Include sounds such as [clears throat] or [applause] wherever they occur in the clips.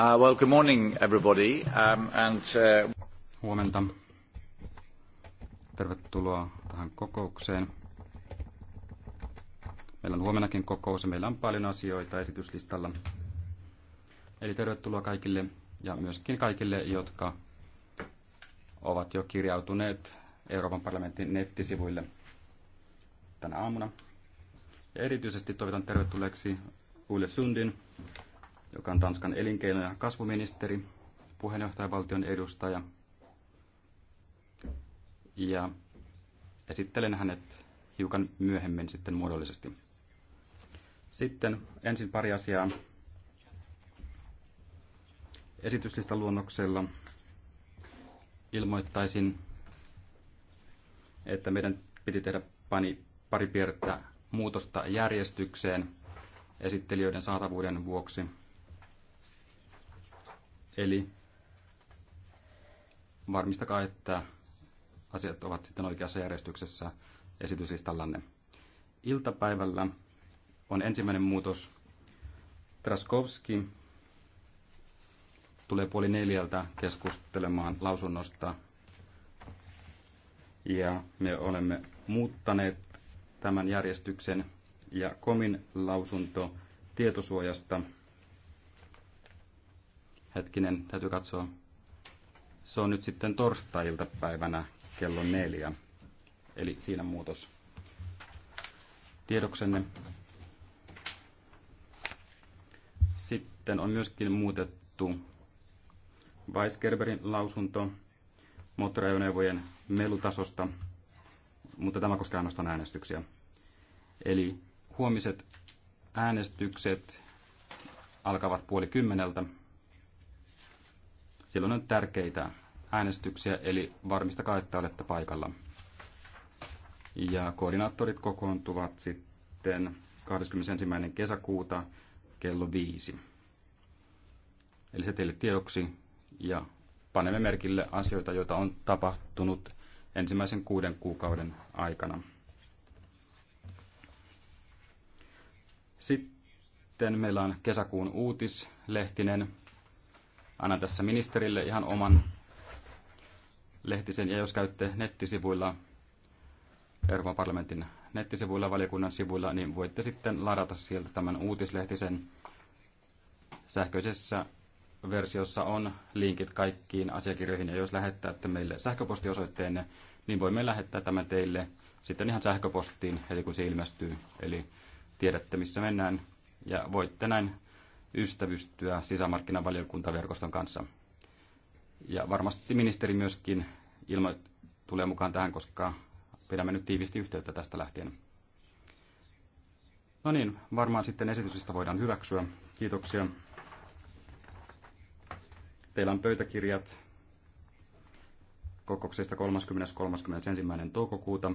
Uh, well, good morning everybody. Um, uh, Huomenta. Tervetuloa tähän kokoukseen. Meillä on huomennakin kokous ja meillä on paljon asioita esityslistalla. Eli tervetuloa kaikille ja myöskin kaikille, jotka ovat jo kirjautuneet Euroopan parlamentin nettisivuille tänä aamuna. Ja erityisesti toivotan tervetulleeksi Ulle Sundin, joka on Tanskan elinkeino- ja kasvuministeri, puheenjohtajavaltion edustaja. Ja esittelen hänet hiukan myöhemmin sitten muodollisesti. Sitten ensin pari asiaa esityslistan luonnoksella ilmoittaisin, että meidän piti tehdä pani, pari pientä muutosta järjestykseen esittelijöiden saatavuuden vuoksi – Eli varmistakaa, että asiat ovat sitten oikeassa järjestyksessä esityslistallanne. Iltapäivällä on ensimmäinen muutos. Traskovski tulee puoli neljältä keskustelemaan lausunnosta. Ja me olemme muuttaneet tämän järjestyksen ja komin lausunto tietosuojasta – Hetkinen, täytyy katsoa. Se on nyt sitten torstai päivänä kello neljä. Eli siinä muutos tiedoksenne. Sitten on myöskin muutettu Weisgerberin lausunto moottoriajoneuvojen melutasosta, mutta tämä koskee ainoastaan äänestyksiä. Eli huomiset äänestykset alkavat puoli kymmeneltä Silloin on tärkeitä äänestyksiä, eli varmistakaa, että olette paikalla. Ja koordinaattorit kokoontuvat sitten 21. kesäkuuta kello 5. Eli se teille tiedoksi ja panemme merkille asioita, joita on tapahtunut ensimmäisen kuuden kuukauden aikana. Sitten meillä on kesäkuun uutislehtinen, Annan tässä ministerille ihan oman lehtisen, ja jos käytte nettisivuilla, Euroopan parlamentin nettisivuilla, valiokunnan sivuilla, niin voitte sitten ladata sieltä tämän uutislehtisen. Sähköisessä versiossa on linkit kaikkiin asiakirjoihin, ja jos lähettäätte meille sähköpostiosoitteenne, niin voimme lähettää tämän teille sitten ihan sähköpostiin, eli kun se ilmestyy. Eli tiedätte, missä mennään, ja voitte näin ystävystyä sisämarkkinavaliokuntaverkoston kanssa. Ja varmasti ministeri myöskin ilmo- tulee mukaan tähän, koska pidämme nyt tiivisti yhteyttä tästä lähtien. No niin, varmaan sitten esityksestä voidaan hyväksyä. Kiitoksia. Teillä on pöytäkirjat kokouksesta 30.31. toukokuuta.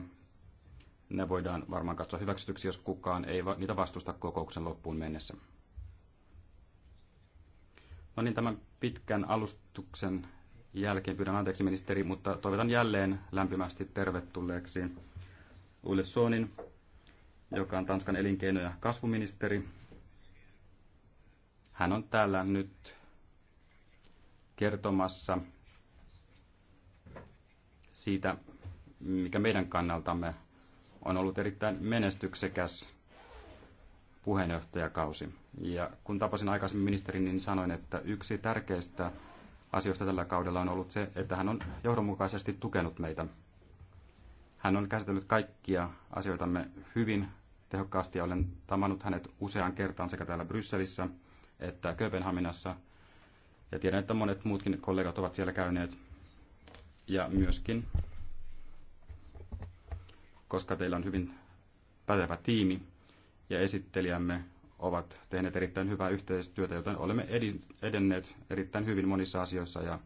Ne voidaan varmaan katsoa hyväksytyksi, jos kukaan ei niitä vastusta kokouksen loppuun mennessä. No niin, tämän pitkän alustuksen jälkeen pyydän anteeksi ministeri, mutta toivotan jälleen lämpimästi tervetulleeksi Ulle Suonin, joka on Tanskan elinkeino- ja kasvuministeri. Hän on täällä nyt kertomassa siitä, mikä meidän kannaltamme on ollut erittäin menestyksekäs puheenjohtajakausi. Ja kun tapasin aikaisemmin ministerin, niin sanoin, että yksi tärkeistä asioista tällä kaudella on ollut se, että hän on johdonmukaisesti tukenut meitä. Hän on käsitellyt kaikkia asioitamme hyvin tehokkaasti ja olen tamannut hänet useaan kertaan sekä täällä Brysselissä että Kööpenhaminassa. Ja tiedän, että monet muutkin kollegat ovat siellä käyneet. Ja myöskin, koska teillä on hyvin pätevä tiimi, ja esittelijämme ovat tehneet erittäin hyvää yhteistyötä, joten olemme edenneet erittäin hyvin monissa asioissa ja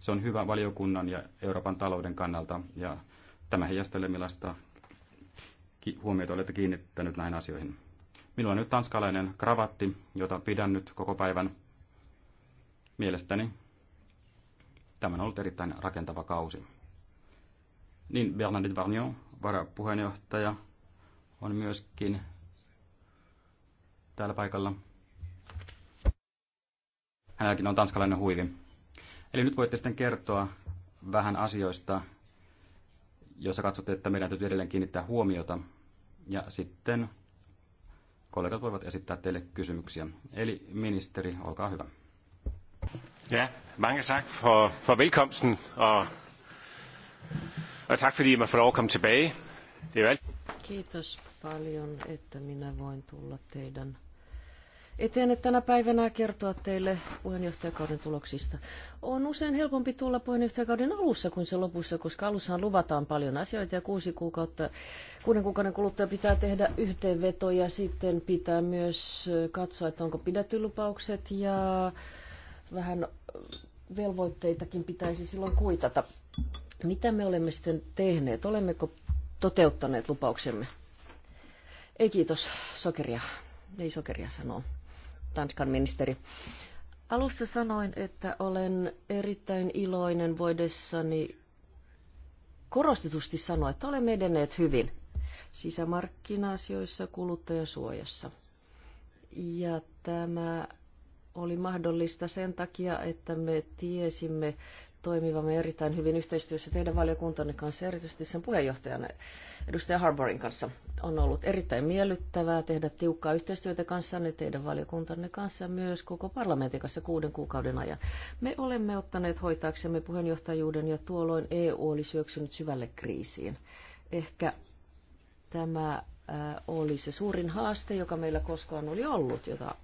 se on hyvä valiokunnan ja Euroopan talouden kannalta ja tämä heijastelee millaista huomiota olette kiinnittänyt näihin asioihin. Minulla on nyt tanskalainen kravatti, jota pidän nyt koko päivän. Mielestäni tämä on ollut erittäin rakentava kausi. Niin Bernadette Varnion, varapuheenjohtaja, on myöskin täällä paikalla. Hänelläkin on tanskalainen huivi. Eli nyt voitte sitten kertoa vähän asioista, joissa katsotte, että meidän täytyy edelleen kiinnittää huomiota. Ja sitten kollegat voivat esittää teille kysymyksiä. Eli ministeri, olkaa hyvä. Ja, mange tak for, for velkomsten, og, og tak fordi man får lov at komme tilbage. Det er Kiitos paljon, että minä voin tulla teidän etene tänä päivänä kertoa teille puheenjohtajakauden tuloksista. On usein helpompi tulla puheenjohtajakauden alussa kuin se lopussa, koska alussa luvataan paljon asioita ja kuusi kuukautta, kuuden kuukauden kuluttaja pitää tehdä yhteenveto ja sitten pitää myös katsoa, että onko pidetty lupaukset ja vähän velvoitteitakin pitäisi silloin kuitata. Mitä me olemme sitten tehneet? Olemmeko toteuttaneet lupauksemme? Ei kiitos, sokeria. Ei sokeria sanoo Tanskan ministeri. Alussa sanoin, että olen erittäin iloinen voidessani korostetusti sanoa, että olemme edenneet hyvin sisämarkkina-asioissa kuluttajasuojassa. Ja tämä oli mahdollista sen takia, että me tiesimme toimivamme erittäin hyvin yhteistyössä teidän valiokuntanne kanssa, erityisesti sen puheenjohtajan edustaja Harborin kanssa. On ollut erittäin miellyttävää tehdä tiukkaa yhteistyötä kanssanne, teidän valiokuntanne kanssa ja myös koko parlamentin kanssa kuuden kuukauden ajan. Me olemme ottaneet hoitaaksemme puheenjohtajuuden ja tuolloin EU oli syöksynyt syvälle kriisiin. Ehkä tämä äh, oli se suurin haaste, joka meillä koskaan oli ollut, jota,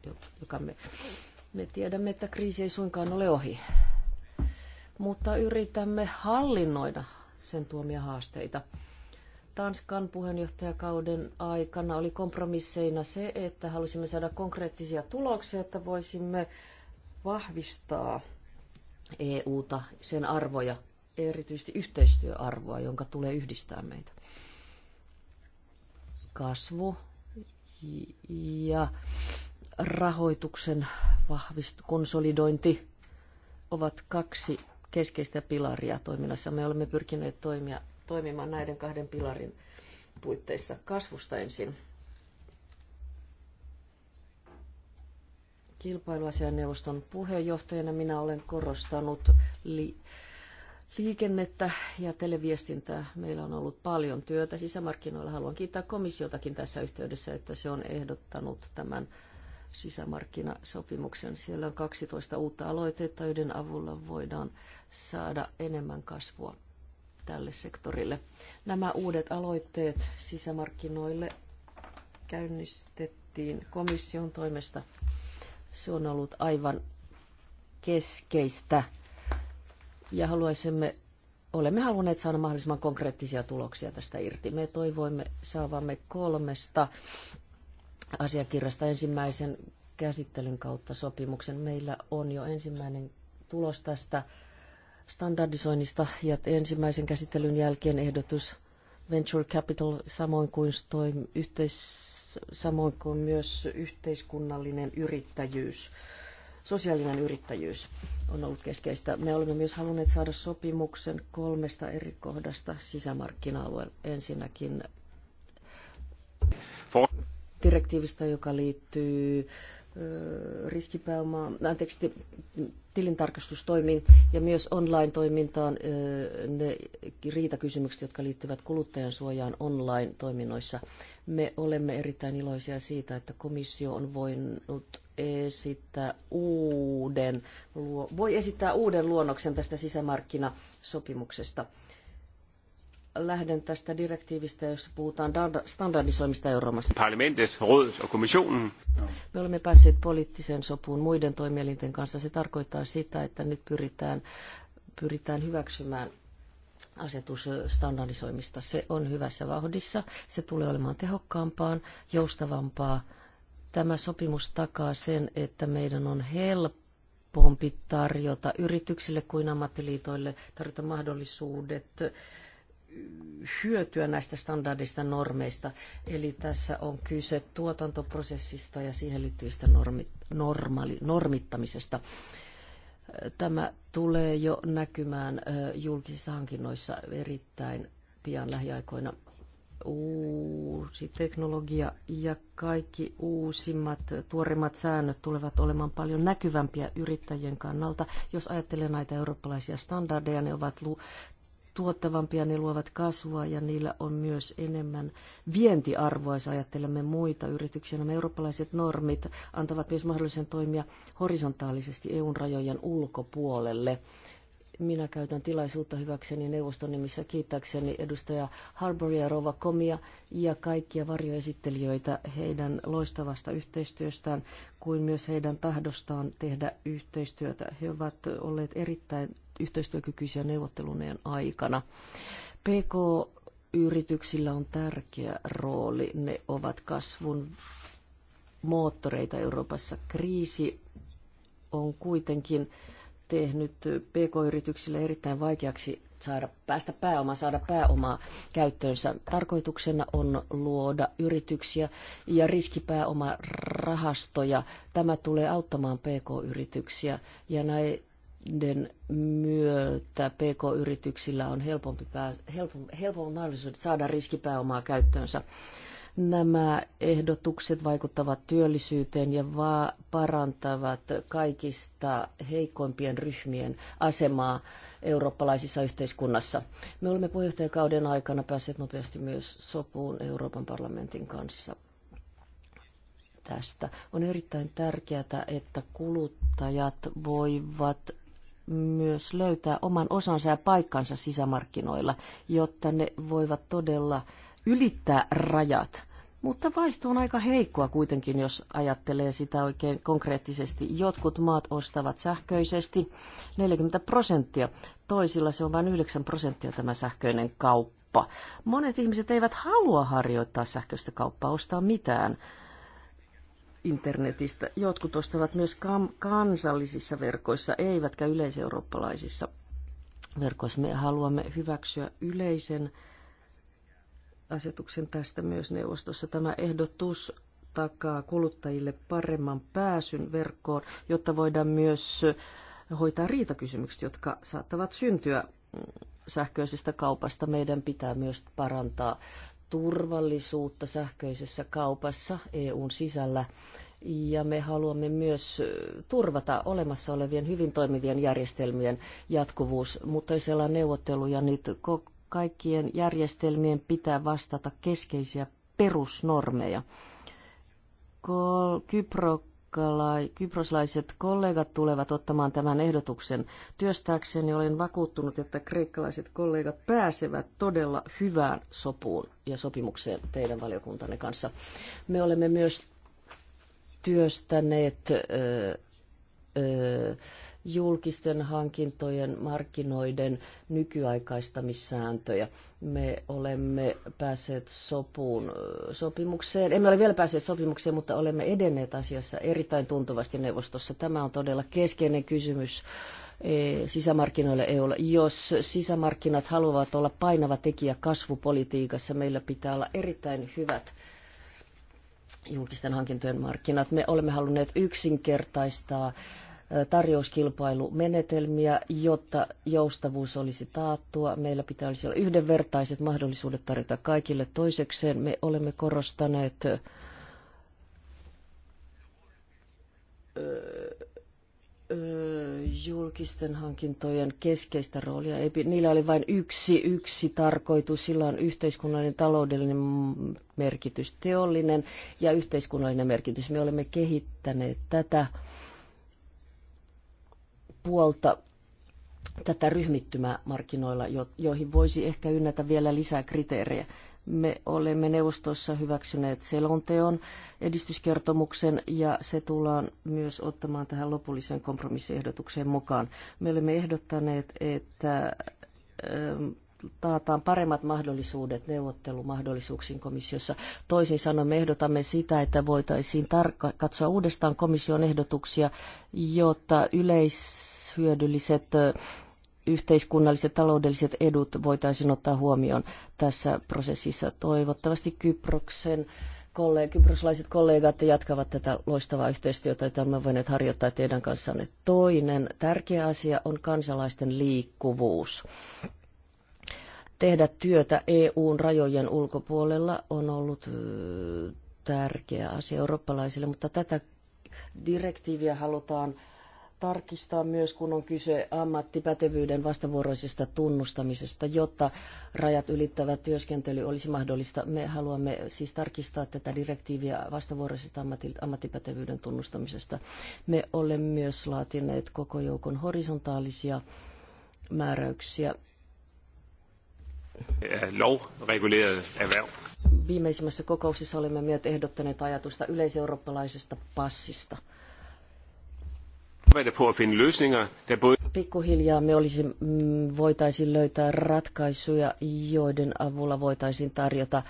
joka me, me tiedämme, että kriisi ei suinkaan ole ohi mutta yritämme hallinnoida sen tuomia haasteita. Tanskan puheenjohtajakauden aikana oli kompromisseina se, että halusimme saada konkreettisia tuloksia, että voisimme vahvistaa EUta, sen arvoja, erityisesti yhteistyöarvoa, jonka tulee yhdistää meitä. Kasvu ja rahoituksen vahvist- konsolidointi ovat kaksi keskeistä pilaria toiminnassa. Me olemme pyrkineet toimia, toimimaan näiden kahden pilarin puitteissa kasvusta ensin. Kilpailuasianneuvoston puheenjohtajana minä olen korostanut li- liikennettä ja televiestintää. Meillä on ollut paljon työtä sisämarkkinoilla. Haluan kiittää komissiotakin tässä yhteydessä, että se on ehdottanut tämän sisämarkkinasopimuksen. Siellä on 12 uutta aloitetta, joiden avulla voidaan saada enemmän kasvua tälle sektorille. Nämä uudet aloitteet sisämarkkinoille käynnistettiin komission toimesta. Se on ollut aivan keskeistä ja haluaisimme olemme halunneet saada mahdollisimman konkreettisia tuloksia tästä irti. Me toivoimme saavamme kolmesta asiakirjasta ensimmäisen käsittelyn kautta sopimuksen. Meillä on jo ensimmäinen tulos tästä standardisoinnista ja ensimmäisen käsittelyn jälkeen ehdotus Venture Capital samoin kuin, toim, yhteis, samoin kuin myös yhteiskunnallinen yrittäjyys, sosiaalinen yrittäjyys on ollut keskeistä. Me olemme myös halunneet saada sopimuksen kolmesta eri kohdasta sisämarkkina-alueella. Ensinnäkin direktiivistä, joka liittyy riskipääomaan, anteeksi, tilintarkastustoimiin ja myös online-toimintaan ne riitakysymykset, jotka liittyvät kuluttajan suojaan online-toiminnoissa. Me olemme erittäin iloisia siitä, että komissio on voinut esittää uuden, voi esittää uuden luonnoksen tästä sisämarkkinasopimuksesta lähden tästä direktiivistä, jossa puhutaan standardisoimista Euroopassa. Me olemme päässeet poliittiseen sopuun muiden toimielinten kanssa. Se tarkoittaa sitä, että nyt pyritään, pyritään hyväksymään asetus standardisoimista. Se on hyvässä vauhdissa. Se tulee olemaan tehokkaampaan, joustavampaa. Tämä sopimus takaa sen, että meidän on helppo helpompi tarjota yrityksille kuin ammattiliitoille tarjota mahdollisuudet hyötyä näistä standardista normeista. Eli tässä on kyse tuotantoprosessista ja siihen liittyvistä normi, normaali, normittamisesta. Tämä tulee jo näkymään julkisissa hankinnoissa erittäin pian lähiaikoina. Uusi teknologia ja kaikki uusimmat, tuoreimmat säännöt tulevat olemaan paljon näkyvämpiä yrittäjien kannalta. Jos ajattelee näitä eurooppalaisia standardeja, ne ovat tuottavampia, ne luovat kasvua ja niillä on myös enemmän vientiarvoa, jos ajattelemme muita yrityksiä. Nämä eurooppalaiset normit antavat myös mahdollisen toimia horisontaalisesti EUn rajojen ulkopuolelle. Minä käytän tilaisuutta hyväkseni neuvoston nimissä kiittääkseni edustaja Harboria, Rova Komia ja kaikkia varjoesittelijöitä heidän loistavasta yhteistyöstään kuin myös heidän tahdostaan tehdä yhteistyötä. He ovat olleet erittäin yhteistyökykyisiä neuvotteluneen aikana. PK-yrityksillä on tärkeä rooli. Ne ovat kasvun moottoreita Euroopassa. Kriisi on kuitenkin tehnyt PK-yrityksille erittäin vaikeaksi saada, päästä pääomaa, saada pääomaa käyttöönsä. Tarkoituksena on luoda yrityksiä ja riskipääomarahastoja. Tämä tulee auttamaan PK-yrityksiä ja näin den myötä PK-yrityksillä on helpompi pää, helpom, helpommat mahdollisuudet saada riskipääomaa käyttöönsä. Nämä ehdotukset vaikuttavat työllisyyteen ja va- parantavat kaikista heikoimpien ryhmien asemaa eurooppalaisissa yhteiskunnassa. Me olemme puheenjohtajakauden aikana päässeet nopeasti myös sopuun Euroopan parlamentin kanssa tästä. On erittäin tärkeää, että kuluttajat voivat myös löytää oman osansa ja paikkansa sisämarkkinoilla, jotta ne voivat todella ylittää rajat. Mutta vaihto on aika heikkoa kuitenkin, jos ajattelee sitä oikein konkreettisesti. Jotkut maat ostavat sähköisesti 40 prosenttia, toisilla se on vain 9 prosenttia tämä sähköinen kauppa. Monet ihmiset eivät halua harjoittaa sähköistä kauppaa, ostaa mitään internetistä. Jotkut ostavat myös kansallisissa verkoissa, eivätkä yleiseurooppalaisissa verkoissa. Me haluamme hyväksyä yleisen asetuksen tästä myös neuvostossa. Tämä ehdotus takaa kuluttajille paremman pääsyn verkkoon, jotta voidaan myös hoitaa riitakysymykset, jotka saattavat syntyä sähköisestä kaupasta. Meidän pitää myös parantaa turvallisuutta sähköisessä kaupassa EUn sisällä. Ja me haluamme myös turvata olemassa olevien hyvin toimivien järjestelmien jatkuvuus, mutta jos ollaan neuvotteluja, niin kaikkien järjestelmien pitää vastata keskeisiä perusnormeja. Kypro kyproslaiset kollegat tulevat ottamaan tämän ehdotuksen työstääkseen, olen vakuuttunut, että kreikkalaiset kollegat pääsevät todella hyvään sopuun ja sopimukseen teidän valiokuntanne kanssa. Me olemme myös työstäneet öö, öö, julkisten hankintojen markkinoiden nykyaikaistamissääntöjä. Me olemme päässeet sopuun sopimukseen. Emme ole vielä päässeet sopimukseen, mutta olemme edenneet asiassa erittäin tuntuvasti neuvostossa. Tämä on todella keskeinen kysymys e, sisämarkkinoille EUlla. Jos sisämarkkinat haluavat olla painava tekijä kasvupolitiikassa, meillä pitää olla erittäin hyvät julkisten hankintojen markkinat. Me olemme halunneet yksinkertaistaa tarjouskilpailumenetelmiä, jotta joustavuus olisi taattua. Meillä pitäisi olla yhdenvertaiset mahdollisuudet tarjota kaikille. Toisekseen me olemme korostaneet julkisten hankintojen keskeistä roolia. niillä oli vain yksi, yksi tarkoitus. Sillä on yhteiskunnallinen, taloudellinen merkitys, teollinen ja yhteiskunnallinen merkitys. Me olemme kehittäneet tätä puolta tätä ryhmittymää markkinoilla, joihin voisi ehkä ynnätä vielä lisää kriteerejä. Me olemme neuvostossa hyväksyneet selonteon edistyskertomuksen ja se tullaan myös ottamaan tähän lopulliseen kompromissiehdotukseen mukaan. Me olemme ehdottaneet, että ähm, taataan paremmat mahdollisuudet neuvottelumahdollisuuksiin komissiossa. Toisin sanoen me ehdotamme sitä, että voitaisiin tarkka- katsoa uudestaan komission ehdotuksia, jotta yleis yleishyödylliset yhteiskunnalliset taloudelliset edut voitaisiin ottaa huomioon tässä prosessissa. Toivottavasti Kyproksen kollega, kyproslaiset kollegat jatkavat tätä loistavaa yhteistyötä, jota olemme voineet harjoittaa teidän kanssanne. Toinen tärkeä asia on kansalaisten liikkuvuus. Tehdä työtä EUn rajojen ulkopuolella on ollut tärkeä asia eurooppalaisille, mutta tätä direktiiviä halutaan tarkistaa myös, kun on kyse ammattipätevyyden vastavuoroisesta tunnustamisesta, jotta rajat ylittävä työskentely olisi mahdollista. Me haluamme siis tarkistaa tätä direktiiviä vastavuoroisesta ammattipätevyyden tunnustamisesta. Me olemme myös laatineet koko joukon horisontaalisia määräyksiä. Eh, Viimeisimmässä kokouksessa olemme myös ehdottaneet ajatusta yleiseurooppalaisesta passista – Er Pikkuhiljaa me olisi, mm, voitaisiin löytää ratkaisuja, joiden avulla voitaisiin tarjota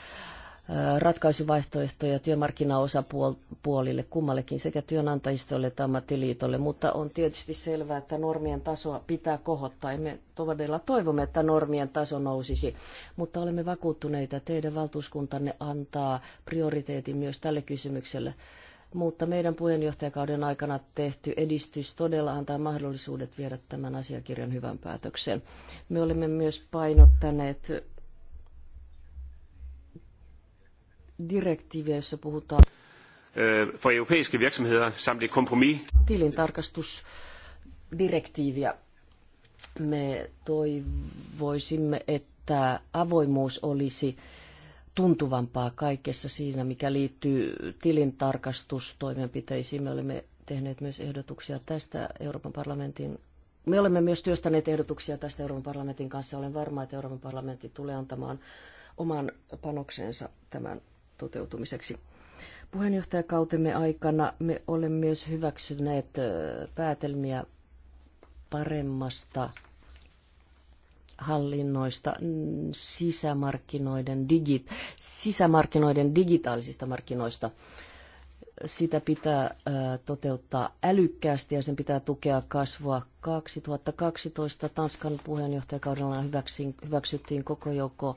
ratkaisuvaihtoehtoja työmarkkinaosapuolille kummallekin sekä työnantajistolle että ammattiliitolle, mutta on tietysti selvää, että normien tasoa pitää kohottaa. Me todella toivomme, että normien taso nousisi, mutta olemme vakuuttuneita, että teidän valtuuskuntanne antaa prioriteetin myös tälle kysymykselle mutta meidän puheenjohtajakauden aikana tehty edistys todella antaa mahdollisuudet viedä tämän asiakirjan hyvän päätöksen. Me olemme myös painottaneet direktiiviä, jossa puhutaan eh, for europæiske virksomheder samt kompromis. Tilintarkastusdirektiiviä. Me toivoisimme, että avoimuus olisi tuntuvampaa kaikessa siinä, mikä liittyy tilintarkastustoimenpiteisiin. Me olemme tehneet myös ehdotuksia tästä Euroopan parlamentin me olemme myös työstäneet ehdotuksia tästä Euroopan parlamentin kanssa. Olen varma, että Euroopan parlamentti tulee antamaan oman panoksensa tämän toteutumiseksi. Puheenjohtajakautemme aikana me olemme myös hyväksyneet päätelmiä paremmasta hallinnoista mm, sisämarkkinoiden, digit, sisämarkkinoiden digitaalisista markkinoista. Sitä pitää toteuttaa älykkäästi ja sen pitää tukea kasvua. 2012 Tanskan puheenjohtajakaudella hyväksyttiin koko joukko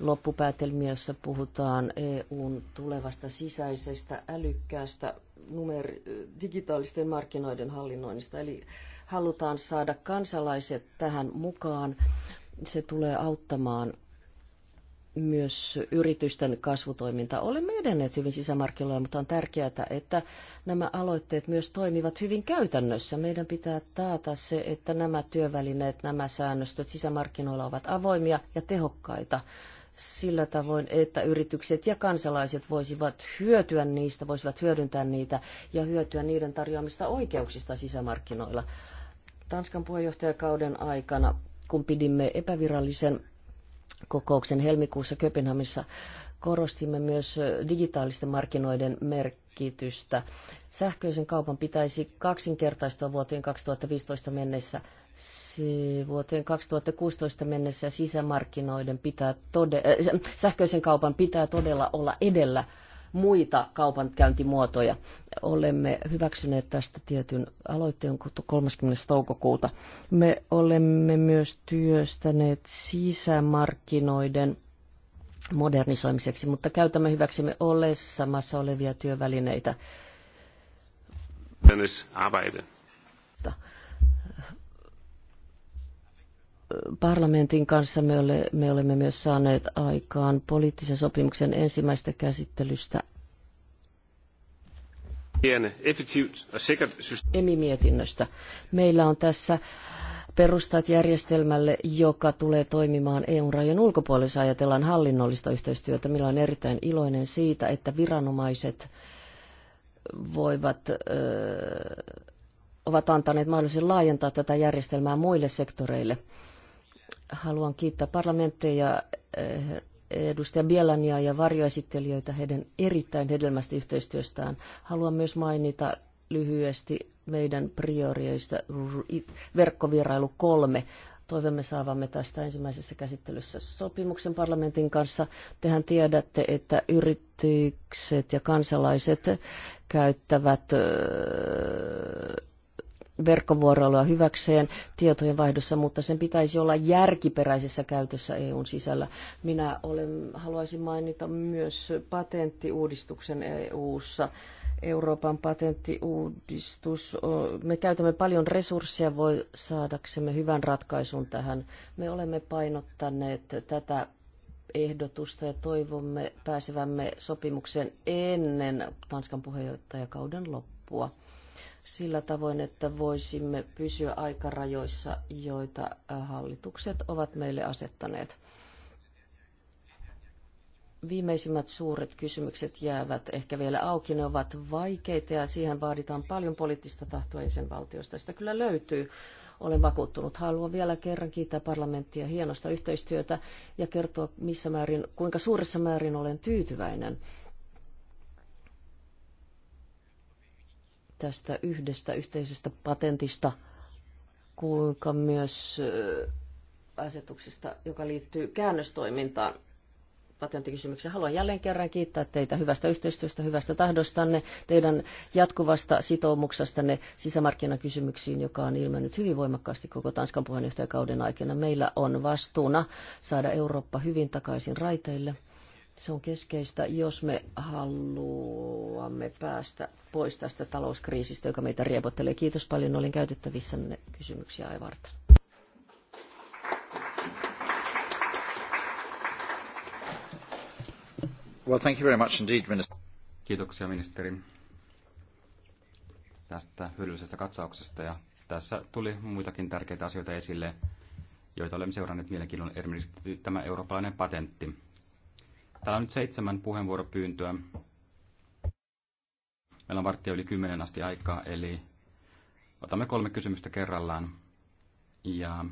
loppupäätelmiä, jossa puhutaan EUn tulevasta sisäisestä älykkäästä numer- digitaalisten markkinoiden hallinnoinnista. Eli halutaan saada kansalaiset tähän mukaan. Se tulee auttamaan myös yritysten kasvutoiminta. Olemme edenneet hyvin sisämarkkinoilla, mutta on tärkeää, että nämä aloitteet myös toimivat hyvin käytännössä. Meidän pitää taata se, että nämä työvälineet, nämä säännöstöt sisämarkkinoilla ovat avoimia ja tehokkaita sillä tavoin, että yritykset ja kansalaiset voisivat hyötyä niistä, voisivat hyödyntää niitä ja hyötyä niiden tarjoamista oikeuksista sisämarkkinoilla. Tanskan puheenjohtajakauden aikana, kun pidimme epävirallisen kokouksen helmikuussa Köpenhamissa, korostimme myös digitaalisten markkinoiden merkitystä. Sähköisen kaupan pitäisi kaksinkertaistua vuoteen 2015 mennessä – vuoteen 2016 mennessä sisämarkkinoiden pitää tode, äh, sähköisen kaupan pitää todella olla edellä muita kaupankäyntimuotoja. Olemme hyväksyneet tästä tietyn aloitteen 30. toukokuuta. Me olemme myös työstäneet sisämarkkinoiden modernisoimiseksi, mutta käytämme hyväksemme olemassa olevia työvälineitä. Arbeiten parlamentin kanssa me, ole, me olemme myös saaneet aikaan poliittisen sopimuksen ensimmäistä käsittelystä. emi Meillä on tässä perustat järjestelmälle, joka tulee toimimaan EU-rajojen ulkopuolella. Ajatellaan hallinnollista yhteistyötä. Minä olen erittäin iloinen siitä, että viranomaiset voivat, ö, ovat antaneet mahdollisuuden laajentaa tätä järjestelmää muille sektoreille. Haluan kiittää parlamentteja, eh, edustaja Bielania ja varjoesittelijöitä heidän erittäin hedelmästä yhteistyöstään. Haluan myös mainita lyhyesti meidän priorioista verkkovierailu kolme. Toivomme saavamme tästä ensimmäisessä käsittelyssä sopimuksen parlamentin kanssa. Tehän tiedätte, että yritykset ja kansalaiset käyttävät eh, verkkovuoroilua hyväkseen tietojen vaihdossa, mutta sen pitäisi olla järkiperäisessä käytössä EUn sisällä. Minä olen, haluaisin mainita myös patenttiuudistuksen EUssa. Euroopan patenttiuudistus. Me käytämme paljon resursseja voi saadaksemme hyvän ratkaisun tähän. Me olemme painottaneet tätä ehdotusta ja toivomme pääsevämme sopimuksen ennen Tanskan puheenjohtajakauden loppua sillä tavoin, että voisimme pysyä aikarajoissa, joita hallitukset ovat meille asettaneet. Viimeisimmät suuret kysymykset jäävät ehkä vielä auki. Ne ovat vaikeita ja siihen vaaditaan paljon poliittista tahtoa jäsenvaltiosta. Sitä kyllä löytyy. Olen vakuuttunut. Haluan vielä kerran kiittää parlamenttia hienosta yhteistyötä ja kertoa, missä määrin, kuinka suuressa määrin olen tyytyväinen tästä yhdestä yhteisestä patentista, kuinka myös asetuksista, joka liittyy käännöstoimintaan patenttikysymykseen. Haluan jälleen kerran kiittää teitä hyvästä yhteistyöstä, hyvästä tahdostanne, teidän jatkuvasta sitoumuksestanne sisämarkkinakysymyksiin, joka on ilmennyt hyvin voimakkaasti koko Tanskan puheenjohtajakauden aikana. Meillä on vastuuna saada Eurooppa hyvin takaisin raiteille – se on keskeistä, jos me haluamme päästä pois tästä talouskriisistä, joka meitä riepottelee. Kiitos paljon, olin käytettävissä kysymyksiä ja varten. Well, thank you very much indeed, minister. Kiitoksia ministeri tästä hyödyllisestä katsauksesta ja tässä tuli muitakin tärkeitä asioita esille, joita olemme seuranneet mielenkiinnolla, erityisesti tämä eurooppalainen patentti. Täällä on nyt seitsemän puheenvuoropyyntöä. Meillä on varttia yli kymmenen asti aikaa, eli otamme kolme kysymystä kerrallaan. Ja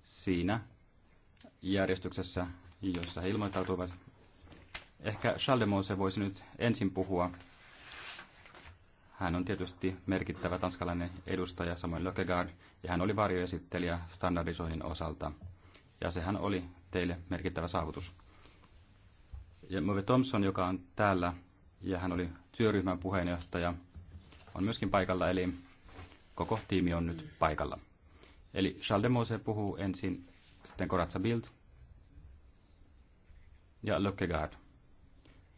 siinä järjestyksessä, jossa he ilmoittautuvat, ehkä se voisi nyt ensin puhua. Hän on tietysti merkittävä tanskalainen edustaja, samoin Lökegaard, ja hän oli varjoesittelijä standardisoinnin osalta. Ja sehän oli teille merkittävä saavutus. Ja Move Thompson, joka on täällä, ja hän oli työryhmän puheenjohtaja, on myöskin paikalla, eli koko tiimi on nyt paikalla. Eli Charles de Mose puhuu ensin, sitten Corazza Bild ja Lökkegaard.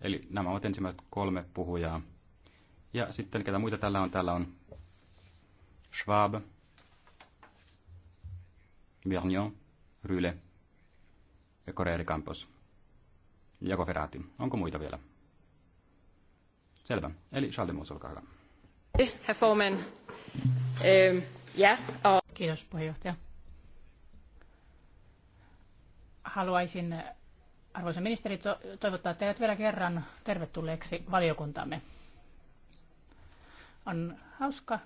Eli nämä ovat ensimmäiset kolme puhujaa. Ja sitten ketä muita täällä on? Täällä on Schwab, Bernion, Ryle ja Correa de Campos ja Koferaati. Onko muita vielä? Selvä. Eli Charles olkaa hyvä. Herr Forman. Kiitos puheenjohtaja. Haluaisin, arvoisa ministeri, toivottaa teidät vielä kerran tervetulleeksi valiokuntamme. On hauska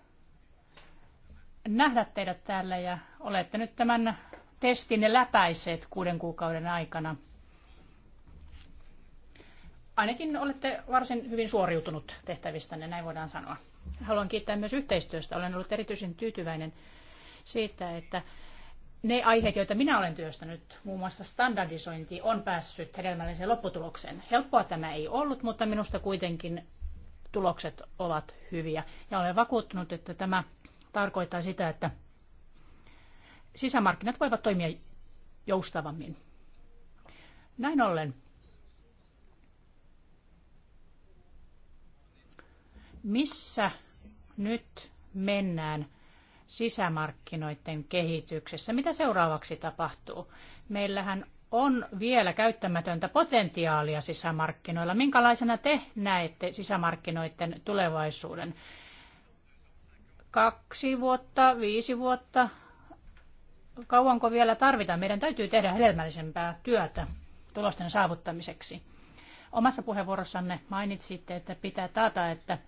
nähdä teidät täällä ja olette nyt tämän testin läpäiseet kuuden kuukauden aikana – ainakin olette varsin hyvin suoriutunut tehtävistänne, näin voidaan sanoa. Haluan kiittää myös yhteistyöstä. Olen ollut erityisen tyytyväinen siitä, että ne aiheet, joita minä olen työstänyt, muun muassa standardisointi, on päässyt hedelmälliseen lopputulokseen. Helppoa tämä ei ollut, mutta minusta kuitenkin tulokset ovat hyviä. Ja olen vakuuttunut, että tämä tarkoittaa sitä, että sisämarkkinat voivat toimia joustavammin. Näin ollen Missä nyt mennään sisämarkkinoiden kehityksessä? Mitä seuraavaksi tapahtuu? Meillähän on vielä käyttämätöntä potentiaalia sisämarkkinoilla. Minkälaisena te näette sisämarkkinoiden tulevaisuuden? Kaksi vuotta, viisi vuotta, kauanko vielä tarvitaan? Meidän täytyy tehdä hedelmällisempää työtä tulosten saavuttamiseksi. Omassa puheenvuorossanne mainitsitte, että pitää taata, että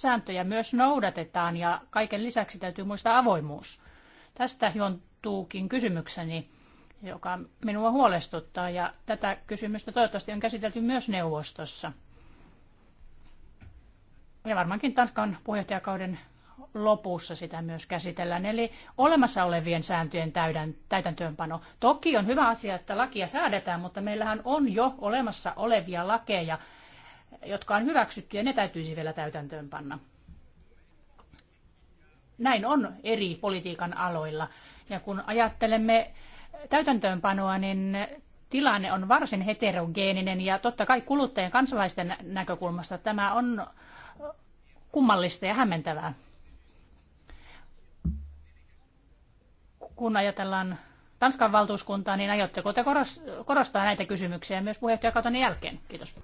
sääntöjä myös noudatetaan ja kaiken lisäksi täytyy muistaa avoimuus. Tästä juontuukin kysymykseni, joka minua huolestuttaa ja tätä kysymystä toivottavasti on käsitelty myös neuvostossa. Ja varmaankin Tanskan puheenjohtajakauden lopussa sitä myös käsitellään, eli olemassa olevien sääntöjen täytäntöönpano. Toki on hyvä asia, että lakia säädetään, mutta meillähän on jo olemassa olevia lakeja, jotka on hyväksytty ja ne täytyisi vielä täytäntöön panna. Näin on eri politiikan aloilla. Ja kun ajattelemme täytäntöönpanoa, niin tilanne on varsin heterogeeninen ja totta kai kuluttajien kansalaisten näkökulmasta tämä on kummallista ja hämmentävää. Kun ajatellaan Tanskan valtuuskuntaa, niin aiotteko te korostaa näitä kysymyksiä myös puheenjohtajakautoni jälkeen? Kiitos.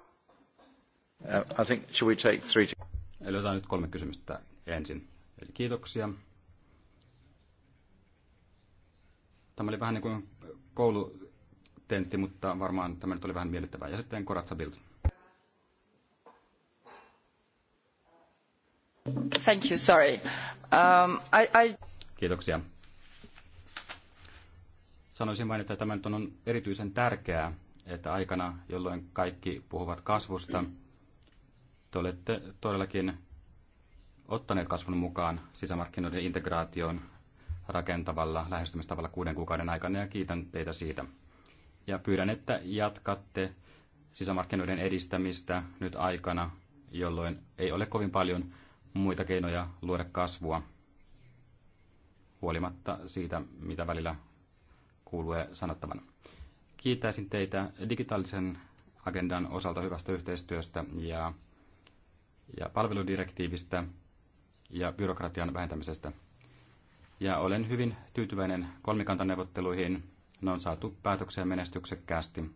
Uh, I think, should we take three... Eli otetaan nyt kolme kysymystä ensin. Eli kiitoksia. Tämä oli vähän niin kuin koulutentti, mutta varmaan tämä nyt oli vähän miellyttävää. Ja sitten Koratsa Bild. Thank you, sorry. Um, I, I... Kiitoksia. Sanoisin vain, että tämä nyt on erityisen tärkeää, että aikana, jolloin kaikki puhuvat kasvusta, mm te olette todellakin ottaneet kasvun mukaan sisämarkkinoiden integraation rakentavalla lähestymistavalla kuuden kuukauden aikana ja kiitän teitä siitä. Ja pyydän, että jatkatte sisämarkkinoiden edistämistä nyt aikana, jolloin ei ole kovin paljon muita keinoja luoda kasvua, huolimatta siitä, mitä välillä kuuluu sanottavan. Kiittäisin teitä digitaalisen agendan osalta hyvästä yhteistyöstä ja ja palveludirektiivistä ja byrokratian vähentämisestä. Ja olen hyvin tyytyväinen kolmikantaneuvotteluihin. Ne on saatu päätöksiä menestyksekkäästi.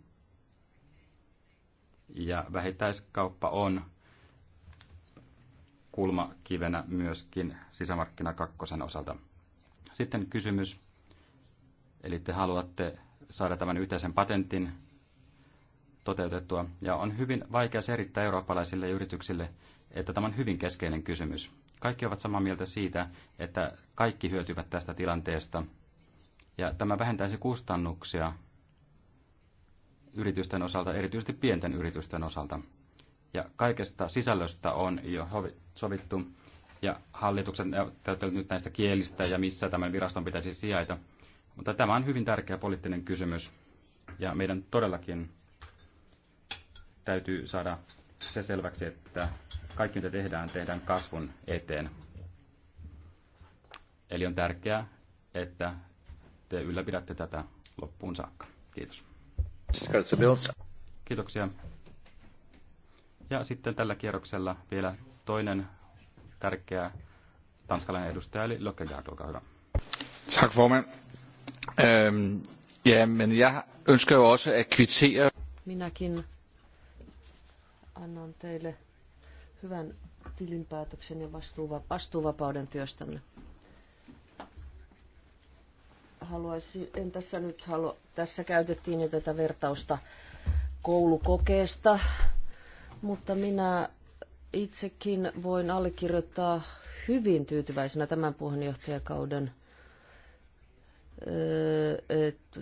Ja vähittäiskauppa on kulmakivenä myöskin sisämarkkina kakkosen osalta. Sitten kysymys. Eli te haluatte saada tämän yhteisen patentin toteutettua. Ja on hyvin vaikea selittää eurooppalaisille yrityksille, että tämä on hyvin keskeinen kysymys. Kaikki ovat samaa mieltä siitä, että kaikki hyötyvät tästä tilanteesta. Ja tämä vähentäisi kustannuksia yritysten osalta, erityisesti pienten yritysten osalta. Ja kaikesta sisällöstä on jo sovittu, ja hallituksen täytyy nyt näistä kielistä ja missä tämän viraston pitäisi sijaita. Mutta tämä on hyvin tärkeä poliittinen kysymys, ja meidän todellakin täytyy saada se selväksi, että kaikki mitä tehdään, tehdään kasvun eteen. Eli on tärkeää, että te ylläpidätte tätä loppuun saakka. Kiitos. Kiitoksia. Ja sitten tällä kierroksella vielä toinen tärkeä tanskalainen edustaja, eli Lokkegaard, olkaa hyvä. Tak, formand. Øhm, ja, men Minäkin annan teille hyvän tilinpäätöksen ja vastuuva, vastuuvapauden työstänne. Haluaisin, en tässä nyt halua, tässä käytettiin jo tätä vertausta koulukokeesta, mutta minä itsekin voin allekirjoittaa hyvin tyytyväisenä tämän puheenjohtajakauden.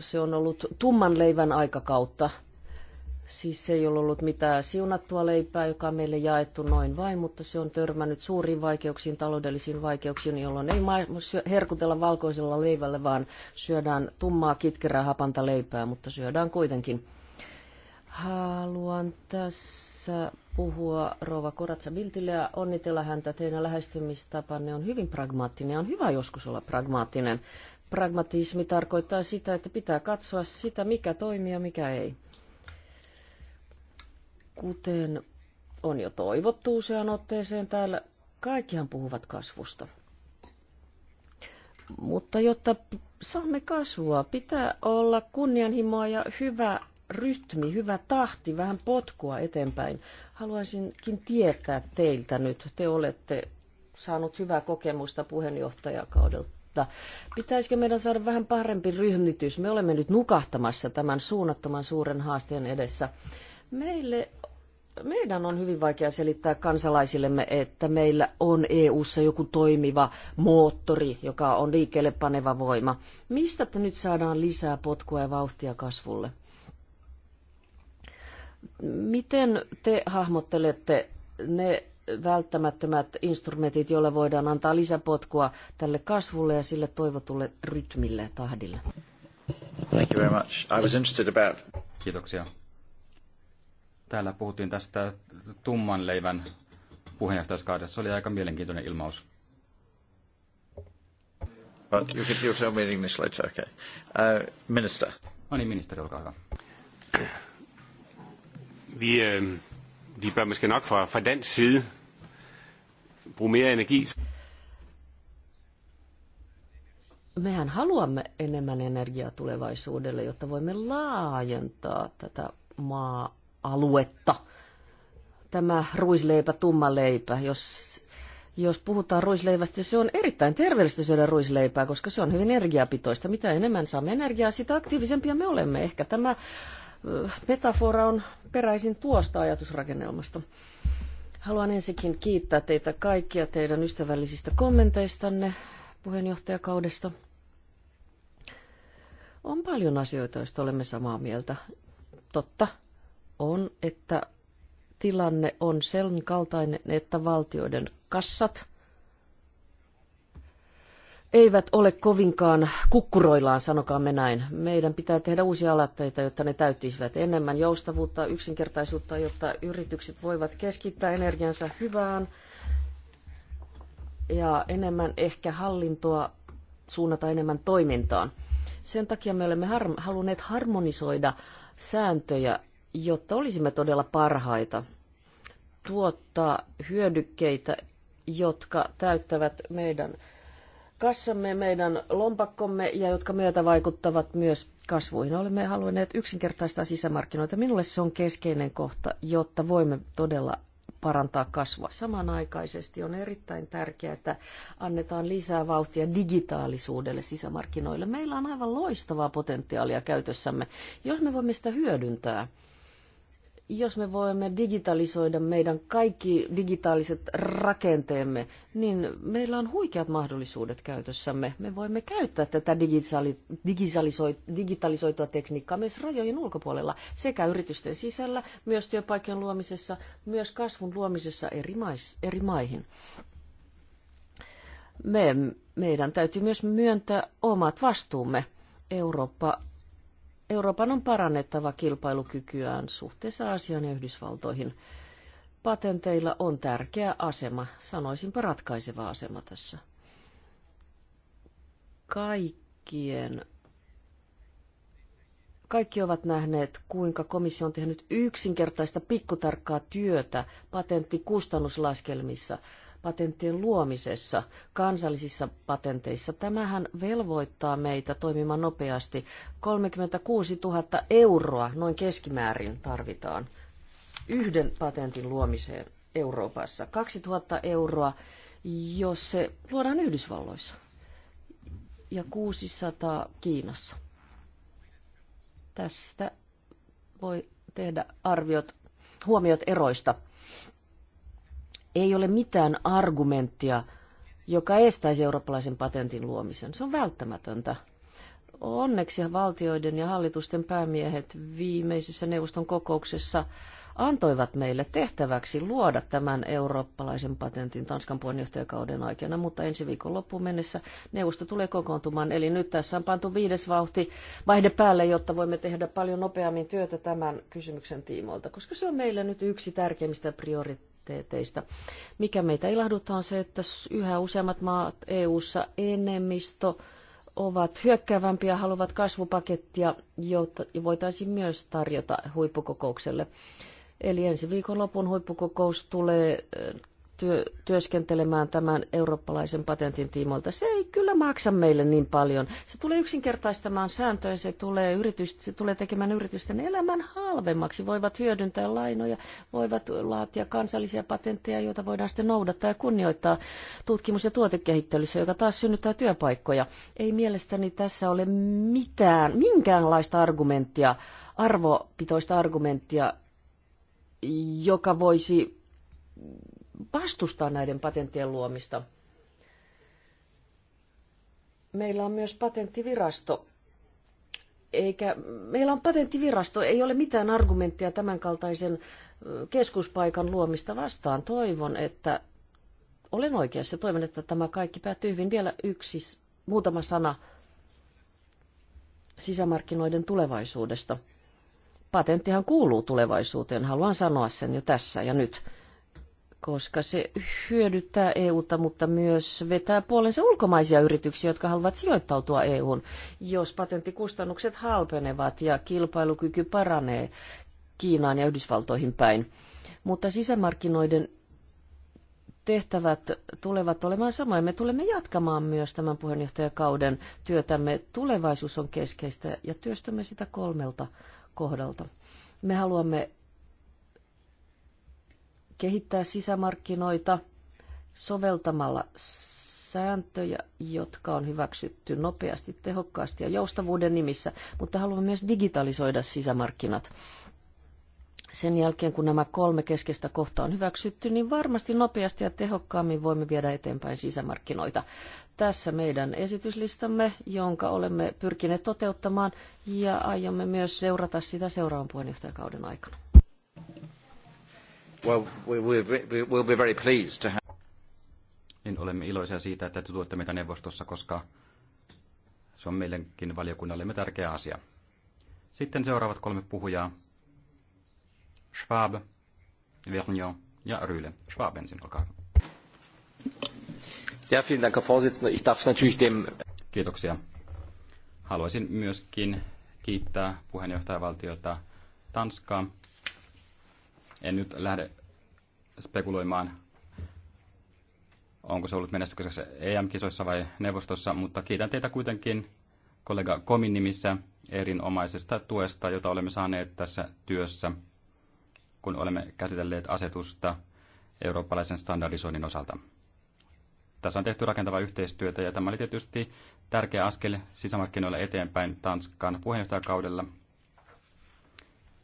Se on ollut tumman leivän aikakautta Siis ei ole ollut mitään siunattua leipää, joka on meille jaettu noin vain, mutta se on törmännyt suuriin vaikeuksiin, taloudellisiin vaikeuksiin, jolloin ei herkutella valkoisella leivällä, vaan syödään tummaa kitkerää hapanta leipää, mutta syödään kuitenkin. Haluan tässä puhua Rova Koratsa Biltille ja onnitella häntä. Teidän lähestymistapanne on hyvin pragmaattinen. On hyvä joskus olla pragmaattinen. Pragmatismi tarkoittaa sitä, että pitää katsoa sitä, mikä toimii ja mikä ei. Kuten on jo toivottu usean otteeseen täällä, kaikkihan puhuvat kasvusta. Mutta jotta saamme kasvua, pitää olla kunnianhimoa ja hyvä rytmi, hyvä tahti, vähän potkua eteenpäin. Haluaisinkin tietää teiltä nyt, te olette saanut hyvää kokemusta puheenjohtajakaudelta. Pitäisikö meidän saada vähän parempi ryhmitys? Me olemme nyt nukahtamassa tämän suunnattoman suuren haasteen edessä. Meille meidän on hyvin vaikea selittää kansalaisillemme, että meillä on EU:ssa joku toimiva moottori, joka on liikkeelle paneva voima. Mistä te nyt saadaan lisää potkua ja vauhtia kasvulle? Miten te hahmottelette ne välttämättömät instrumentit, joilla voidaan antaa lisäpotkua tälle kasvulle ja sille toivotulle rytmille ja tahdille? Thank you very much. I was interested about... Kiitoksia Täällä puhuttiin tästä tumman leivän Se oli aika mielenkiintoinen ilmaus. But you could use your English later, okay. Uh, minister. No niin, ministeri, olkaa hyvä. Vi, øh, vi bør måske nok fra, fra dansk side bruge mere energi. Mehän haluamme enemmän energiaa tulevaisuudelle, jotta voimme laajentaa tätä maa aluetta. Tämä ruisleipä, tumma leipä, jos, jos puhutaan ruisleivästä, se on erittäin terveellistä syödä ruisleipää, koska se on hyvin energiapitoista. Mitä enemmän saamme energiaa, sitä aktiivisempia me olemme. Ehkä tämä metafora on peräisin tuosta ajatusrakennelmasta. Haluan ensinkin kiittää teitä kaikkia teidän ystävällisistä kommenteistanne puheenjohtajakaudesta. On paljon asioita, joista olemme samaa mieltä. Totta, on, että tilanne on sen kaltainen, että valtioiden kassat eivät ole kovinkaan kukkuroillaan, me näin. Meidän pitää tehdä uusia alatteita, jotta ne täyttisivät enemmän joustavuutta, yksinkertaisuutta, jotta yritykset voivat keskittää energiansa hyvään ja enemmän ehkä hallintoa suunnata enemmän toimintaan. Sen takia me olemme har- halunneet harmonisoida sääntöjä jotta olisimme todella parhaita, tuottaa hyödykkeitä, jotka täyttävät meidän kassamme, meidän lompakkomme ja jotka myötä vaikuttavat myös kasvuihin. Olemme halunneet yksinkertaistaa sisämarkkinoita. Minulle se on keskeinen kohta, jotta voimme todella parantaa kasvua. Samanaikaisesti on erittäin tärkeää, että annetaan lisää vauhtia digitaalisuudelle sisämarkkinoille. Meillä on aivan loistavaa potentiaalia käytössämme, jos me voimme sitä hyödyntää – jos me voimme digitalisoida meidän kaikki digitaaliset rakenteemme, niin meillä on huikeat mahdollisuudet käytössämme. Me voimme käyttää tätä digitalisoitua tekniikkaa myös rajojen ulkopuolella, sekä yritysten sisällä, myös työpaikan luomisessa, myös kasvun luomisessa eri, mais, eri maihin. Me, meidän täytyy myös myöntää omat vastuumme. Eurooppa Euroopan on parannettava kilpailukykyään suhteessa Aasian ja Yhdysvaltoihin. Patenteilla on tärkeä asema, sanoisinpa ratkaiseva asema tässä. Kaikkien kaikki ovat nähneet, kuinka komissio on tehnyt yksinkertaista pikkutarkkaa työtä patenttikustannuslaskelmissa patenttien luomisessa, kansallisissa patenteissa. Tämähän velvoittaa meitä toimimaan nopeasti. 36 000 euroa noin keskimäärin tarvitaan yhden patentin luomiseen Euroopassa. 2000 euroa, jos se luodaan Yhdysvalloissa ja 600 Kiinassa. Tästä voi tehdä arviot, huomiot eroista ei ole mitään argumenttia, joka estäisi eurooppalaisen patentin luomisen. Se on välttämätöntä. Onneksi valtioiden ja hallitusten päämiehet viimeisessä neuvoston kokouksessa antoivat meille tehtäväksi luoda tämän eurooppalaisen patentin Tanskan puheenjohtajakauden aikana, mutta ensi viikon loppuun mennessä neuvosto tulee kokoontumaan. Eli nyt tässä on pantu viides vauhti vaihde päälle, jotta voimme tehdä paljon nopeammin työtä tämän kysymyksen tiimoilta, koska se on meillä nyt yksi tärkeimmistä prioriteetteista prioriteeteista. Mikä meitä ilahduttaa on se, että yhä useammat maat EU-ssa enemmistö ovat hyökkäävämpiä, haluavat kasvupakettia, jota voitaisiin myös tarjota huippukokoukselle. Eli ensi viikonlopun huippukokous tulee työ, työskentelemään tämän eurooppalaisen patentin tiimoilta. Se ei kyllä maksa meille niin paljon. Se tulee yksinkertaistamaan sääntöjä, se tulee, yritys, se tulee tekemään yritysten elämän halvemmaksi. Voivat hyödyntää lainoja, voivat laatia kansallisia patentteja, joita voidaan sitten noudattaa ja kunnioittaa tutkimus- ja tuotekehittelyssä, joka taas synnyttää työpaikkoja. Ei mielestäni tässä ole mitään, minkäänlaista argumenttia, arvopitoista argumenttia, joka voisi vastustaa näiden patenttien luomista. Meillä on myös patenttivirasto, eikä, meillä on patenttivirasto, ei ole mitään argumenttia tämänkaltaisen keskuspaikan luomista vastaan. Toivon, että olen oikeassa. Toivon, että tämä kaikki päättyy hyvin. Vielä yksi, muutama sana sisämarkkinoiden tulevaisuudesta. Patenttihan kuuluu tulevaisuuteen, haluan sanoa sen jo tässä ja nyt koska se hyödyttää EUta, mutta myös vetää puolensa ulkomaisia yrityksiä, jotka haluavat sijoittautua EUn. Jos patenttikustannukset halpenevat ja kilpailukyky paranee Kiinaan ja Yhdysvaltoihin päin. Mutta sisämarkkinoiden tehtävät tulevat olemaan samoja. Me tulemme jatkamaan myös tämän puheenjohtajakauden työtämme. Tulevaisuus on keskeistä ja työstämme sitä kolmelta kohdalta. Me haluamme kehittää sisämarkkinoita soveltamalla sääntöjä, jotka on hyväksytty nopeasti, tehokkaasti ja joustavuuden nimissä, mutta haluamme myös digitalisoida sisämarkkinat. Sen jälkeen, kun nämä kolme keskeistä kohtaa on hyväksytty, niin varmasti nopeasti ja tehokkaammin voimme viedä eteenpäin sisämarkkinoita. Tässä meidän esityslistamme, jonka olemme pyrkineet toteuttamaan ja aiomme myös seurata sitä seuraavan puheenjohtajakauden aikana. Well, we'll be very pleased to have... Niin olemme iloisia siitä, että te tuotte meitä neuvostossa, koska se on meillekin valiokunnallemme tärkeä asia. Sitten seuraavat kolme puhujaa. Schwab, Vernio ja Ryle. Schwab ensin, olkaa hyvä. Ja, vielen Dank, Herr Vorsitzender. Ich darf natürlich dem... Kiitoksia. Haluaisin myöskin kiittää puheenjohtajavaltiota Tanskaa en nyt lähde spekuloimaan, onko se ollut menestyksessä EM-kisoissa vai neuvostossa, mutta kiitän teitä kuitenkin kollega Komin nimissä erinomaisesta tuesta, jota olemme saaneet tässä työssä, kun olemme käsitelleet asetusta eurooppalaisen standardisoinnin osalta. Tässä on tehty rakentavaa yhteistyötä ja tämä oli tietysti tärkeä askel sisämarkkinoilla eteenpäin Tanskan puheenjohtajakaudella –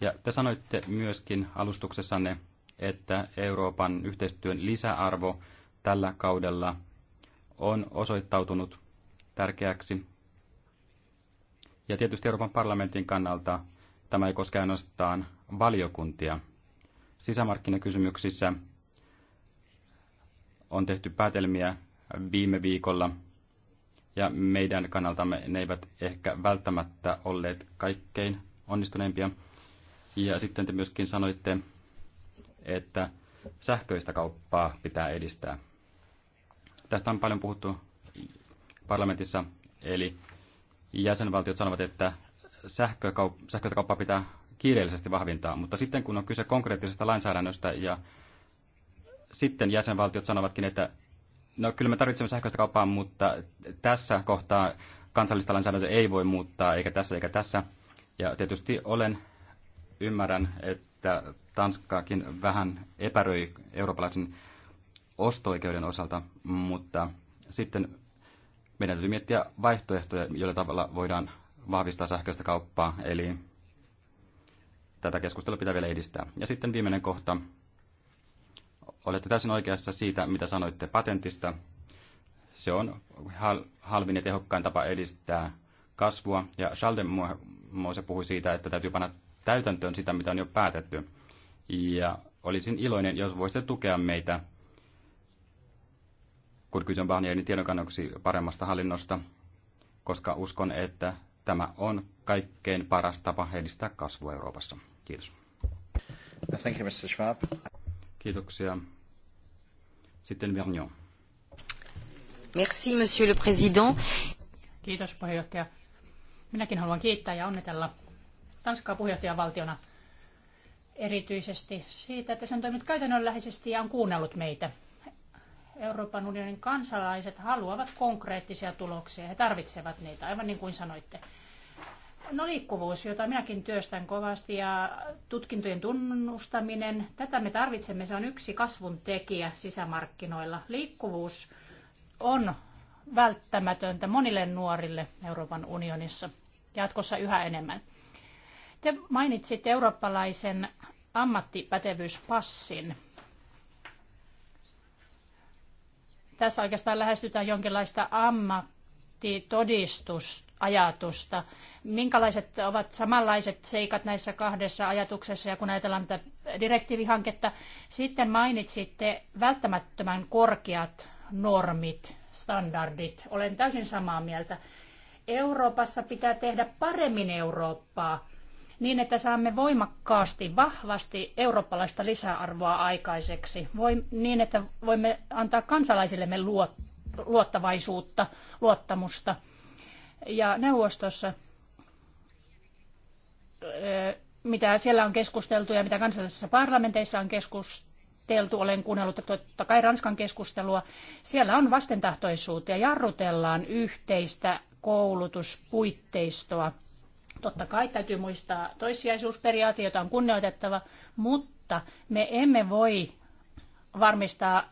ja te sanoitte myöskin alustuksessanne, että Euroopan yhteistyön lisäarvo tällä kaudella on osoittautunut tärkeäksi. Ja tietysti Euroopan parlamentin kannalta tämä ei koske ainoastaan valiokuntia. Sisämarkkinakysymyksissä on tehty päätelmiä viime viikolla, ja meidän kannaltamme ne eivät ehkä välttämättä olleet kaikkein onnistuneimpia. Ja sitten te myöskin sanoitte, että sähköistä kauppaa pitää edistää. Tästä on paljon puhuttu parlamentissa, eli jäsenvaltiot sanovat, että sähköistä kauppaa pitää kiireellisesti vahvintaa, mutta sitten kun on kyse konkreettisesta lainsäädännöstä ja sitten jäsenvaltiot sanovatkin, että no kyllä me tarvitsemme sähköistä kauppaa, mutta tässä kohtaa kansallista lainsäädäntöä ei voi muuttaa, eikä tässä, eikä tässä. Ja tietysti olen ymmärrän, että Tanskaakin vähän epäröi eurooppalaisen ostoikeuden osalta, mutta sitten meidän täytyy miettiä vaihtoehtoja, joilla tavalla voidaan vahvistaa sähköistä kauppaa, eli tätä keskustelua pitää vielä edistää. Ja sitten viimeinen kohta. Olette täysin oikeassa siitä, mitä sanoitte patentista. Se on halvin ja tehokkain tapa edistää kasvua. Ja muu se puhui siitä, että täytyy panna täytäntöön sitä, mitä on jo päätetty. Ja olisin iloinen, jos voisitte tukea meitä, kun kyse on Barnierin tiedonkannoksi paremmasta hallinnosta, koska uskon, että tämä on kaikkein paras tapa edistää kasvua Euroopassa. Kiitos. Thank you, Mr. Schwab. Kiitoksia. Sitten Vernion. Merci, Monsieur le Président. Kiitos, puheenjohtaja. Minäkin haluan kiittää ja onnitella Tanskaa puheenjohtajavaltiona erityisesti siitä, että se on toiminut käytännönläheisesti ja on kuunnellut meitä. Euroopan unionin kansalaiset haluavat konkreettisia tuloksia. He tarvitsevat niitä, aivan niin kuin sanoitte. No liikkuvuus, jota minäkin työstän kovasti ja tutkintojen tunnustaminen, tätä me tarvitsemme, se on yksi kasvun tekijä sisämarkkinoilla. Liikkuvuus on välttämätöntä monille nuorille Euroopan unionissa, jatkossa yhä enemmän. Te mainitsitte eurooppalaisen ammattipätevyyspassin. Tässä oikeastaan lähestytään jonkinlaista ammattitodistusajatusta. Minkälaiset ovat samanlaiset seikat näissä kahdessa ajatuksessa ja kun ajatellaan tätä direktiivihanketta, sitten mainitsitte välttämättömän korkeat normit, standardit. Olen täysin samaa mieltä. Euroopassa pitää tehdä paremmin Eurooppaa niin että saamme voimakkaasti, vahvasti eurooppalaista lisäarvoa aikaiseksi, Voi, niin että voimme antaa kansalaisillemme luot, luottavaisuutta, luottamusta. Ja neuvostossa, mitä siellä on keskusteltu ja mitä kansallisissa parlamenteissa on keskusteltu, olen kuunnellut totta kai Ranskan keskustelua, siellä on vastentahtoisuutta ja jarrutellaan yhteistä koulutuspuitteistoa – Totta kai täytyy muistaa toissijaisuusperiaate, jota on kunnioitettava, mutta me emme voi varmistaa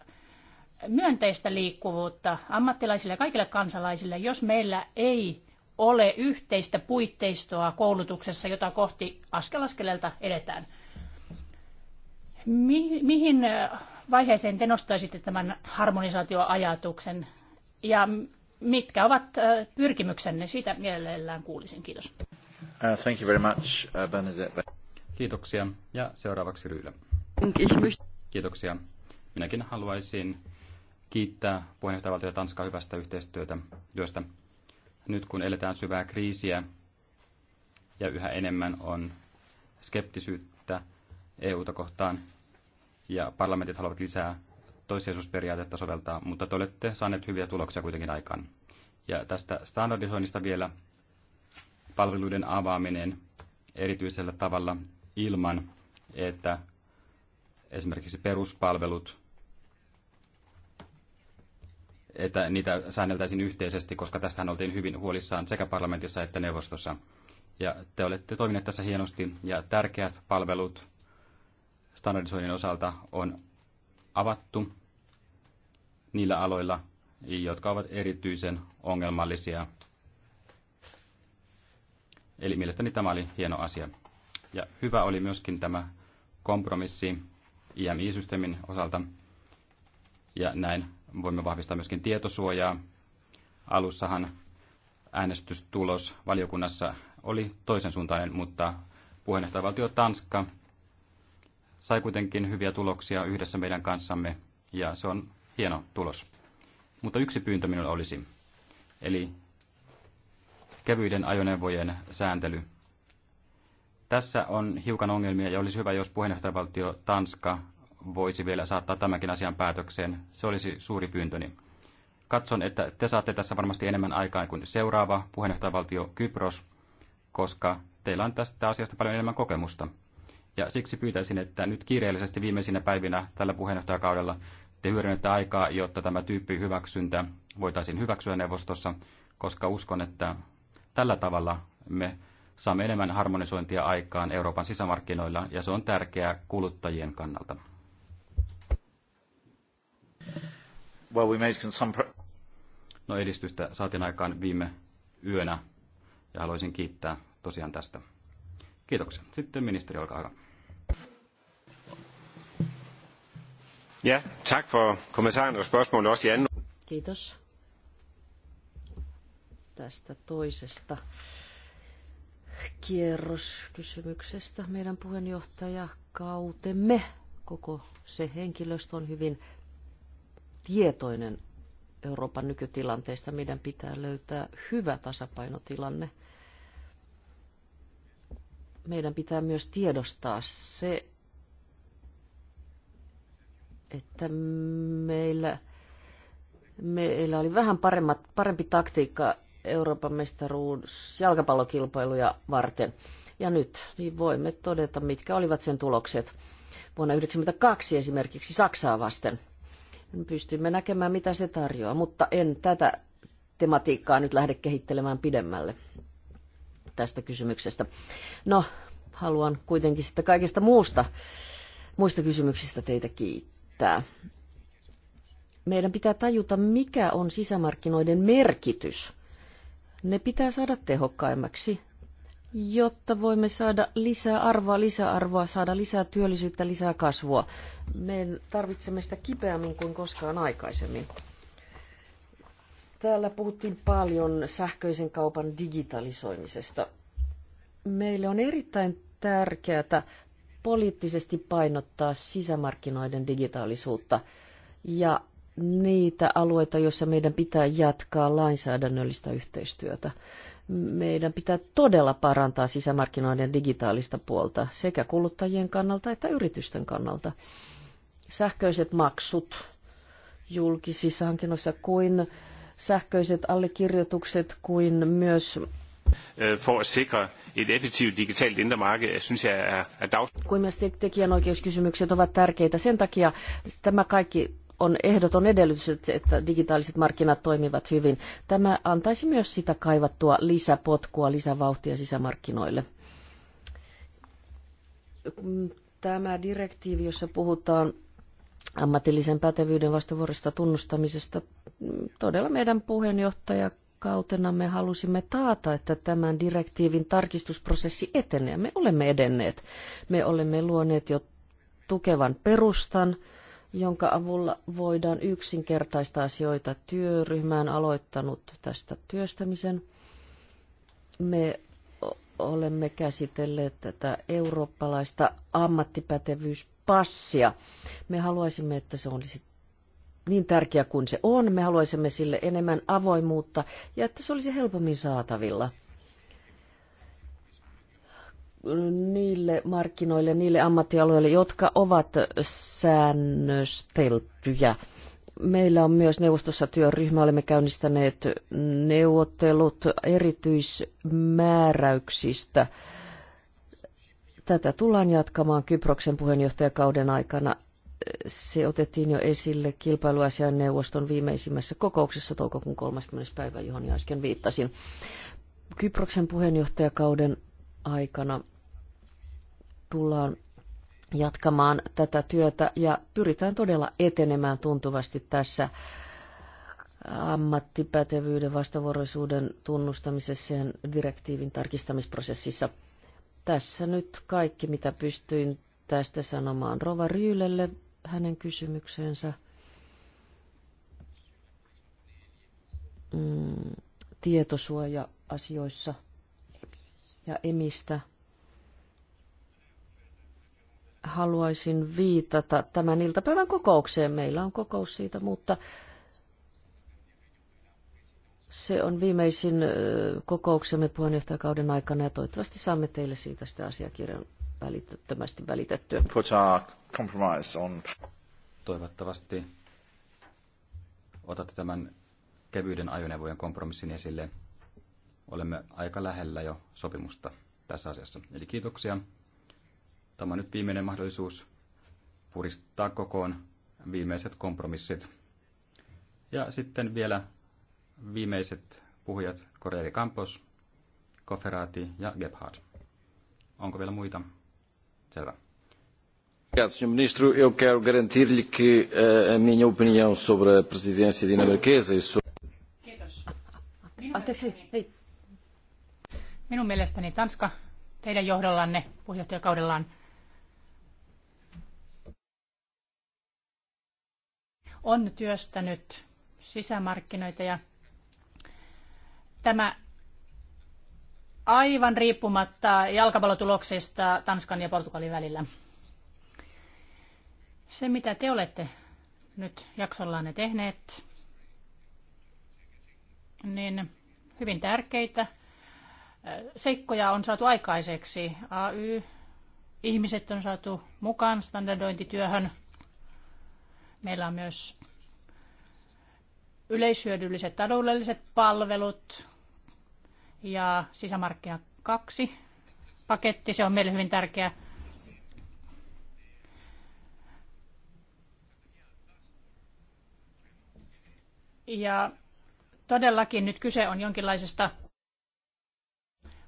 myönteistä liikkuvuutta ammattilaisille ja kaikille kansalaisille, jos meillä ei ole yhteistä puitteistoa koulutuksessa, jota kohti askel askeleelta edetään. Mi- mihin vaiheeseen te nostaisitte tämän harmonisaatioajatuksen ja mitkä ovat pyrkimyksenne? Siitä mielellään kuulisin. Kiitos. Uh, thank you very much, uh, Bernadette. Kiitoksia. Ja seuraavaksi Ryylä. Kiitoksia. Minäkin haluaisin kiittää puheenjohtajavaltio Tanskaa hyvästä yhteistyötä työstä. Nyt kun eletään syvää kriisiä ja yhä enemmän on skeptisyyttä EU-ta kohtaan ja parlamentit haluavat lisää toissijaisuusperiaatetta soveltaa, mutta te olette saaneet hyviä tuloksia kuitenkin aikaan. Ja tästä standardisoinnista vielä palveluiden avaaminen erityisellä tavalla ilman, että esimerkiksi peruspalvelut, että niitä säänneltäisiin yhteisesti, koska tästähän oltiin hyvin huolissaan sekä parlamentissa että neuvostossa. Ja te olette toimineet tässä hienosti ja tärkeät palvelut standardisoinnin osalta on avattu niillä aloilla, jotka ovat erityisen ongelmallisia Eli mielestäni tämä oli hieno asia. Ja hyvä oli myöskin tämä kompromissi IMI-systeemin osalta. Ja näin voimme vahvistaa myöskin tietosuojaa. Alussahan äänestystulos valiokunnassa oli toisen suuntainen, mutta puheenjohtajavaltio Tanska sai kuitenkin hyviä tuloksia yhdessä meidän kanssamme, ja se on hieno tulos. Mutta yksi pyyntö minulla olisi. Eli kevyiden ajoneuvojen sääntely. Tässä on hiukan ongelmia ja olisi hyvä, jos puheenjohtajavaltio Tanska voisi vielä saattaa tämänkin asian päätökseen. Se olisi suuri pyyntöni. Katson, että te saatte tässä varmasti enemmän aikaa kuin seuraava puheenjohtajavaltio Kypros, koska teillä on tästä asiasta paljon enemmän kokemusta. Ja siksi pyytäisin, että nyt kiireellisesti viimeisinä päivinä tällä puheenjohtajakaudella te hyödynnette aikaa, jotta tämä tyyppi hyväksyntä voitaisiin hyväksyä neuvostossa, koska uskon, että Tällä tavalla me saamme enemmän harmonisointia aikaan Euroopan sisämarkkinoilla ja se on tärkeää kuluttajien kannalta. Well, we made some no edistystä saatiin aikaan viime yönä ja haluaisin kiittää tosiaan tästä. Kiitoksia. Sitten ministeri, olkaa hyvä. Ja, tack för kommentaren og spørgsmålet også Kiitos tästä toisesta kierroskysymyksestä. Meidän puheenjohtaja kautemme. koko se henkilöstö on hyvin tietoinen Euroopan nykytilanteesta. Meidän pitää löytää hyvä tasapainotilanne. Meidän pitää myös tiedostaa se, että meillä, meillä oli vähän paremmat, parempi taktiikka Euroopan mestaruus jalkapallokilpailuja varten. Ja nyt niin voimme todeta, mitkä olivat sen tulokset. Vuonna 1992 esimerkiksi Saksaa vasten. Pystymme näkemään, mitä se tarjoaa, mutta en tätä tematiikkaa nyt lähde kehittelemään pidemmälle tästä kysymyksestä. No, haluan kuitenkin sitten kaikesta muusta, muista kysymyksistä teitä kiittää. Meidän pitää tajuta, mikä on sisämarkkinoiden merkitys – ne pitää saada tehokkaimmaksi, jotta voimme saada lisää arvoa, lisää arvoa, saada lisää työllisyyttä, lisää kasvua. Me tarvitsemme sitä kipeämmin kuin koskaan aikaisemmin. Täällä puhuttiin paljon sähköisen kaupan digitalisoimisesta. Meille on erittäin tärkeää poliittisesti painottaa sisämarkkinoiden digitaalisuutta ja niitä alueita, joissa meidän pitää jatkaa lainsäädännöllistä yhteistyötä. Meidän pitää todella parantaa sisämarkkinoiden digitaalista puolta sekä kuluttajien kannalta että yritysten kannalta. Sähköiset maksut julkisissa hankinnoissa kuin sähköiset allekirjoitukset kuin myös øh, for at sikre et effektivt digitalt indre marked, synes jeg er, er dags. Kun myös tekijänoikeuskysymykset ovat tärkeitä, sen takia tämä kaikki on ehdoton edellytys, että digitaaliset markkinat toimivat hyvin. Tämä antaisi myös sitä kaivattua lisäpotkua, lisävauhtia sisämarkkinoille. Tämä direktiivi, jossa puhutaan ammatillisen pätevyyden vastavuorista tunnustamisesta, todella meidän puheenjohtaja kautena me halusimme taata, että tämän direktiivin tarkistusprosessi etenee. Me olemme edenneet. Me olemme luoneet jo tukevan perustan jonka avulla voidaan yksinkertaista asioita. Työryhmä on aloittanut tästä työstämisen. Me olemme käsitelleet tätä eurooppalaista ammattipätevyyspassia. Me haluaisimme, että se olisi niin tärkeä kuin se on. Me haluaisimme sille enemmän avoimuutta ja että se olisi helpommin saatavilla – niille markkinoille, niille ammattialueille, jotka ovat säännösteltyjä. Meillä on myös neuvostossa työryhmä, olemme käynnistäneet neuvottelut erityismääräyksistä. Tätä tullaan jatkamaan Kyproksen puheenjohtajakauden aikana. Se otettiin jo esille kilpailuasian neuvoston viimeisimmässä kokouksessa toukokuun 30. päivä, johon jo äsken viittasin. Kyproksen puheenjohtajakauden aikana tullaan jatkamaan tätä työtä ja pyritään todella etenemään tuntuvasti tässä ammattipätevyyden vastavuoroisuuden tunnustamisessa ja direktiivin tarkistamisprosessissa. Tässä nyt kaikki, mitä pystyin tästä sanomaan Rova Ryylelle hänen kysymyksensä Mm, tietosuoja-asioissa ja emistä haluaisin viitata tämän iltapäivän kokoukseen. Meillä on kokous siitä, mutta se on viimeisin kokouksemme puheenjohtajakauden aikana ja toivottavasti saamme teille siitä sitä asiakirjan välittömästi välitettyä. Toivottavasti otatte tämän kevyyden ajoneuvojen kompromissin esille. Olemme aika lähellä jo sopimusta tässä asiassa. Eli kiitoksia. Tämä on nyt viimeinen mahdollisuus puristaa kokoon viimeiset kompromissit. Ja sitten vielä viimeiset puhujat Correri Campos, Koferati ja Gebhard. Onko vielä muita? Selvä. Senhor Ministro, eu quero garantir-lhe que eh, a minha opinião sobre a presidência dinamarquesa e sobre... Kiitos. Minun mielestäni Tanska teidän johdollanne puheenjohtajakaudellaan on työstänyt sisämarkkinoita ja tämä aivan riippumatta jalkapallotuloksista Tanskan ja Portugalin välillä. Se, mitä te olette nyt jaksollanne tehneet, niin hyvin tärkeitä äh, seikkoja on saatu aikaiseksi. AY, ihmiset on saatu mukaan standardointityöhön – Meillä on myös yleishyödylliset taloudelliset palvelut ja sisämarkkina kaksi paketti. Se on meille hyvin tärkeä. Ja todellakin nyt kyse on jonkinlaisesta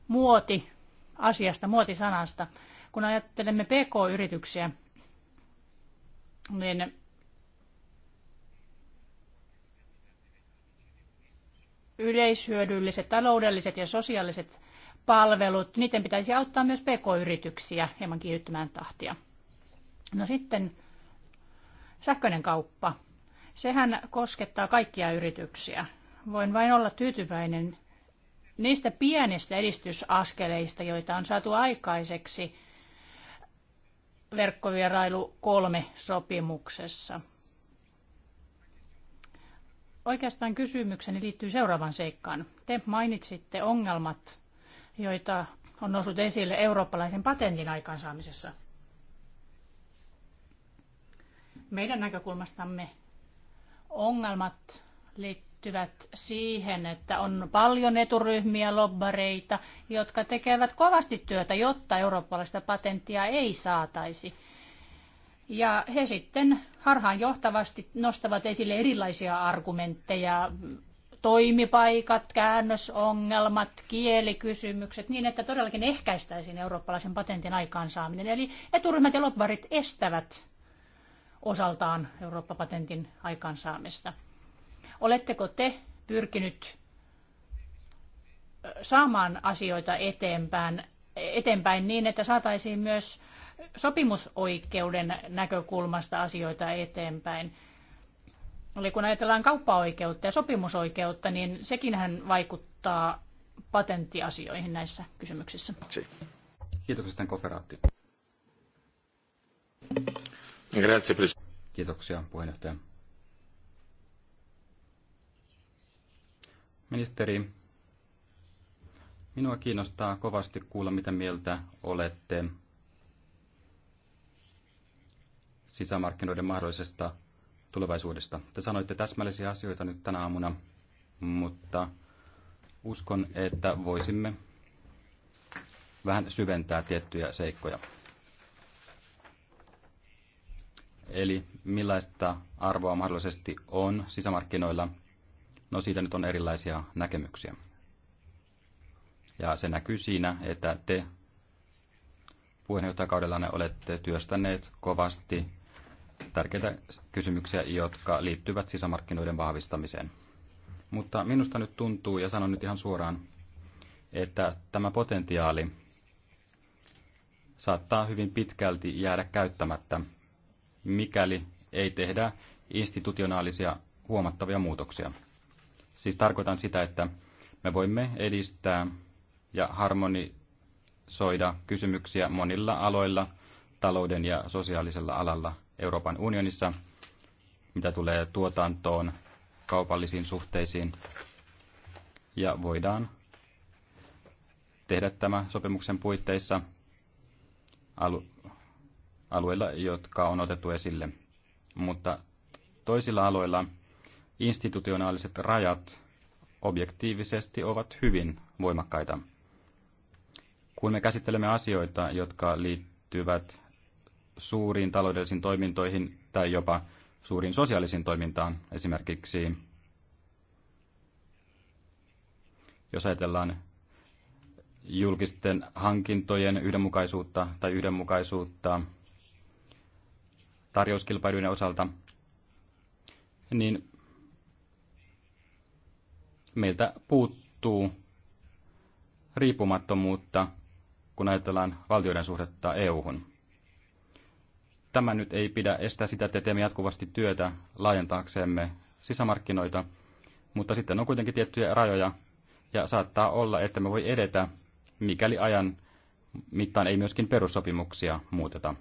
muotiasiasta, muotisanasta. Kun ajattelemme pk-yrityksiä, niin yleishyödylliset taloudelliset ja sosiaaliset palvelut, niiden pitäisi auttaa myös pk-yrityksiä hieman kiihdyttämään tahtia. No sitten sähköinen kauppa. Sehän koskettaa kaikkia yrityksiä. Voin vain olla tyytyväinen niistä pienistä edistysaskeleista, joita on saatu aikaiseksi verkkovierailu kolme sopimuksessa – Oikeastaan kysymykseni liittyy seuraavan seikkaan. Te mainitsitte ongelmat, joita on noussut esille eurooppalaisen patentin aikaansaamisessa. Meidän näkökulmastamme ongelmat liittyvät siihen, että on paljon eturyhmiä, lobbareita, jotka tekevät kovasti työtä, jotta eurooppalaista patenttia ei saataisi – ja he sitten harhaan johtavasti nostavat esille erilaisia argumentteja, toimipaikat, käännösongelmat, kielikysymykset, niin että todellakin ehkäistäisiin eurooppalaisen patentin aikaansaaminen. Eli eturyhmät ja lobbarit estävät osaltaan Eurooppa-patentin aikaansaamista. Oletteko te pyrkinyt saamaan asioita eteenpäin, eteenpäin niin, että saataisiin myös sopimusoikeuden näkökulmasta asioita eteenpäin. Eli kun ajatellaan kauppaoikeutta ja sopimusoikeutta, niin sekinhän vaikuttaa patenttiasioihin näissä kysymyksissä. Kiitoksia, Koferaatti. Kiitoksia, puheenjohtaja. Ministeri, minua kiinnostaa kovasti kuulla, mitä mieltä olette sisämarkkinoiden mahdollisesta tulevaisuudesta. Te sanoitte täsmällisiä asioita nyt tänä aamuna, mutta uskon, että voisimme vähän syventää tiettyjä seikkoja. Eli millaista arvoa mahdollisesti on sisämarkkinoilla? No siitä nyt on erilaisia näkemyksiä. Ja se näkyy siinä, että te puheenjohtajakaudellanne olette työstäneet kovasti tärkeitä kysymyksiä, jotka liittyvät sisämarkkinoiden vahvistamiseen. Mutta minusta nyt tuntuu, ja sanon nyt ihan suoraan, että tämä potentiaali saattaa hyvin pitkälti jäädä käyttämättä, mikäli ei tehdä institutionaalisia huomattavia muutoksia. Siis tarkoitan sitä, että me voimme edistää ja harmonisoida kysymyksiä monilla aloilla, talouden ja sosiaalisella alalla Euroopan unionissa, mitä tulee tuotantoon, kaupallisiin suhteisiin. Ja voidaan tehdä tämä sopimuksen puitteissa alu- alueilla, jotka on otettu esille. Mutta toisilla aloilla institutionaaliset rajat objektiivisesti ovat hyvin voimakkaita. Kun me käsittelemme asioita, jotka liittyvät suuriin taloudellisiin toimintoihin tai jopa suuriin sosiaalisiin toimintaan. Esimerkiksi jos ajatellaan julkisten hankintojen yhdenmukaisuutta tai yhdenmukaisuutta tarjouskilpailuiden osalta, niin meiltä puuttuu riippumattomuutta, kun ajatellaan valtioiden suhdetta EU-hun tämä nyt ei pidä estää sitä, että teemme jatkuvasti työtä laajentaaksemme sisämarkkinoita, mutta sitten on kuitenkin tiettyjä rajoja ja saattaa olla, että me voi edetä, mikäli ajan mittaan ei myöskin perussopimuksia muuteta.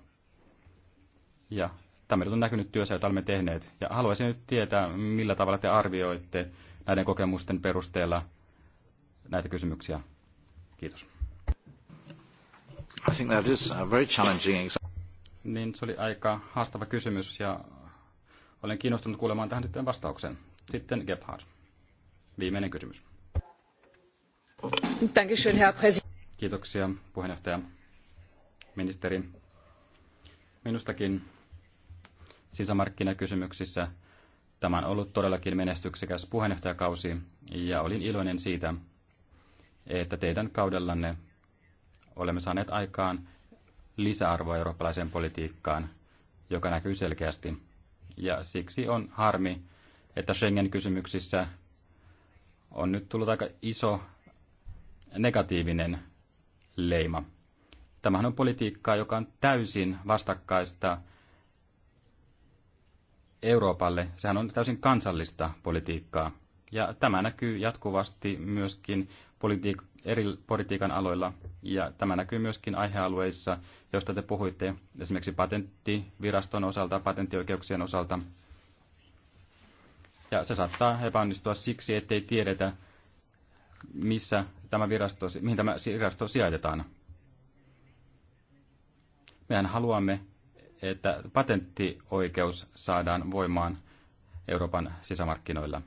Ja tämä on näkynyt työssä, jota olemme tehneet. Ja haluaisin nyt tietää, millä tavalla te arvioitte näiden kokemusten perusteella näitä kysymyksiä. Kiitos. I think that is very challenging niin se oli aika haastava kysymys ja olen kiinnostunut kuulemaan tähän sitten vastauksen. Sitten Gebhard. Viimeinen kysymys. Kiitoksia puheenjohtaja ministeri. Minustakin sisämarkkinakysymyksissä tämä on ollut todellakin menestyksekäs puheenjohtajakausi ja olin iloinen siitä, että teidän kaudellanne olemme saaneet aikaan lisäarvoa eurooppalaiseen politiikkaan, joka näkyy selkeästi. Ja siksi on harmi, että Schengen-kysymyksissä on nyt tullut aika iso negatiivinen leima. Tämähän on politiikkaa, joka on täysin vastakkaista Euroopalle. Sehän on täysin kansallista politiikkaa. Ja tämä näkyy jatkuvasti myöskin politiik- eri politiikan aloilla, ja tämä näkyy myöskin aihealueissa, joista te puhuitte, esimerkiksi patenttiviraston osalta, patenttioikeuksien osalta. Ja se saattaa epäonnistua siksi, ettei tiedetä, missä tämä virasto, mihin tämä virasto sijaitetaan. Mehän haluamme, että patenttioikeus saadaan voimaan Euroopan sisämarkkinoilla.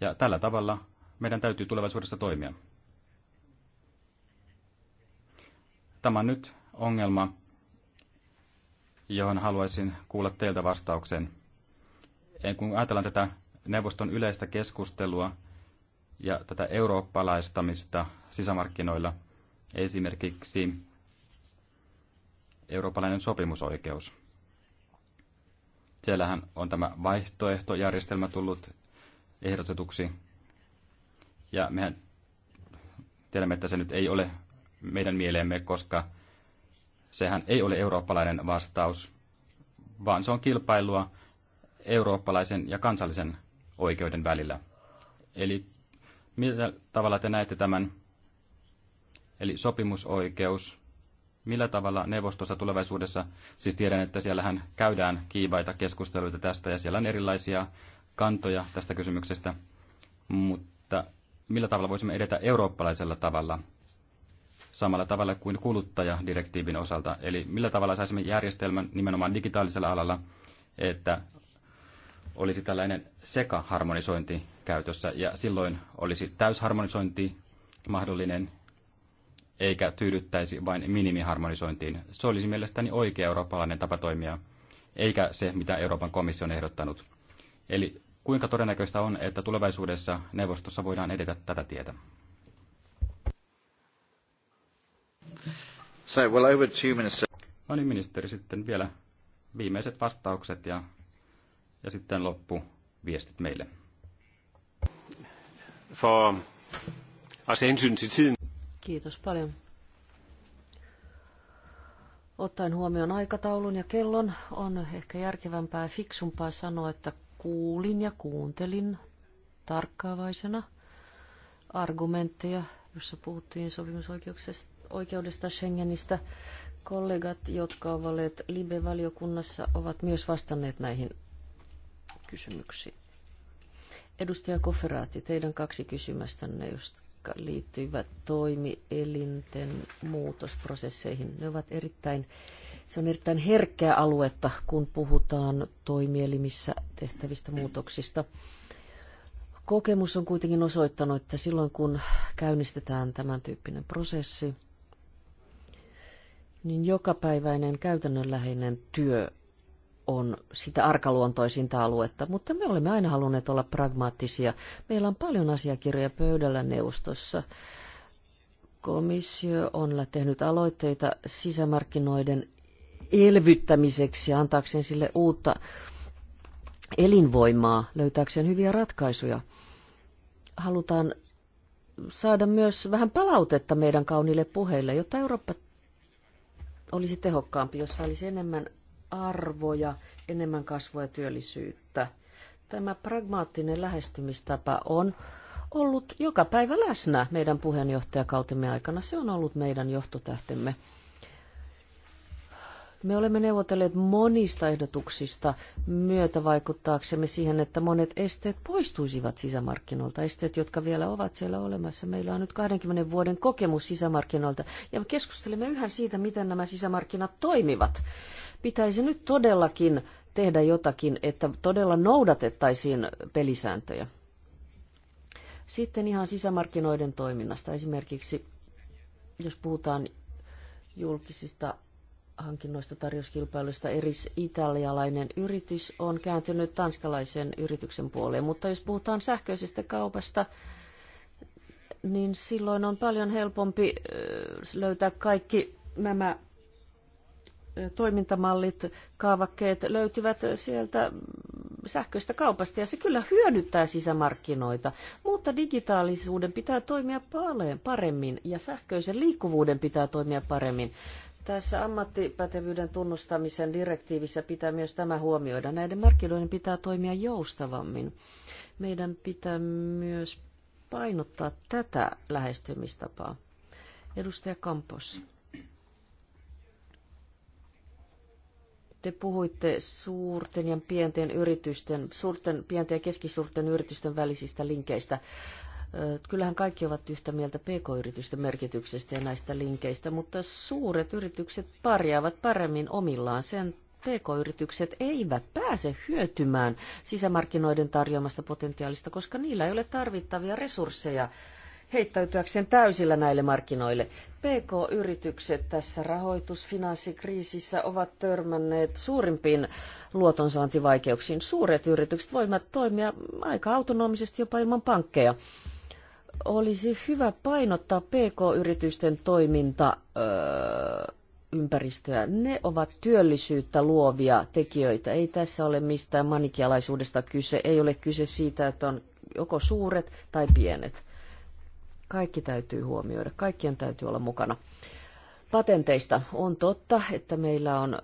Ja tällä tavalla meidän täytyy tulevaisuudessa toimia. Tämä on nyt ongelma, johon haluaisin kuulla teiltä vastauksen. Kun ajatellaan tätä neuvoston yleistä keskustelua ja tätä eurooppalaistamista sisämarkkinoilla, esimerkiksi eurooppalainen sopimusoikeus. Siellähän on tämä vaihtoehtojärjestelmä tullut ehdotetuksi ja mehän tiedämme, että se nyt ei ole meidän mieleemme, koska sehän ei ole eurooppalainen vastaus, vaan se on kilpailua eurooppalaisen ja kansallisen oikeuden välillä. Eli millä tavalla te näette tämän, eli sopimusoikeus, millä tavalla neuvostossa tulevaisuudessa, siis tiedän, että siellähän käydään kiivaita keskusteluita tästä ja siellä on erilaisia kantoja tästä kysymyksestä, mutta millä tavalla voisimme edetä eurooppalaisella tavalla samalla tavalla kuin kuluttajadirektiivin osalta. Eli millä tavalla saisimme järjestelmän nimenomaan digitaalisella alalla, että olisi tällainen sekaharmonisointi käytössä ja silloin olisi täysharmonisointi mahdollinen eikä tyydyttäisi vain minimiharmonisointiin. Se olisi mielestäni oikea eurooppalainen tapa toimia, eikä se, mitä Euroopan komissio on ehdottanut. Eli Kuinka todennäköistä on, että tulevaisuudessa neuvostossa voidaan edetä tätä tietä? So, well, over No niin, ministeri, sitten vielä viimeiset vastaukset ja, ja sitten loppu viestit meille. For, Kiitos paljon. Ottaen huomioon aikataulun ja kellon, on ehkä järkevämpää ja fiksumpaa sanoa, että kuulin ja kuuntelin tarkkaavaisena argumentteja, jossa puhuttiin sopimusoikeudesta Schengenistä. Kollegat, jotka ovat olleet Libe-valiokunnassa, ovat myös vastanneet näihin kysymyksiin. Edustaja Koferaati, teidän kaksi kysymästänne, jotka liittyivät toimielinten muutosprosesseihin, ne ovat erittäin se on erittäin herkkää aluetta, kun puhutaan toimielimissä tehtävistä muutoksista. Kokemus on kuitenkin osoittanut, että silloin kun käynnistetään tämän tyyppinen prosessi, niin jokapäiväinen käytännönläheinen työ on sitä arkaluontoisinta aluetta, mutta me olemme aina halunneet olla pragmaattisia. Meillä on paljon asiakirjoja pöydällä neuvostossa. Komissio on tehnyt aloitteita sisämarkkinoiden elvyttämiseksi ja antaakseen sille uutta elinvoimaa, löytääkseen hyviä ratkaisuja. Halutaan saada myös vähän palautetta meidän kauniille puheille, jotta Eurooppa olisi tehokkaampi, jossa olisi enemmän arvoja, enemmän kasvua ja työllisyyttä. Tämä pragmaattinen lähestymistapa on ollut joka päivä läsnä meidän puheenjohtajakautemme aikana. Se on ollut meidän johtotähtemme. Me olemme neuvotelleet monista ehdotuksista myötävaikuttaaksemme siihen, että monet esteet poistuisivat sisämarkkinoilta. Esteet, jotka vielä ovat siellä olemassa. Meillä on nyt 20 vuoden kokemus sisämarkkinoilta ja me keskustelemme yhä siitä, miten nämä sisämarkkinat toimivat. Pitäisi nyt todellakin tehdä jotakin, että todella noudatettaisiin pelisääntöjä. Sitten ihan sisämarkkinoiden toiminnasta. Esimerkiksi jos puhutaan julkisista hankinnoista tarjouskilpailuista eris italialainen yritys on kääntynyt tanskalaisen yrityksen puoleen. Mutta jos puhutaan sähköisestä kaupasta, niin silloin on paljon helpompi löytää kaikki nämä toimintamallit, kaavakkeet löytyvät sieltä sähköistä kaupasta ja se kyllä hyödyttää sisämarkkinoita, mutta digitaalisuuden pitää toimia paremmin ja sähköisen liikkuvuuden pitää toimia paremmin. Tässä ammattipätevyyden tunnustamisen direktiivissä pitää myös tämä huomioida. Näiden markkinoiden pitää toimia joustavammin. Meidän pitää myös painottaa tätä lähestymistapaa. Edustaja Kampos. Te puhuitte suurten ja pienten yritysten, suurten, pienten ja keskisuurten yritysten välisistä linkeistä. Kyllähän kaikki ovat yhtä mieltä pk-yritysten merkityksestä ja näistä linkeistä, mutta suuret yritykset parjaavat paremmin omillaan. Sen PK-yritykset eivät pääse hyötymään sisämarkkinoiden tarjoamasta potentiaalista, koska niillä ei ole tarvittavia resursseja heittäytyäkseen täysillä näille markkinoille. PK-yritykset tässä rahoitusfinanssikriisissä ovat törmänneet suurimpiin luotonsaantivaikeuksiin. Suuret yritykset voivat toimia aika autonomisesti jopa ilman pankkeja olisi hyvä painottaa PK-yritysten toiminta ympäristöä. Ne ovat työllisyyttä luovia tekijöitä. Ei tässä ole mistään manikialaisuudesta kyse. Ei ole kyse siitä, että on joko suuret tai pienet. Kaikki täytyy huomioida. Kaikkien täytyy olla mukana. Patenteista on totta, että meillä on,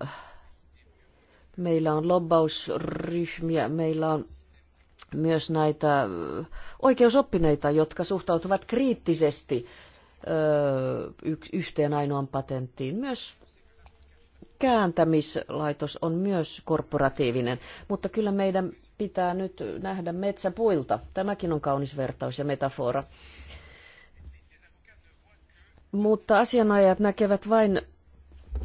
meillä on lobbausryhmiä, meillä on myös näitä oikeusoppineita, jotka suhtautuvat kriittisesti yhteen ainoan patenttiin. Myös kääntämislaitos on myös korporatiivinen, mutta kyllä meidän pitää nyt nähdä metsäpuilta. Tämäkin on kaunis vertaus ja metafora. Mutta asianajajat näkevät vain...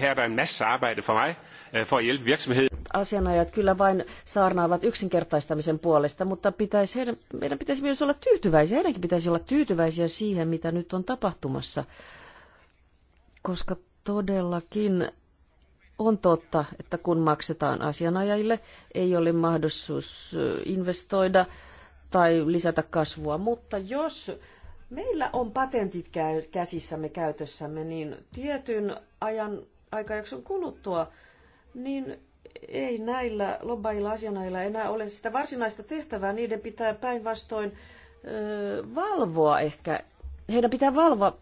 Her er en masse arbejde for mig, øh, for at hjælpe virksomhed asianajat kyllä vain saarnaavat yksinkertaistamisen puolesta, mutta pitäisi heidän, meidän pitäisi myös olla tyytyväisiä. Heidänkin pitäisi olla tyytyväisiä siihen, mitä nyt on tapahtumassa, koska todellakin on totta, että kun maksetaan asianajajille, ei ole mahdollisuus investoida tai lisätä kasvua, mutta jos meillä on patentit käsissämme käytössämme, niin tietyn ajan aikajakson kuluttua, niin ei näillä lobbailla asianailla enää ole sitä varsinaista tehtävää. Niiden pitää päinvastoin valvoa ehkä. Heidän pitää valvoa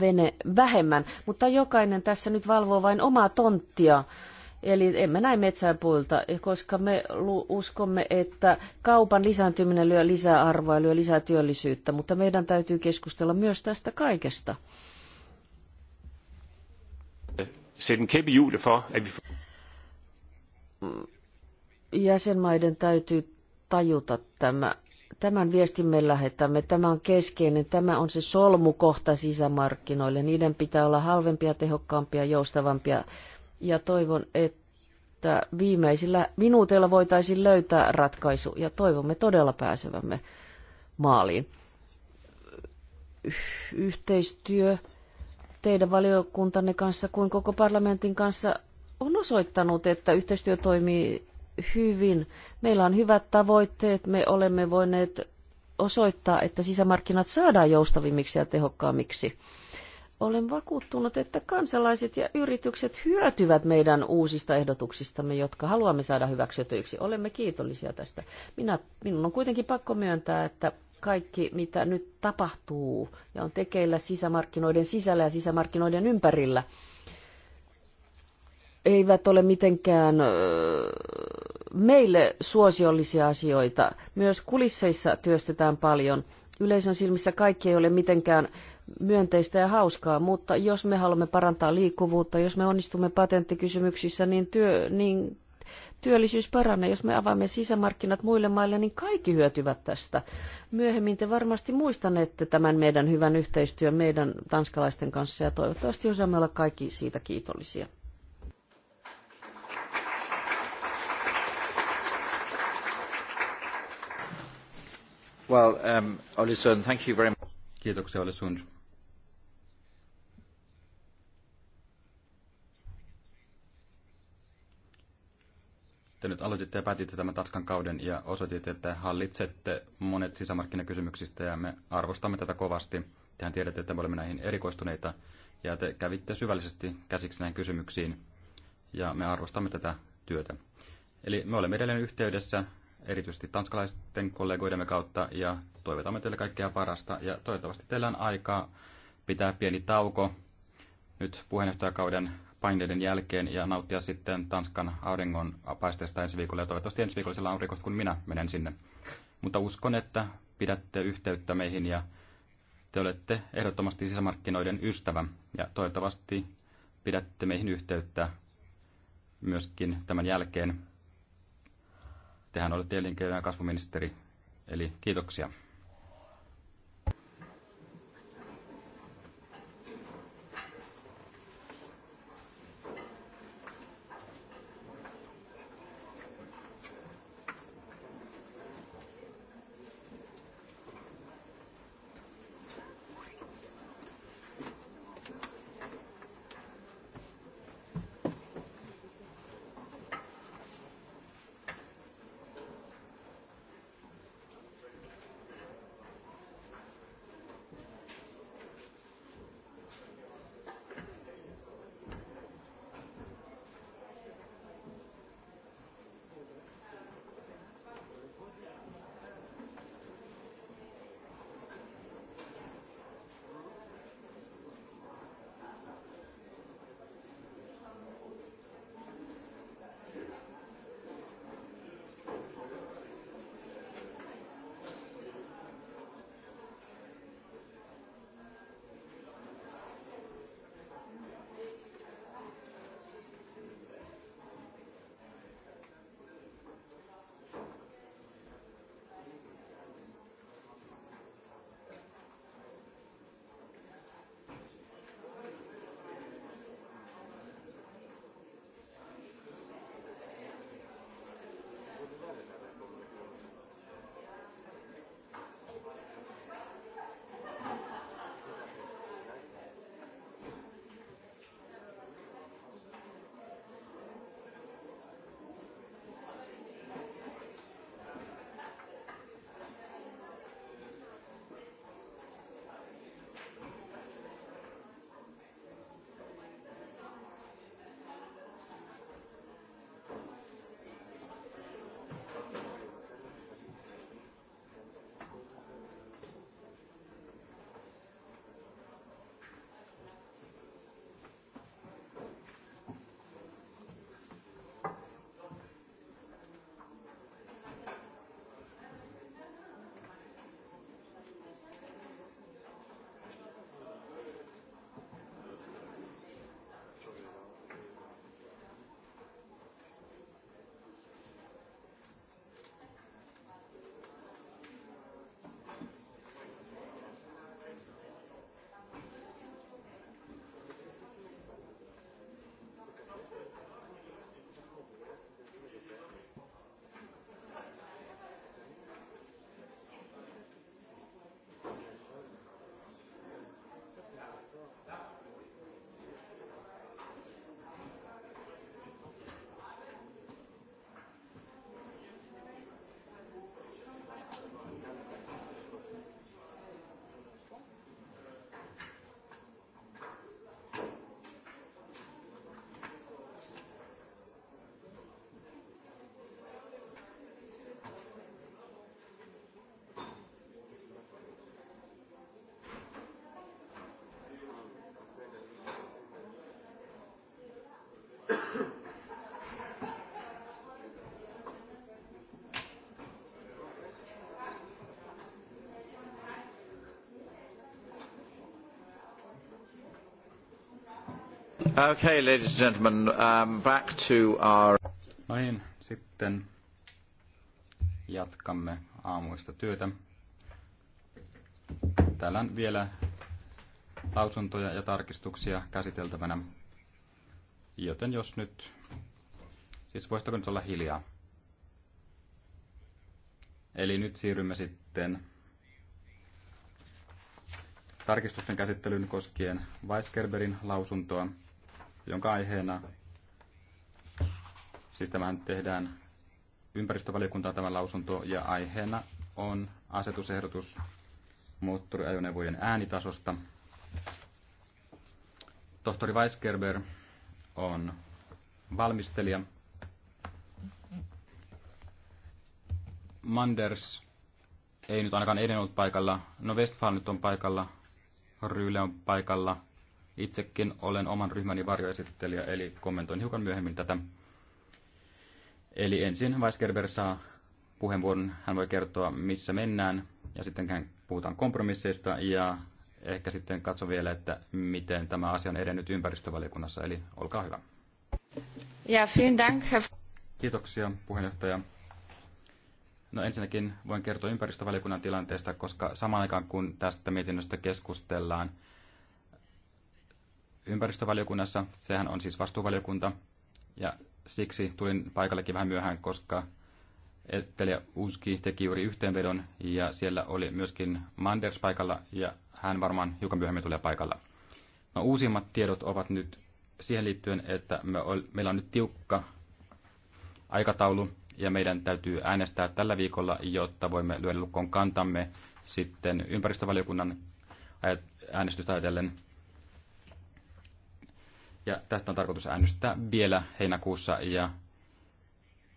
vene vähemmän, mutta jokainen tässä nyt valvoo vain omaa tonttia. Eli emme näe metsään puilta, koska me uskomme, että kaupan lisääntyminen lyö lisää arvoa ja lyö lisää työllisyyttä, mutta meidän täytyy keskustella myös tästä kaikesta. Sæt en kæppe hjul for, at vi jäsenmaiden täytyy tajuta tämä. Tämän viestin me lähetämme. Tämä on keskeinen. Tämä on se solmukohta sisämarkkinoille. Niiden pitää olla halvempia, tehokkaampia, joustavampia. Ja toivon, että viimeisillä minuuteilla voitaisiin löytää ratkaisu. Ja toivomme todella pääsevämme maaliin. Yhteistyö teidän valiokuntanne kanssa kuin koko parlamentin kanssa on osoittanut, että yhteistyö toimii hyvin. Meillä on hyvät tavoitteet, me olemme voineet osoittaa, että sisämarkkinat saadaan joustavimmiksi ja tehokkaammiksi. Olen vakuuttunut, että kansalaiset ja yritykset hyötyvät meidän uusista ehdotuksistamme, jotka haluamme saada hyväksytyiksi. Olemme kiitollisia tästä. Minä, minun on kuitenkin pakko myöntää, että kaikki, mitä nyt tapahtuu ja on tekeillä sisämarkkinoiden sisällä ja sisämarkkinoiden ympärillä, eivät ole mitenkään meille suosiollisia asioita. Myös kulisseissa työstetään paljon. Yleisön silmissä kaikki ei ole mitenkään myönteistä ja hauskaa, mutta jos me haluamme parantaa liikkuvuutta, jos me onnistumme patenttikysymyksissä, niin, työ, niin työllisyys paranee. Jos me avaamme sisämarkkinat muille maille, niin kaikki hyötyvät tästä. Myöhemmin te varmasti muistanette tämän meidän hyvän yhteistyön meidän tanskalaisten kanssa ja toivottavasti osaamme olla kaikki siitä kiitollisia. Well, um, Oli Sund, thank you very much. Kiitoksia Oli Sund. Te nyt aloititte ja päätitte tämän Tatskan kauden ja osoititte, että hallitsette monet sisämarkkinakysymyksistä ja me arvostamme tätä kovasti. Tehän tiedätte, että me olemme näihin erikoistuneita ja te kävitte syvällisesti käsiksi näihin kysymyksiin ja me arvostamme tätä työtä. Eli me olemme edelleen yhteydessä erityisesti tanskalaisten kollegoidemme kautta ja toivotamme teille kaikkea parasta ja toivottavasti teillä on aikaa pitää pieni tauko nyt puheenjohtajakauden paineiden jälkeen ja nauttia sitten Tanskan auringon paisteesta ensi viikolla ja toivottavasti ensi viikolla siellä aurinkoista, kun minä menen sinne. Mutta uskon, että pidätte yhteyttä meihin ja te olette ehdottomasti sisämarkkinoiden ystävä ja toivottavasti pidätte meihin yhteyttä myöskin tämän jälkeen. Tehän olette elinkeinojen kasvuministeri, eli kiitoksia. Okay, ladies and gentlemen, um, back to our... No niin, sitten jatkamme aamuista työtä. Täällä on vielä lausuntoja ja tarkistuksia käsiteltävänä, joten jos nyt... Siis voisitko nyt olla hiljaa? Eli nyt siirrymme sitten tarkistusten käsittelyyn koskien Weisgerberin lausuntoa jonka aiheena, siis tämän tehdään ympäristövaliokuntaan tämä lausunto, ja aiheena on asetusehdotus moottoriajoneuvojen äänitasosta. Tohtori Weisgerber on valmistelija. Manders ei nyt ainakaan eilen ollut paikalla. No Westfall nyt on paikalla. Ryyle on paikalla. Itsekin olen oman ryhmäni varjoesittelijä, eli kommentoin hiukan myöhemmin tätä. Eli ensin Weisgerber saa puheenvuoron, hän voi kertoa missä mennään, ja sitten puhutaan kompromisseista, ja ehkä sitten katso vielä, että miten tämä asia on edennyt ympäristövaliokunnassa, eli olkaa hyvä. Ja, vielen dank. Kiitoksia puheenjohtaja. No ensinnäkin voin kertoa ympäristövaliokunnan tilanteesta, koska samaan aikaan kun tästä mietinnöstä keskustellaan, ympäristövaliokunnassa, sehän on siis vastuuvaliokunta, ja siksi tulin paikallekin vähän myöhään, koska esittelijä Uski teki juuri yhteenvedon, ja siellä oli myöskin Manders paikalla, ja hän varmaan hiukan myöhemmin tulee paikalla. No, uusimmat tiedot ovat nyt siihen liittyen, että me ol, meillä on nyt tiukka aikataulu, ja meidän täytyy äänestää tällä viikolla, jotta voimme lyödä lukkoon kantamme sitten ympäristövaliokunnan äänestystä ajatellen ja tästä on tarkoitus äänestää vielä heinäkuussa. Ja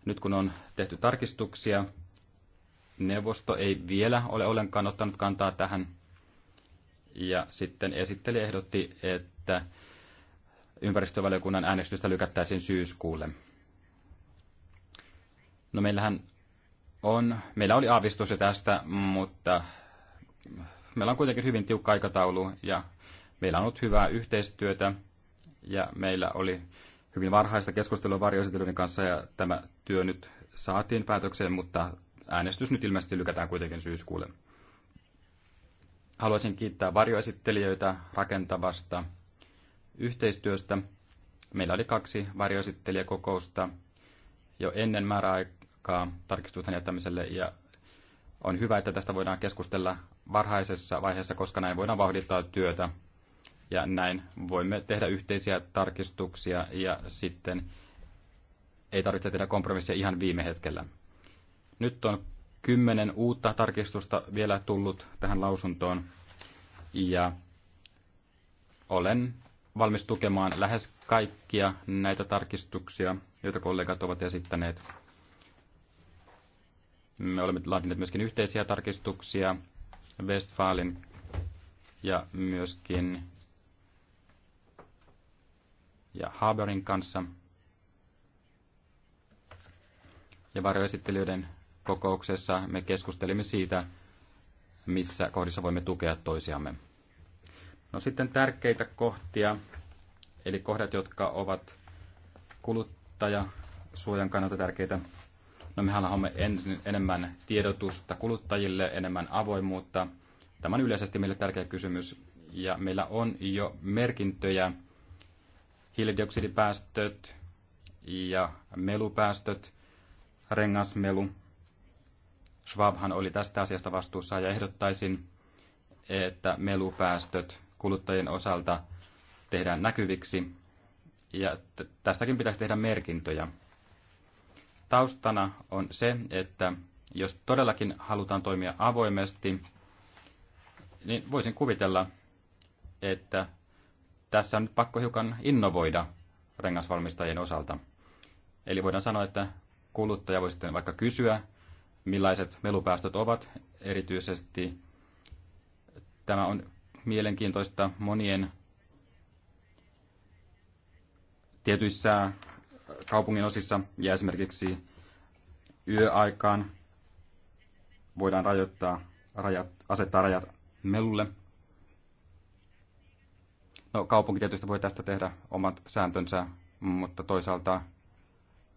nyt kun on tehty tarkistuksia, neuvosto ei vielä ole ollenkaan ottanut kantaa tähän. Ja sitten esitteli ehdotti, että ympäristövaliokunnan äänestystä lykättäisiin syyskuulle. No meillähän on, meillä oli aavistus jo tästä, mutta meillä on kuitenkin hyvin tiukka aikataulu ja meillä on ollut hyvää yhteistyötä ja meillä oli hyvin varhaista keskustelua varjoesitelyiden kanssa ja tämä työ nyt saatiin päätökseen, mutta äänestys nyt ilmeisesti lykätään kuitenkin syyskuulle. Haluaisin kiittää varjoesittelijöitä rakentavasta yhteistyöstä. Meillä oli kaksi varjoesittelijäkokousta jo ennen määräaikaa tarkistusten jättämiselle ja on hyvä, että tästä voidaan keskustella varhaisessa vaiheessa, koska näin voidaan vauhdittaa työtä ja näin voimme tehdä yhteisiä tarkistuksia ja sitten ei tarvitse tehdä kompromissia ihan viime hetkellä. Nyt on kymmenen uutta tarkistusta vielä tullut tähän lausuntoon ja olen valmis tukemaan lähes kaikkia näitä tarkistuksia, joita kollegat ovat esittäneet. Me olemme laatineet myöskin yhteisiä tarkistuksia Westfalin ja myöskin ja Haberin kanssa ja varjoesittelijöiden kokouksessa me keskustelimme siitä, missä kohdissa voimme tukea toisiamme. No sitten tärkeitä kohtia, eli kohdat, jotka ovat kuluttajasuojan kannalta tärkeitä. No me haluamme enemmän tiedotusta kuluttajille, enemmän avoimuutta. Tämä on yleisesti meille tärkeä kysymys, ja meillä on jo merkintöjä hiilidioksidipäästöt ja melupäästöt, rengasmelu. Schwabhan oli tästä asiasta vastuussa ja ehdottaisin, että melupäästöt kuluttajien osalta tehdään näkyviksi ja tästäkin pitäisi tehdä merkintöjä. Taustana on se, että jos todellakin halutaan toimia avoimesti, niin voisin kuvitella, että tässä on nyt pakko hiukan innovoida rengasvalmistajien osalta. Eli voidaan sanoa, että kuluttaja voi sitten vaikka kysyä, millaiset melupäästöt ovat. Erityisesti tämä on mielenkiintoista monien tietyissä kaupungin osissa ja esimerkiksi yöaikaan voidaan rajoittaa, rajat, asettaa rajat melulle – No kaupunki tietysti voi tästä tehdä omat sääntönsä, mutta toisaalta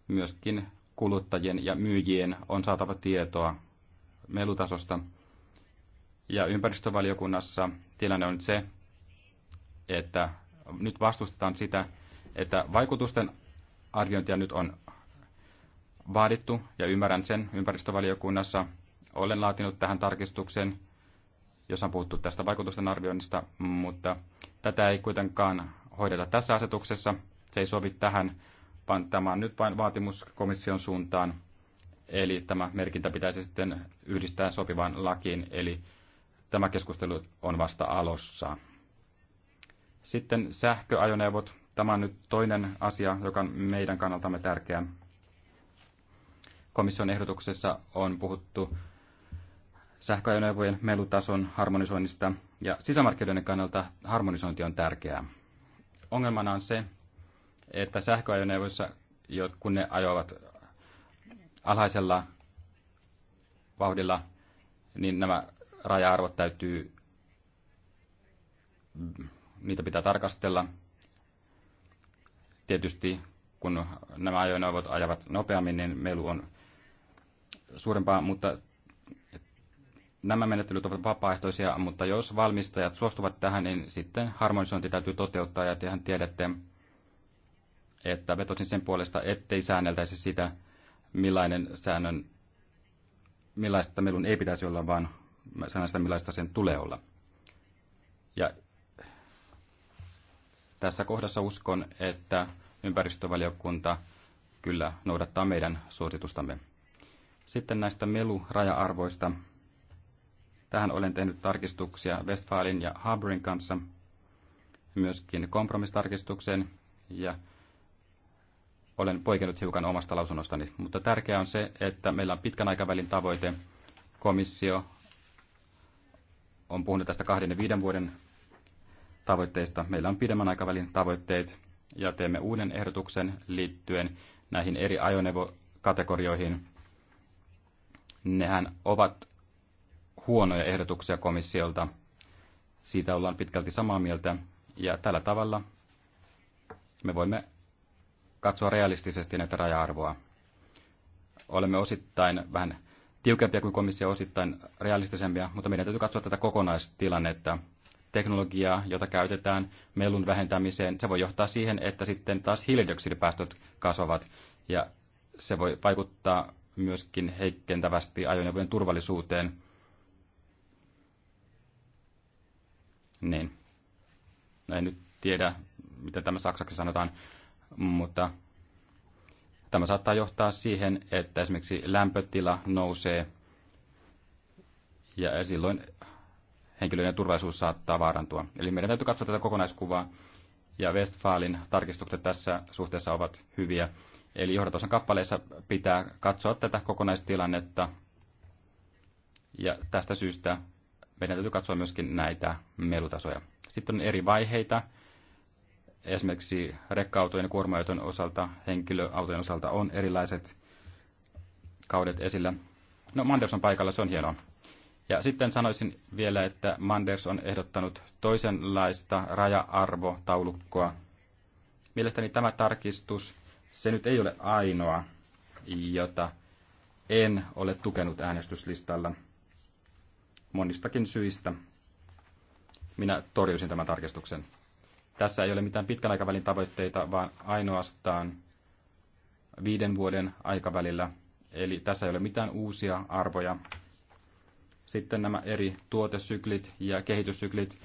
myöskin kuluttajien ja myyjien on saatava tietoa melutasosta. Ja ympäristövaliokunnassa tilanne on nyt se, että nyt vastustetaan sitä, että vaikutusten arviointia nyt on vaadittu ja ymmärrän sen ympäristövaliokunnassa. Olen laatinut tähän tarkistuksen, jossa on puhuttu tästä vaikutusten arvioinnista, mutta Tätä ei kuitenkaan hoideta tässä asetuksessa. Se ei sovi tähän, vaan tämä on nyt vain vaatimus komission suuntaan. Eli tämä merkintä pitäisi sitten yhdistää sopivaan lakiin, eli tämä keskustelu on vasta alossa. Sitten sähköajoneuvot. Tämä on nyt toinen asia, joka on meidän kannaltamme tärkeä. Komission ehdotuksessa on puhuttu sähköajoneuvojen melutason harmonisoinnista ja sisämarkkinoiden kannalta harmonisointi on tärkeää. Ongelmana on se, että sähköajoneuvoissa, kun ne ajoivat alhaisella vauhdilla, niin nämä raja-arvot täytyy, niitä pitää tarkastella. Tietysti kun nämä ajoneuvot ajavat nopeammin, niin melu on suurempaa, mutta Nämä menettelyt ovat vapaaehtoisia, mutta jos valmistajat suostuvat tähän, niin sitten harmonisointi täytyy toteuttaa ja tehän tiedätte, että vetosin sen puolesta, ettei säänneltäisi sitä, millainen säännön, millaista melun ei pitäisi olla, vaan sanon sitä, millaista sen tulee olla. Ja tässä kohdassa uskon, että ympäristövaliokunta kyllä noudattaa meidän suositustamme. Sitten näistä meluraja-arvoista. Tähän olen tehnyt tarkistuksia Westfalin ja Harborin kanssa, myöskin kompromistarkistukseen ja olen poikennut hiukan omasta lausunnostani. Mutta tärkeää on se, että meillä on pitkän aikavälin tavoite. Komissio on puhunut tästä kahden ja viiden vuoden tavoitteista. Meillä on pidemmän aikavälin tavoitteet ja teemme uuden ehdotuksen liittyen näihin eri ajoneuvokategorioihin. Nehän ovat huonoja ehdotuksia komissiolta. Siitä ollaan pitkälti samaa mieltä ja tällä tavalla me voimme katsoa realistisesti näitä raja-arvoa. Olemme osittain vähän tiukempia kuin komissio, osittain realistisempia, mutta meidän täytyy katsoa tätä kokonaistilannetta. Teknologiaa, jota käytetään melun vähentämiseen, se voi johtaa siihen, että sitten taas hiilidioksidipäästöt kasvavat ja se voi vaikuttaa myöskin heikentävästi ajoneuvojen turvallisuuteen – niin no en nyt tiedä, mitä tämä saksaksi sanotaan, mutta tämä saattaa johtaa siihen, että esimerkiksi lämpötila nousee ja silloin henkilöiden turvallisuus saattaa vaarantua. Eli meidän täytyy katsoa tätä kokonaiskuvaa ja Westfalin tarkistukset tässä suhteessa ovat hyviä. Eli johdatosan kappaleissa pitää katsoa tätä kokonaistilannetta ja tästä syystä meidän täytyy katsoa myöskin näitä melutasoja. Sitten on eri vaiheita. Esimerkiksi rekka-autojen ja kuorma osalta, henkilöautojen osalta on erilaiset kaudet esillä. No, Manders on paikalla, se on hienoa. Ja sitten sanoisin vielä, että Manders on ehdottanut toisenlaista raja-arvotaulukkoa. Mielestäni tämä tarkistus, se nyt ei ole ainoa, jota en ole tukenut äänestyslistalla – monistakin syistä minä torjusin tämän tarkistuksen. Tässä ei ole mitään pitkän aikavälin tavoitteita, vaan ainoastaan viiden vuoden aikavälillä. Eli tässä ei ole mitään uusia arvoja. Sitten nämä eri tuotesyklit ja kehityssyklit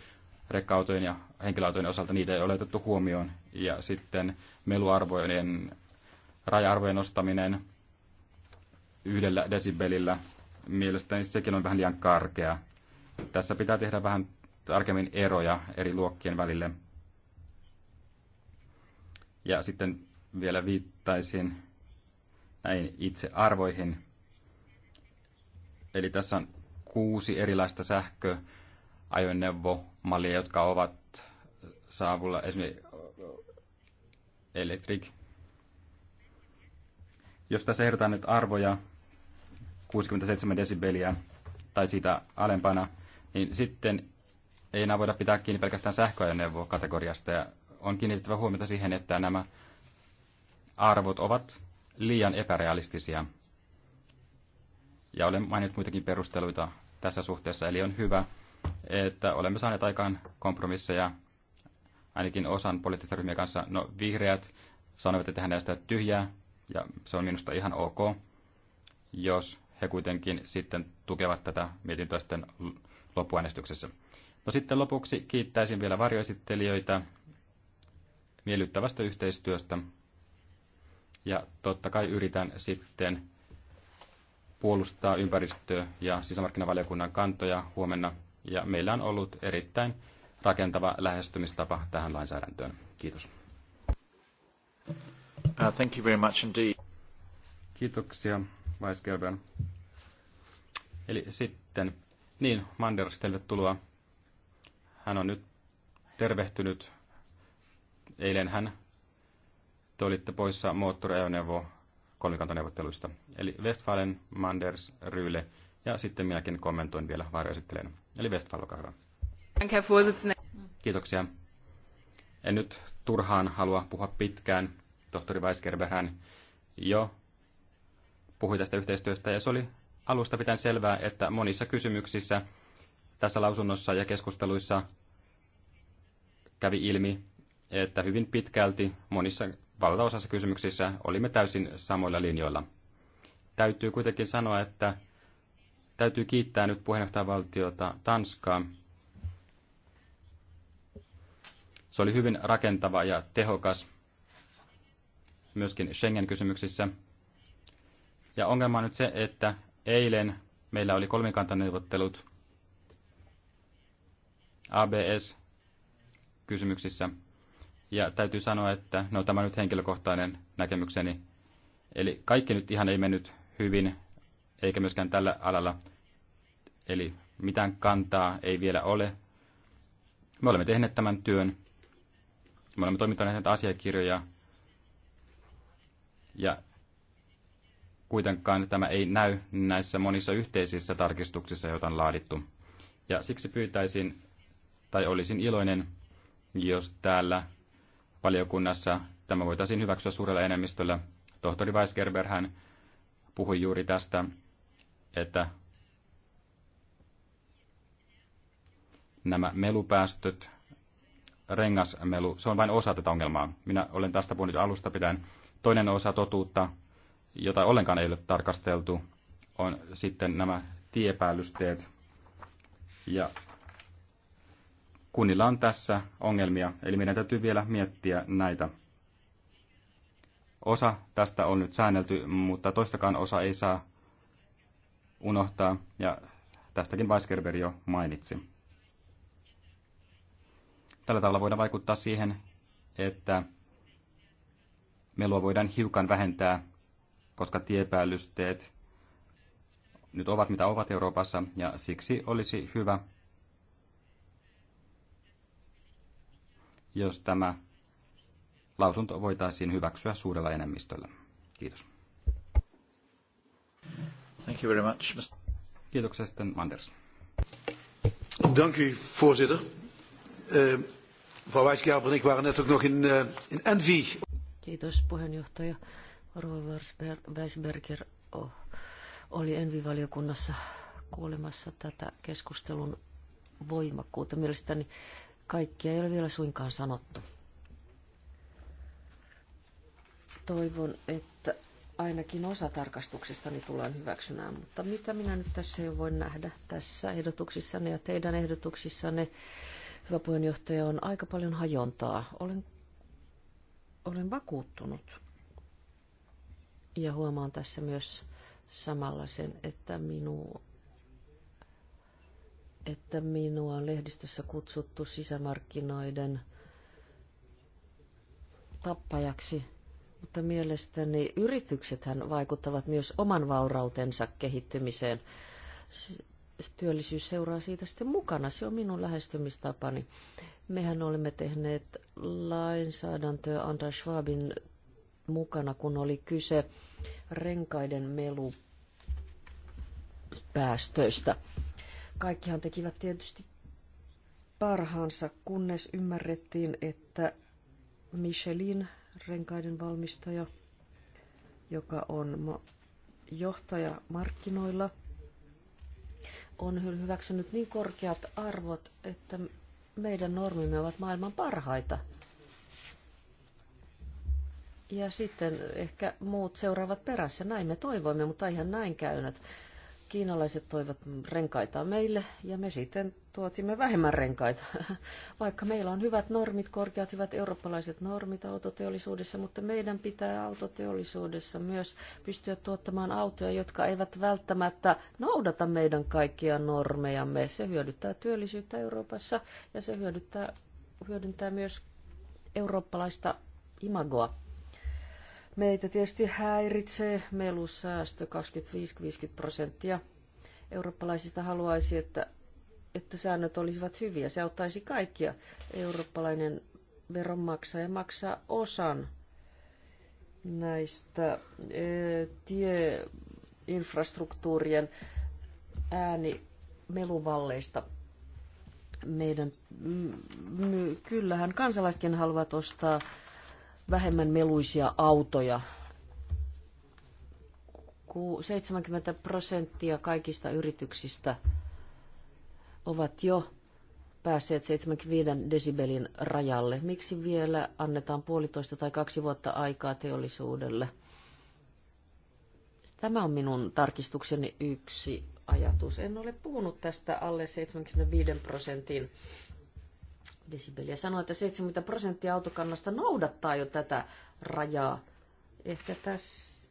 rekkautojen ja henkilöautojen osalta, niitä ei ole otettu huomioon. Ja sitten meluarvojen, raja-arvojen nostaminen yhdellä desibelillä mielestäni sekin on vähän liian karkea. Tässä pitää tehdä vähän tarkemmin eroja eri luokkien välille. Ja sitten vielä viittaisin näin itse arvoihin. Eli tässä on kuusi erilaista sähköajoneuvomallia, jotka ovat saavulla esimerkiksi Electric. Jos tässä ehdotan nyt arvoja, 67 desibeliä tai siitä alempana, niin sitten ei enää voida pitää kiinni pelkästään sähköajoneuvokategoriasta. Ja on kiinnitettävä huomiota siihen, että nämä arvot ovat liian epärealistisia. Ja olen maininnut muitakin perusteluita tässä suhteessa, eli on hyvä, että olemme saaneet aikaan kompromisseja ainakin osan poliittisten ryhmien kanssa. No vihreät sanoivat, että hän näistä tyhjää, ja se on minusta ihan ok, jos he kuitenkin sitten tukevat tätä mietintöä sitten loppuäänestyksessä. No sitten lopuksi kiittäisin vielä varjoesittelijöitä miellyttävästä yhteistyöstä. Ja totta kai yritän sitten puolustaa ympäristö- ja sisämarkkinavaliokunnan kantoja huomenna. Ja meillä on ollut erittäin rakentava lähestymistapa tähän lainsäädäntöön. Kiitos. Uh, thank you very much indeed. Kiitoksia, Vice Eli sitten, niin Manders, tervetuloa. Hän on nyt tervehtynyt. Eilen hän, te olitte poissa moottoriajoneuvo kolmikantaneuvotteluista. Eli Westfalen, Manders, Ryyle ja sitten minäkin kommentoin vielä varjoesittelijänä. Eli Westfalen, olkaa hyvä. Kiitoksia. En nyt turhaan halua puhua pitkään. Tohtori Weisgerberhän jo puhui tästä yhteistyöstä ja se oli alusta pitäen selvää, että monissa kysymyksissä tässä lausunnossa ja keskusteluissa kävi ilmi, että hyvin pitkälti monissa valtaosassa kysymyksissä olimme täysin samoilla linjoilla. Täytyy kuitenkin sanoa, että täytyy kiittää nyt puheenjohtajavaltiota Tanskaa. Se oli hyvin rakentava ja tehokas myöskin Schengen-kysymyksissä. Ja ongelma on nyt se, että Eilen meillä oli kolmikantaneuvottelut ABS-kysymyksissä. Ja täytyy sanoa, että no tämä on nyt henkilökohtainen näkemykseni. Eli kaikki nyt ihan ei mennyt hyvin, eikä myöskään tällä alalla. Eli mitään kantaa ei vielä ole. Me olemme tehneet tämän työn. Me olemme toimittaneet näitä asiakirjoja. Ja kuitenkaan tämä ei näy näissä monissa yhteisissä tarkistuksissa, joita on laadittu. Ja siksi pyytäisin, tai olisin iloinen, jos täällä valiokunnassa tämä voitaisiin hyväksyä suurella enemmistöllä. Tohtori Weisgerber hän puhui juuri tästä, että nämä melupäästöt, rengasmelu, se on vain osa tätä ongelmaa. Minä olen tästä puhunut alusta pitäen. Toinen osa totuutta jota ollenkaan ei ole tarkasteltu, on sitten nämä tiepäällysteet. Ja kunnilla on tässä ongelmia, eli meidän täytyy vielä miettiä näitä. Osa tästä on nyt säännelty, mutta toistakaan osa ei saa unohtaa, ja tästäkin Weisgerber jo mainitsi. Tällä tavalla voidaan vaikuttaa siihen, että melua voidaan hiukan vähentää koska tiepäällysteet nyt ovat mitä ovat Euroopassa, ja siksi olisi hyvä, jos tämä lausunto voitaisiin hyväksyä suurella enemmistöllä. Kiitos. Thank you very much. Mr. Kiitoksia sitten Manders. Dank u, voorzitter. Uh, eh, mevrouw Wijskerper en ik waren net ook nog in, uh, in Envy. Kiitos puheenjohtaja. Rovers Weisberger oh, oli Envivaliokunnassa kuulemassa tätä keskustelun voimakkuutta. Mielestäni kaikkia ei ole vielä suinkaan sanottu. Toivon, että ainakin osa tarkastuksistani tullaan hyväksymään, mutta mitä minä nyt tässä jo voin nähdä tässä ehdotuksissanne ja teidän ehdotuksissanne, hyvä puheenjohtaja, on aika paljon hajontaa. Olen, olen vakuuttunut ja huomaan tässä myös samalla sen, että minua että minua on lehdistössä kutsuttu sisämarkkinoiden tappajaksi, mutta mielestäni yrityksethän vaikuttavat myös oman vaurautensa kehittymiseen. Työllisyys seuraa siitä sitten mukana, se on minun lähestymistapani. Mehän olemme tehneet lainsäädäntöä Andra Schwabin mukana, kun oli kyse renkaiden melupäästöistä. Kaikkihan tekivät tietysti parhaansa, kunnes ymmärrettiin, että Michelin renkaiden valmistaja, joka on johtaja markkinoilla, on hyväksynyt niin korkeat arvot, että meidän normimme ovat maailman parhaita – ja sitten ehkä muut seuraavat perässä. Näin me toivoimme, mutta ihan näin käynyt. Kiinalaiset toivat renkaita meille ja me sitten tuotimme vähemmän renkaita. [laughs] Vaikka meillä on hyvät normit, korkeat hyvät eurooppalaiset normit autoteollisuudessa, mutta meidän pitää autoteollisuudessa myös pystyä tuottamaan autoja, jotka eivät välttämättä noudata meidän kaikkia normejamme. Se hyödyttää työllisyyttä Euroopassa ja se hyödyttää, hyödyntää myös eurooppalaista imagoa. Meitä tietysti häiritsee melusäästö 25-50 prosenttia. Eurooppalaisista haluaisi, että, että säännöt olisivat hyviä. Se auttaisi kaikkia. Eurooppalainen veronmaksaja maksaa osan näistä e, tieinfrastruktuurien ääni meluvalleista. Meidän, mm, mm, kyllähän kansalaisetkin haluavat ostaa vähemmän meluisia autoja. 70 prosenttia kaikista yrityksistä ovat jo päässeet 75 desibelin rajalle. Miksi vielä annetaan puolitoista tai kaksi vuotta aikaa teollisuudelle? Tämä on minun tarkistukseni yksi ajatus. En ole puhunut tästä alle 75 prosentin desibeliä. Sanoi, että 70 prosenttia autokannasta noudattaa jo tätä rajaa. Ehkä tässä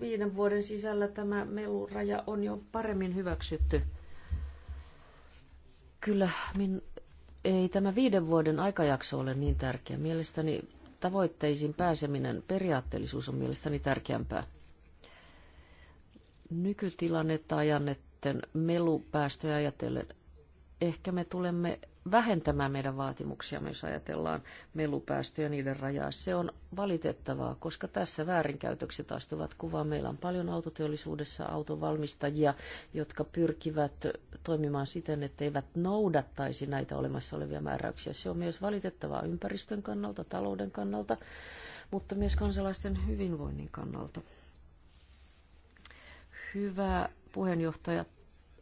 viiden vuoden sisällä tämä meluraja on jo paremmin hyväksytty. Kyllä, min, ei tämä viiden vuoden aikajakso ole niin tärkeä. Mielestäni tavoitteisiin pääseminen, periaatteellisuus on mielestäni tärkeämpää. Nykytilannetta ajannetten melupäästöjä ajatellen, ehkä me tulemme vähentämään meidän vaatimuksia, jos ajatellaan melupäästöjä niiden rajaa. Se on valitettavaa, koska tässä väärinkäytökset astuvat kuvaan. Meillä on paljon autoteollisuudessa autovalmistajia, jotka pyrkivät toimimaan siten, että eivät noudattaisi näitä olemassa olevia määräyksiä. Se on myös valitettavaa ympäristön kannalta, talouden kannalta, mutta myös kansalaisten hyvinvoinnin kannalta. Hyvä puheenjohtaja,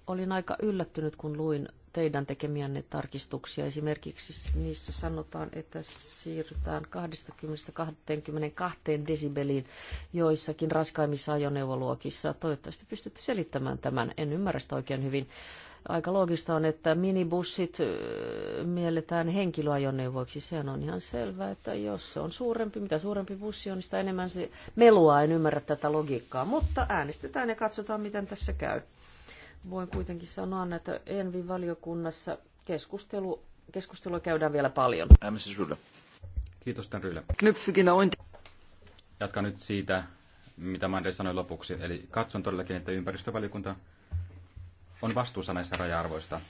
olin aika yllättynyt, kun luin teidän tekemiänne tarkistuksia. Esimerkiksi niissä sanotaan, että siirrytään 20-22 desibeliin joissakin raskaimmissa ajoneuvoluokissa. Toivottavasti pystytte selittämään tämän. En ymmärrä sitä oikein hyvin. Aika loogista on, että minibussit mielletään henkilöajoneuvoiksi. Sehän on ihan selvää, että jos se on suurempi, mitä suurempi bussi on, niin sitä enemmän se melua. En ymmärrä tätä logiikkaa, mutta äänestetään ja katsotaan, miten tässä käy voin kuitenkin sanoa, että Envin valiokunnassa keskustelu, keskustelua käydään vielä paljon. Äh, Mrs. Rydä. Kiitos, Tän Rydä. Jatkan nyt siitä, mitä Mandel sanoi lopuksi. Eli katson todellakin, että ympäristövaliokunta on vastuussa näistä raja-arvoista.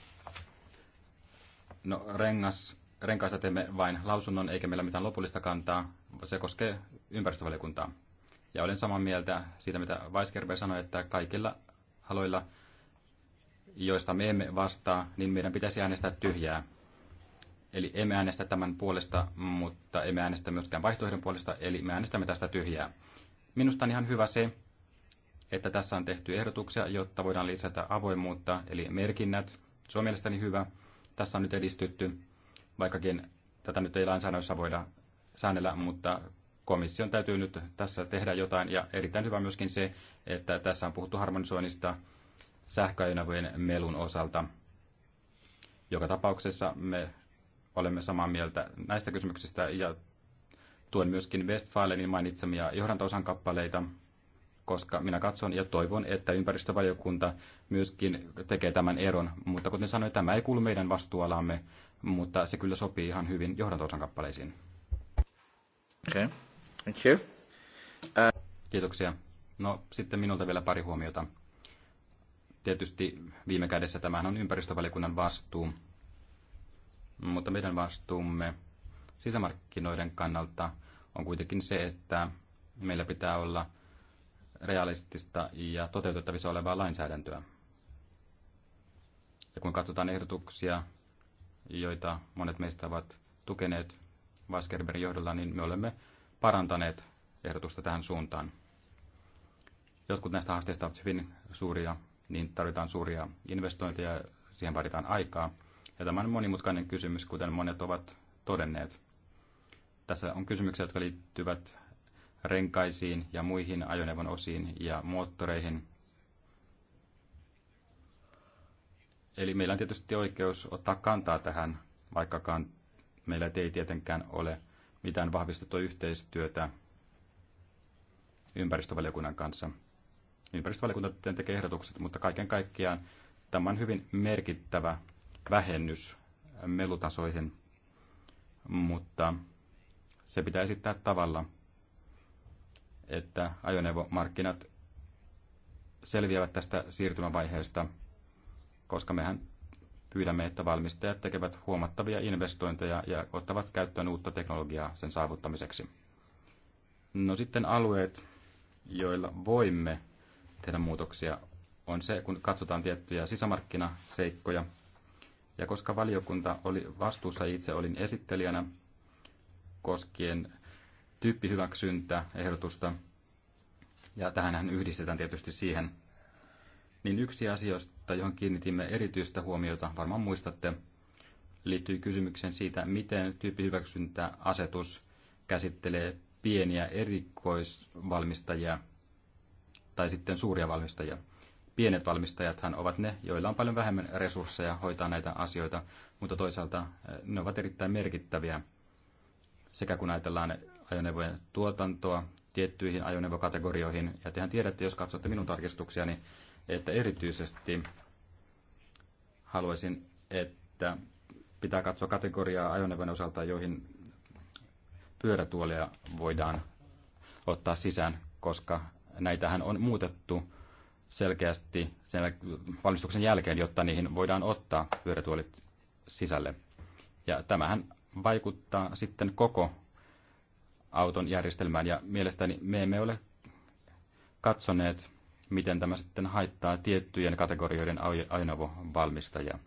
No, rengas, renkaista teemme vain lausunnon, eikä meillä mitään lopullista kantaa. Se koskee ympäristövaliokuntaa. Ja olen samaa mieltä siitä, mitä Weiskerbe sanoi, että kaikilla haloilla joista me emme vastaa, niin meidän pitäisi äänestää tyhjää. Eli emme äänestä tämän puolesta, mutta emme äänestä myöskään vaihtoehdon puolesta, eli me äänestämme tästä tyhjää. Minusta on ihan hyvä se, että tässä on tehty ehdotuksia, jotta voidaan lisätä avoimuutta, eli merkinnät. Se on mielestäni hyvä. Tässä on nyt edistytty, vaikkakin tätä nyt ei lainsäädännössä voida säännellä, mutta komission täytyy nyt tässä tehdä jotain. Ja erittäin hyvä myöskin se, että tässä on puhuttu harmonisoinnista sähköajoneuvojen melun osalta. Joka tapauksessa me olemme samaa mieltä näistä kysymyksistä ja tuen myöskin Westfalenin mainitsemia johdantosan kappaleita, koska minä katson ja toivon, että ympäristövaliokunta myöskin tekee tämän eron. Mutta kuten sanoin, tämä ei kuulu meidän vastuualamme, mutta se kyllä sopii ihan hyvin johdantosan kappaleisiin. Okay. Thank you. Uh... Kiitoksia. No sitten minulta vielä pari huomiota. Tietysti viime kädessä tämähän on ympäristövaliokunnan vastuu, mutta meidän vastuumme sisämarkkinoiden kannalta on kuitenkin se, että meillä pitää olla realistista ja toteutettavissa olevaa lainsäädäntöä. Ja kun katsotaan ehdotuksia, joita monet meistä ovat tukeneet Vaskerberin johdolla, niin me olemme parantaneet ehdotusta tähän suuntaan. Jotkut näistä haasteista ovat hyvin suuria, niin tarvitaan suuria investointeja, siihen vaaditaan aikaa. Ja tämä on monimutkainen kysymys, kuten monet ovat todenneet. Tässä on kysymyksiä, jotka liittyvät renkaisiin ja muihin ajoneuvon osiin ja moottoreihin. Eli meillä on tietysti oikeus ottaa kantaa tähän, vaikkakaan meillä ei tietenkään ole mitään vahvistettua yhteistyötä ympäristövaliokunnan kanssa. Ympäristövaliokunta tekee ehdotukset, mutta kaiken kaikkiaan tämä on hyvin merkittävä vähennys melutasoihin, mutta se pitää esittää tavalla, että ajoneuvomarkkinat selviävät tästä siirtymävaiheesta, koska mehän pyydämme, että valmistajat tekevät huomattavia investointeja ja ottavat käyttöön uutta teknologiaa sen saavuttamiseksi. No sitten alueet, joilla voimme tehdä muutoksia, on se, kun katsotaan tiettyjä sisämarkkinaseikkoja. Ja koska valiokunta oli vastuussa, itse olin esittelijänä koskien tyyppihyväksyntä ehdotusta, ja tähän yhdistetään tietysti siihen, niin yksi asioista, johon kiinnitimme erityistä huomiota, varmaan muistatte, liittyy kysymykseen siitä, miten tyyppihyväksyntäasetus käsittelee pieniä erikoisvalmistajia – tai sitten suuria valmistajia. Pienet valmistajathan ovat ne, joilla on paljon vähemmän resursseja hoitaa näitä asioita, mutta toisaalta eh, ne ovat erittäin merkittäviä sekä kun ajatellaan ajoneuvojen tuotantoa tiettyihin ajoneuvokategorioihin. Ja tehän tiedätte, jos katsotte minun tarkistuksiani, että erityisesti haluaisin, että pitää katsoa kategoriaa ajoneuvojen osalta, joihin pyörätuolia voidaan ottaa sisään, koska näitähän on muutettu selkeästi sen valmistuksen jälkeen, jotta niihin voidaan ottaa pyörätuolit sisälle. Ja tämähän vaikuttaa sitten koko auton järjestelmään ja mielestäni me emme ole katsoneet, miten tämä sitten haittaa tiettyjen kategorioiden ajoneuvovalmistajia.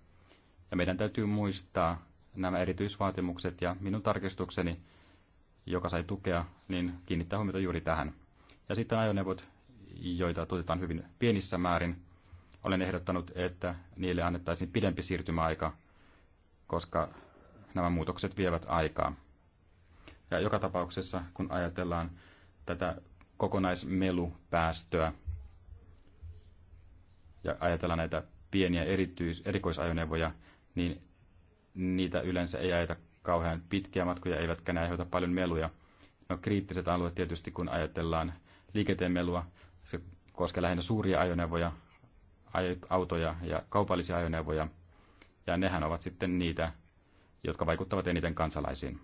Ja meidän täytyy muistaa nämä erityisvaatimukset ja minun tarkistukseni, joka sai tukea, niin kiinnittää huomiota juuri tähän. Ja sitten ajoneuvot, joita tuotetaan hyvin pienissä määrin. Olen ehdottanut, että niille annettaisiin pidempi siirtymäaika, koska nämä muutokset vievät aikaa. Ja joka tapauksessa, kun ajatellaan tätä kokonaismelupäästöä ja ajatellaan näitä pieniä erityis- erikoisajoneuvoja, niin niitä yleensä ei ajeta kauhean pitkiä matkoja, eivätkä ne aiheuta paljon meluja. No kriittiset alueet tietysti, kun ajatellaan melua Se koskee lähinnä suuria ajoneuvoja, autoja ja kaupallisia ajoneuvoja. Ja nehän ovat sitten niitä, jotka vaikuttavat eniten kansalaisiin.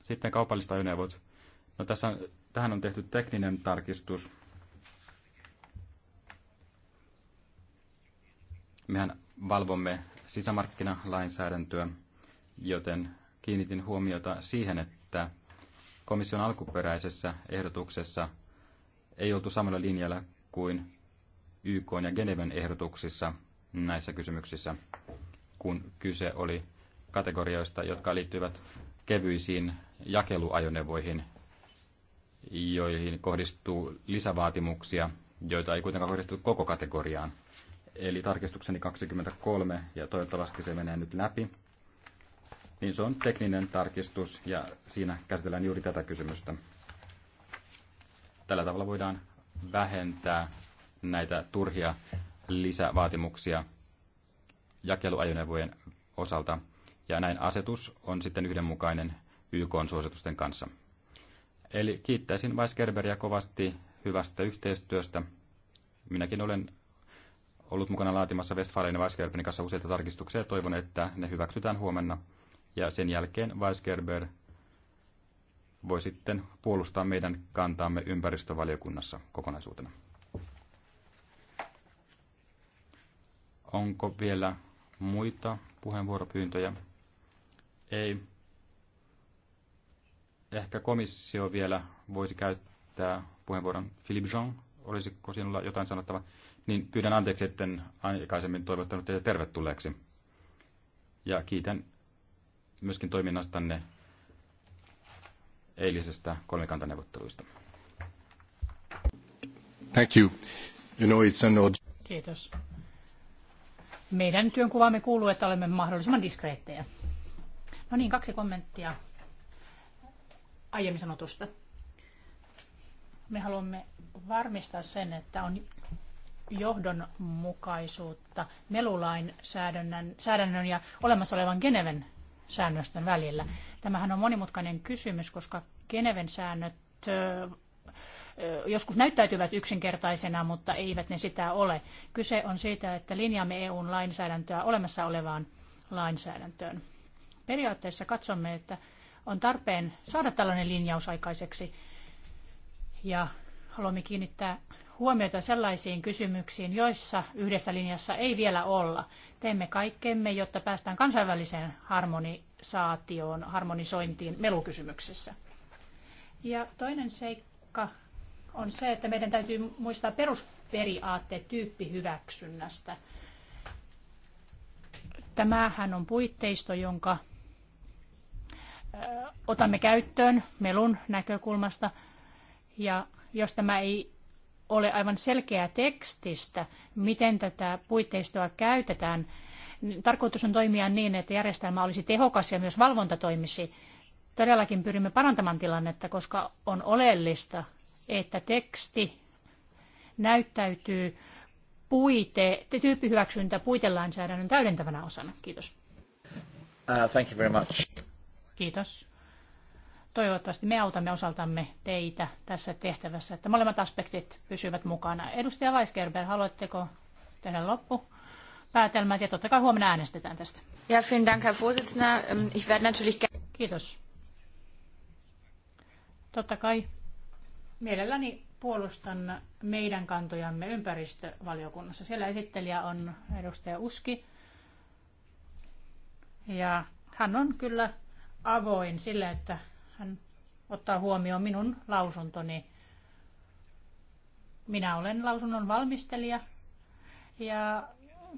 Sitten kaupalliset ajoneuvot. No tässä, tähän on tehty tekninen tarkistus. Mehän valvomme sisämarkkinalainsäädäntöä, joten kiinnitin huomiota siihen, että komission alkuperäisessä ehdotuksessa ei oltu samalla linjalla kuin YK ja Geneven ehdotuksissa näissä kysymyksissä, kun kyse oli kategorioista, jotka liittyvät kevyisiin jakeluajoneuvoihin, joihin kohdistuu lisävaatimuksia, joita ei kuitenkaan kohdistu koko kategoriaan. Eli tarkistukseni 23, ja toivottavasti se menee nyt läpi, niin se on tekninen tarkistus ja siinä käsitellään juuri tätä kysymystä. Tällä tavalla voidaan vähentää näitä turhia lisävaatimuksia jakeluajoneuvojen osalta. Ja näin asetus on sitten yhdenmukainen YK-suositusten kanssa. Eli kiittäisin Weisgerberia kovasti hyvästä yhteistyöstä. Minäkin olen ollut mukana laatimassa Westfalenin ja Weisgerberin kanssa useita tarkistuksia ja toivon, että ne hyväksytään huomenna ja sen jälkeen Weisgerber voi sitten puolustaa meidän kantaamme ympäristövaliokunnassa kokonaisuutena. Onko vielä muita puheenvuoropyyntöjä? Ei. Ehkä komissio vielä voisi käyttää puheenvuoron. Philippe Jean, olisiko sinulla jotain sanottavaa? Niin pyydän anteeksi, että aikaisemmin toivottanut teitä tervetulleeksi. Ja kiitän myöskin toiminnastanne eilisestä kolmikantaneuvotteluista. Thank you. You know, it's an... odd. Kiitos. Meidän työnkuvaamme kuuluu, että olemme mahdollisimman diskreettejä. No niin, kaksi kommenttia aiemmin sanotusta. Me haluamme varmistaa sen, että on johdonmukaisuutta melulain säädännön ja olemassa olevan Geneven säännösten välillä. Tämähän on monimutkainen kysymys, koska Geneven säännöt joskus näyttäytyvät yksinkertaisena, mutta eivät ne sitä ole. Kyse on siitä, että linjaamme EUn lainsäädäntöä olemassa olevaan lainsäädäntöön. Periaatteessa katsomme, että on tarpeen saada tällainen linjaus aikaiseksi ja haluamme kiinnittää huomiota sellaisiin kysymyksiin, joissa yhdessä linjassa ei vielä olla. Teemme kaikkemme, jotta päästään kansainväliseen harmonisaatioon, harmonisointiin melukysymyksessä. Ja toinen seikka on se, että meidän täytyy muistaa perusperiaatteet tyyppihyväksynnästä. Tämähän on puitteisto, jonka otamme käyttöön melun näkökulmasta. Ja jos tämä ei ole aivan selkeää tekstistä, miten tätä puitteistoa käytetään. Tarkoitus on toimia niin, että järjestelmä olisi tehokas ja myös valvonta toimisi. Todellakin pyrimme parantamaan tilannetta, koska on oleellista, että teksti näyttäytyy puite, tyyppihyväksyntä puitelainsäädännön täydentävänä osana. Kiitos. Uh, thank you very much. Kiitos. Toivottavasti me autamme osaltamme teitä tässä tehtävässä, että molemmat aspektit pysyvät mukana. Edustaja Weisgerber, haluatteko tehdä loppu? päätelmät ja totta kai huomenna äänestetään tästä. Ja, vielen Dank, Herr Vorsitzender. Ähm, ich werde natürlich... Kiitos. Totta kai mielelläni puolustan meidän kantojamme ympäristövaliokunnassa. Siellä esittelijä on edustaja Uski. Ja hän on kyllä avoin sille, että hän ottaa huomioon minun lausuntoni. Minä olen lausunnon valmistelija ja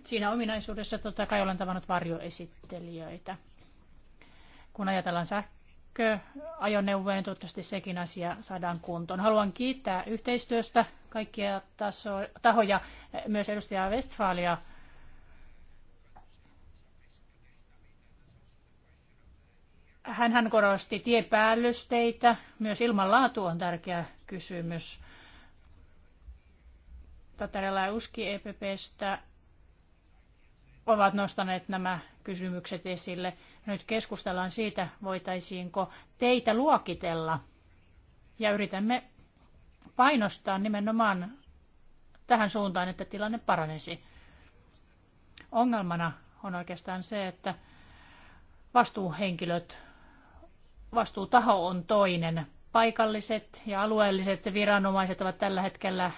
siinä ominaisuudessa totta kai olen tavannut varjoesittelijöitä. Kun ajatellaan sähköajoneuvoja, toivottavasti sekin asia saadaan kuntoon. Haluan kiittää yhteistyöstä kaikkia taso- tahoja, myös edustaja Westfalia – Hän, hän korosti tiepäällysteitä. Myös ilmanlaatu on tärkeä kysymys. Tatarella ja Uski EPPstä ovat nostaneet nämä kysymykset esille. Nyt keskustellaan siitä, voitaisiinko teitä luokitella. Ja yritämme painostaa nimenomaan tähän suuntaan, että tilanne paranisi. Ongelmana on oikeastaan se, että vastuuhenkilöt vastuutaho on toinen. Paikalliset ja alueelliset viranomaiset ovat tällä hetkellä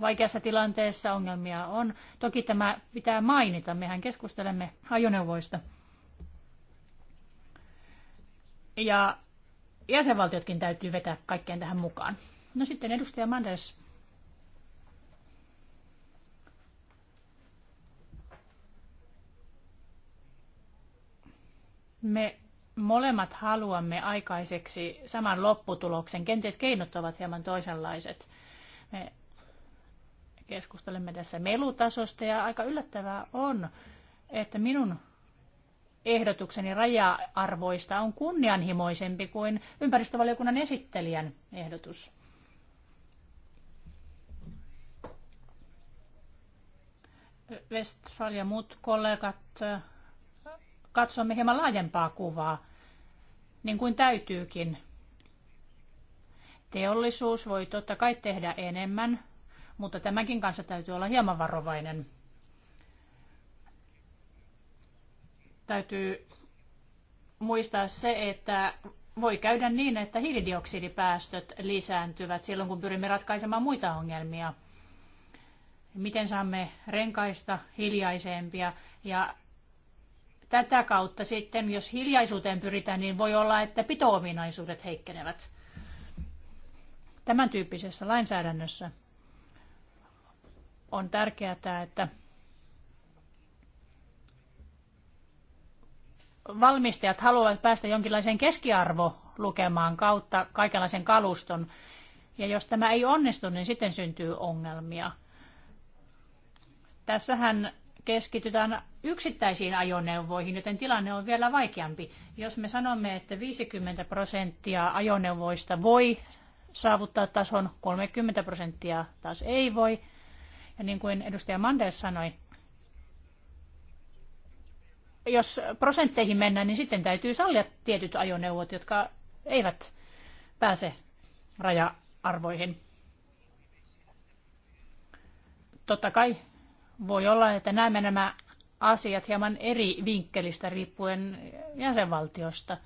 vaikeassa tilanteessa, ongelmia on. Toki tämä pitää mainita, mehän keskustelemme ajoneuvoista. Ja jäsenvaltiotkin täytyy vetää kaikkeen tähän mukaan. No sitten edustaja Manders. Me molemmat haluamme aikaiseksi saman lopputuloksen. Kenties keinot ovat hieman toisenlaiset. Me keskustelemme tässä melutasosta ja aika yllättävää on, että minun ehdotukseni raja-arvoista on kunnianhimoisempi kuin ympäristövaliokunnan esittelijän ehdotus. Westfalia ja muut kollegat katsomme hieman laajempaa kuvaa, niin kuin täytyykin. Teollisuus voi totta kai tehdä enemmän, mutta tämänkin kanssa täytyy olla hieman varovainen. Täytyy muistaa se, että voi käydä niin, että hiilidioksidipäästöt lisääntyvät silloin, kun pyrimme ratkaisemaan muita ongelmia. Miten saamme renkaista hiljaisempia ja tätä kautta sitten, jos hiljaisuuteen pyritään, niin voi olla, että pitoominaisuudet heikkenevät. Tämän tyyppisessä lainsäädännössä on tärkeää, että valmistajat haluavat päästä jonkinlaiseen lukemaan kautta kaikenlaisen kaluston. Ja jos tämä ei onnistu, niin sitten syntyy ongelmia. Tässähän keskitytään yksittäisiin ajoneuvoihin, joten tilanne on vielä vaikeampi. Jos me sanomme, että 50 prosenttia ajoneuvoista voi saavuttaa tason, 30 prosenttia taas ei voi, ja niin kuin edustaja Manders sanoi, jos prosentteihin mennään, niin sitten täytyy sallia tietyt ajoneuvot, jotka eivät pääse raja-arvoihin. Totta kai voi olla, että näemme nämä asiat hieman eri vinkkelistä riippuen jäsenvaltiosta.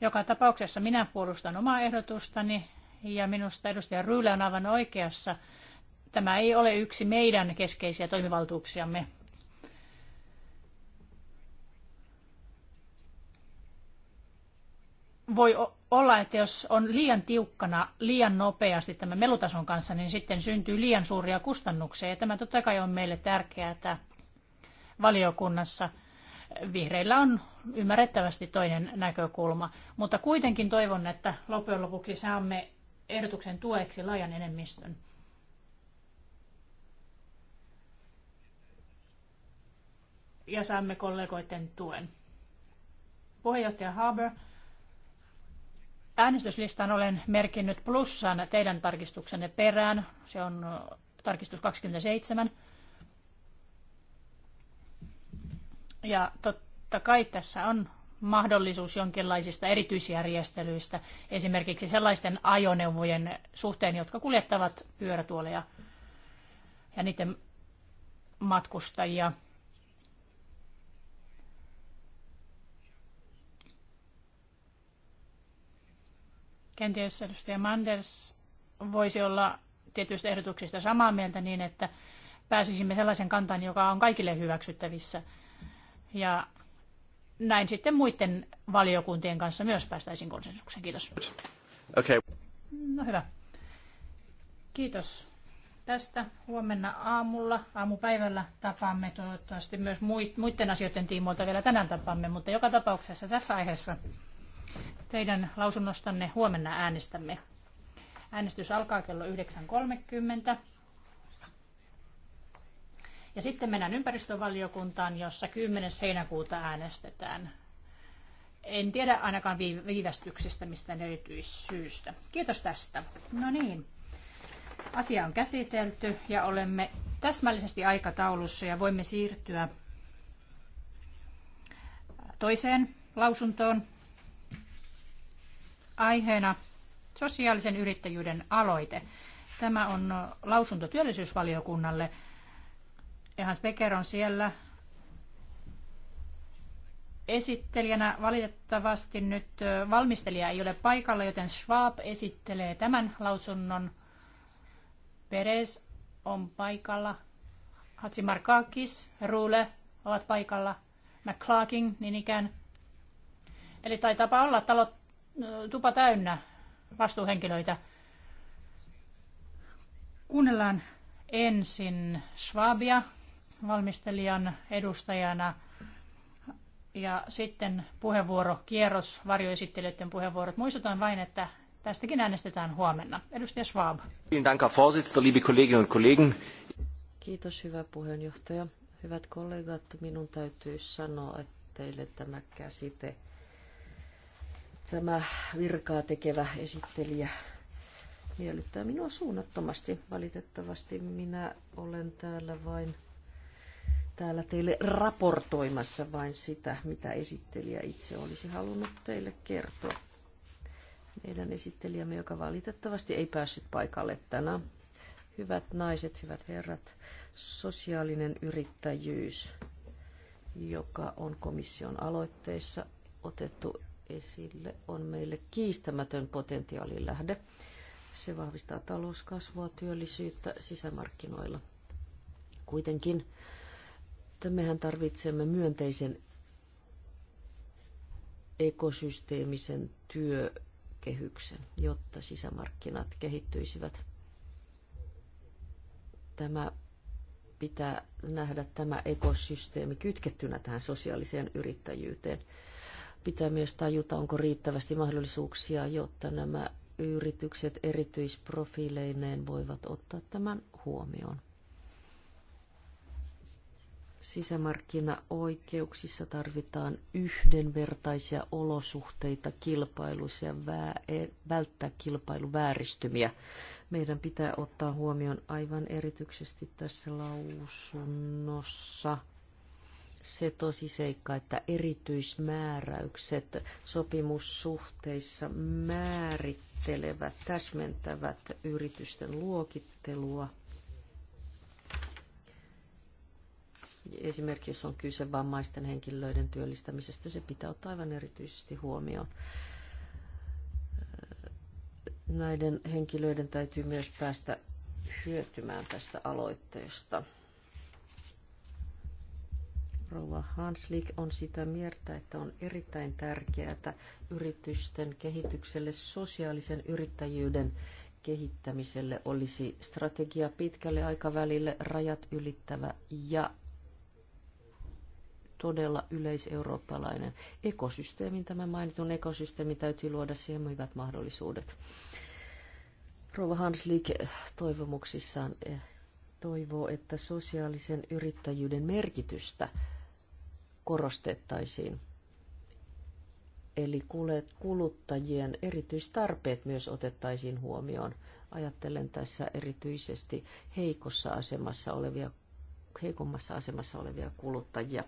Joka tapauksessa minä puolustan omaa ehdotustani ja minusta edustaja Ryyle on aivan oikeassa. Tämä ei ole yksi meidän keskeisiä toimivaltuuksiamme. Voi olla, että jos on liian tiukkana liian nopeasti tämän melutason kanssa, niin sitten syntyy liian suuria kustannuksia. Ja tämä totta kai on meille tärkeää, että valiokunnassa vihreillä on ymmärrettävästi toinen näkökulma. Mutta kuitenkin toivon, että loppujen lopuksi saamme ehdotuksen tueksi laajan enemmistön. Ja saamme kollegoiden tuen. Puheenjohtaja Haber Äänestyslistan olen merkinnyt plussan teidän tarkistuksenne perään. Se on tarkistus 27. Ja totta kai tässä on mahdollisuus jonkinlaisista erityisjärjestelyistä, esimerkiksi sellaisten ajoneuvojen suhteen, jotka kuljettavat pyörätuoleja ja niiden matkustajia. Kenties edustaja Manders voisi olla tietyistä ehdotuksista samaa mieltä niin, että pääsisimme sellaisen kantaan, joka on kaikille hyväksyttävissä. Ja näin sitten muiden valiokuntien kanssa myös päästäisiin konsensukseen. Kiitos. Okay. No hyvä. Kiitos tästä. Huomenna aamulla, aamupäivällä tapaamme toivottavasti myös muiden asioiden tiimoilta vielä tänään tapaamme, mutta joka tapauksessa tässä aiheessa teidän lausunnostanne. Huomenna äänestämme. Äänestys alkaa kello 9.30. Ja sitten mennään ympäristövaliokuntaan, jossa 10. heinäkuuta äänestetään. En tiedä ainakaan viivästyksistä mistään erityissyystä. Kiitos tästä. No niin. Asia on käsitelty ja olemme täsmällisesti aikataulussa ja voimme siirtyä toiseen lausuntoon, aiheena sosiaalisen yrittäjyyden aloite. Tämä on lausunto työllisyysvaliokunnalle. Ja Hans Becker on siellä esittelijänä. Valitettavasti nyt valmistelija ei ole paikalla, joten Schwab esittelee tämän lausunnon. Perez on paikalla. Hatsimarkakis, Rule ovat paikalla. McClarkin niin ikään. Eli taitaapa olla talot tupa täynnä vastuuhenkilöitä. Kuunnellaan ensin Schwabia valmistelijan edustajana ja sitten puheenvuoro kierros, varjoesittelijöiden puheenvuorot. Muistutan vain, että tästäkin äänestetään huomenna. Edustaja Schwab. Kiitos hyvä puheenjohtaja. Hyvät kollegat, minun täytyy sanoa että teille tämä käsite Tämä virkaa tekevä esittelijä miellyttää minua suunnattomasti. Valitettavasti minä olen täällä vain täällä teille raportoimassa vain sitä, mitä esittelijä itse olisi halunnut teille kertoa. Meidän esittelijämme, joka valitettavasti ei päässyt paikalle tänään. Hyvät naiset, hyvät herrat, sosiaalinen yrittäjyys, joka on komission aloitteissa otettu esille, on meille kiistämätön potentiaalin lähde. Se vahvistaa talouskasvua, työllisyyttä sisämarkkinoilla. Kuitenkin että mehän tarvitsemme myönteisen ekosysteemisen työkehyksen, jotta sisämarkkinat kehittyisivät. Tämä pitää nähdä tämä ekosysteemi kytkettynä tähän sosiaaliseen yrittäjyyteen. Pitää myös tajuta, onko riittävästi mahdollisuuksia, jotta nämä yritykset erityisprofiileineen voivat ottaa tämän huomioon. Sisämarkkinaoikeuksissa tarvitaan yhdenvertaisia olosuhteita kilpailuissa ja e- välttää kilpailuvääristymiä. Meidän pitää ottaa huomioon aivan erityisesti tässä lausunnossa – se tosi seikka, että erityismääräykset sopimussuhteissa määrittelevät, täsmentävät yritysten luokittelua. Esimerkiksi jos on kyse vammaisten henkilöiden työllistämisestä, se pitää ottaa aivan erityisesti huomioon. Näiden henkilöiden täytyy myös päästä hyötymään tästä aloitteesta. Rouva Hanslik on sitä mieltä, että on erittäin tärkeää yritysten kehitykselle sosiaalisen yrittäjyyden kehittämiselle olisi strategia pitkälle aikavälille rajat ylittävä ja todella yleiseurooppalainen ekosysteemi. tämä mainitun ekosysteemi täytyy luoda siihen hyvät mahdollisuudet. Rouva Hanslik toivomuksissaan eh, toivoo, että sosiaalisen yrittäjyyden merkitystä – korostettaisiin. Eli kuluttajien erityistarpeet myös otettaisiin huomioon. Ajattelen tässä erityisesti heikossa asemassa olevia, heikommassa asemassa olevia kuluttajia.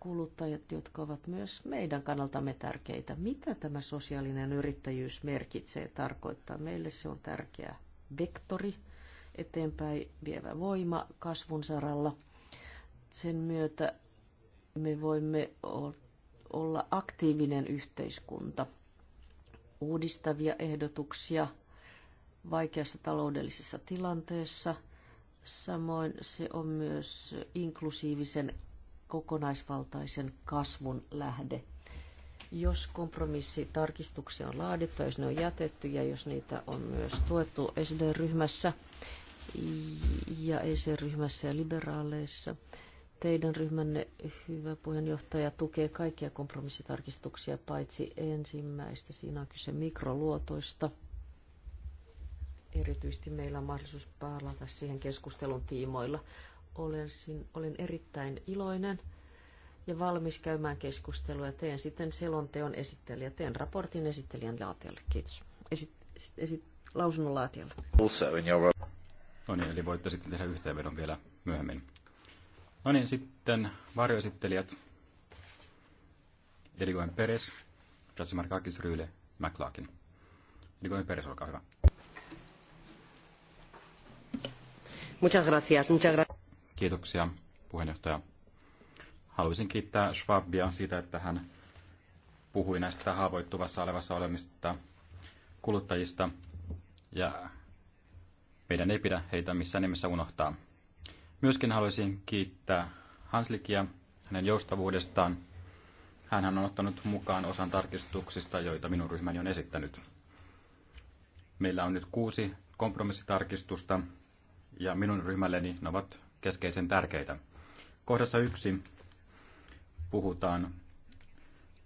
Kuluttajat, jotka ovat myös meidän kannaltamme tärkeitä. Mitä tämä sosiaalinen yrittäjyys merkitsee, tarkoittaa meille? Se on tärkeä vektori, eteenpäin vievä voima kasvun saralla – sen myötä me voimme olla aktiivinen yhteiskunta. Uudistavia ehdotuksia vaikeassa taloudellisessa tilanteessa. Samoin se on myös inklusiivisen kokonaisvaltaisen kasvun lähde. Jos kompromissitarkistuksia on laadittu, jos ne on jätetty ja jos niitä on myös tuettu SD-ryhmässä ja EC-ryhmässä ja liberaaleissa, Teidän ryhmänne hyvä puheenjohtaja tukee kaikkia kompromissitarkistuksia paitsi ensimmäistä. Siinä on kyse mikroluotoista. Erityisesti meillä on mahdollisuus palata siihen keskustelun tiimoilla. Olen, sin olen erittäin iloinen ja valmis käymään keskustelua. Teen sitten selonteon esittelijä, teen raportin esittelijän laatijalle. Kiitos. Esit, esit, esit, lausunnon laatijalle. Also in No niin, eli voitte sitten tehdä yhteenvedon vielä myöhemmin. No niin, sitten varjoesittelijät. Erikoinen Peres, Jasimar Kakis Ryyle, McLaughlin. Erikoinen Peres, olkaa hyvä. Muchas gracias, muchas gracias. Kiitoksia, puheenjohtaja. Haluaisin kiittää Schwabia siitä, että hän puhui näistä haavoittuvassa olevassa olemista kuluttajista ja meidän ei pidä heitä missään nimessä unohtaa. Myöskin haluaisin kiittää Hanslikia hänen joustavuudestaan. Hän on ottanut mukaan osan tarkistuksista, joita minun ryhmäni on esittänyt. Meillä on nyt kuusi kompromissitarkistusta, ja minun ryhmälleni ne ovat keskeisen tärkeitä. Kohdassa yksi puhutaan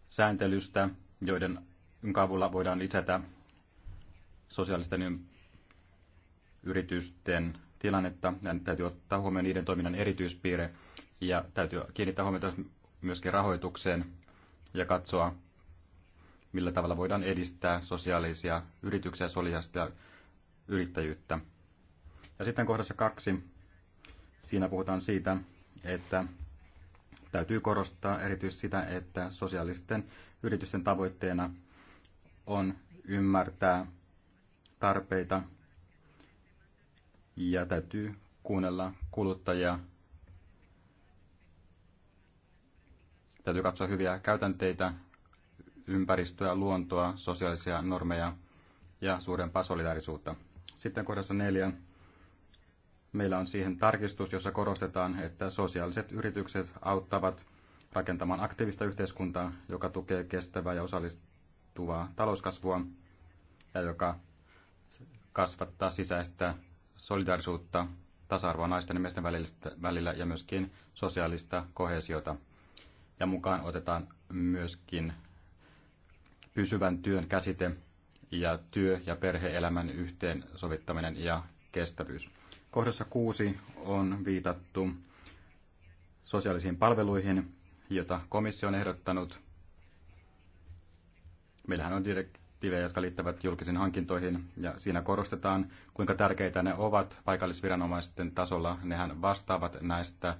sääntelystä, joiden avulla voidaan lisätä sosiaalisten yritysten tilannetta ja täytyy ottaa huomioon niiden toiminnan erityispiirre ja täytyy kiinnittää huomiota myöskin rahoitukseen ja katsoa, millä tavalla voidaan edistää sosiaalisia yrityksiä, soliasta yrittäjyyttä. Ja sitten kohdassa kaksi, siinä puhutaan siitä, että täytyy korostaa erityisesti sitä, että sosiaalisten yritysten tavoitteena on ymmärtää tarpeita ja täytyy kuunnella kuluttajia. Täytyy katsoa hyviä käytänteitä, ympäristöä, luontoa, sosiaalisia normeja ja suurempaa solidaarisuutta. Sitten kohdassa neljä. Meillä on siihen tarkistus, jossa korostetaan, että sosiaaliset yritykset auttavat rakentamaan aktiivista yhteiskuntaa, joka tukee kestävää ja osallistuvaa talouskasvua ja joka kasvattaa sisäistä solidaarisuutta, tasa-arvoa naisten ja miesten välillä ja myöskin sosiaalista kohesiota. Ja mukaan otetaan myöskin pysyvän työn käsite ja työ- ja perheelämän yhteensovittaminen ja kestävyys. Kohdassa kuusi on viitattu sosiaalisiin palveluihin, jota komissio on ehdottanut. Meillähän on direk- direktiivejä, jotka liittyvät julkisiin hankintoihin, ja siinä korostetaan, kuinka tärkeitä ne ovat paikallisviranomaisten tasolla. Nehän vastaavat näistä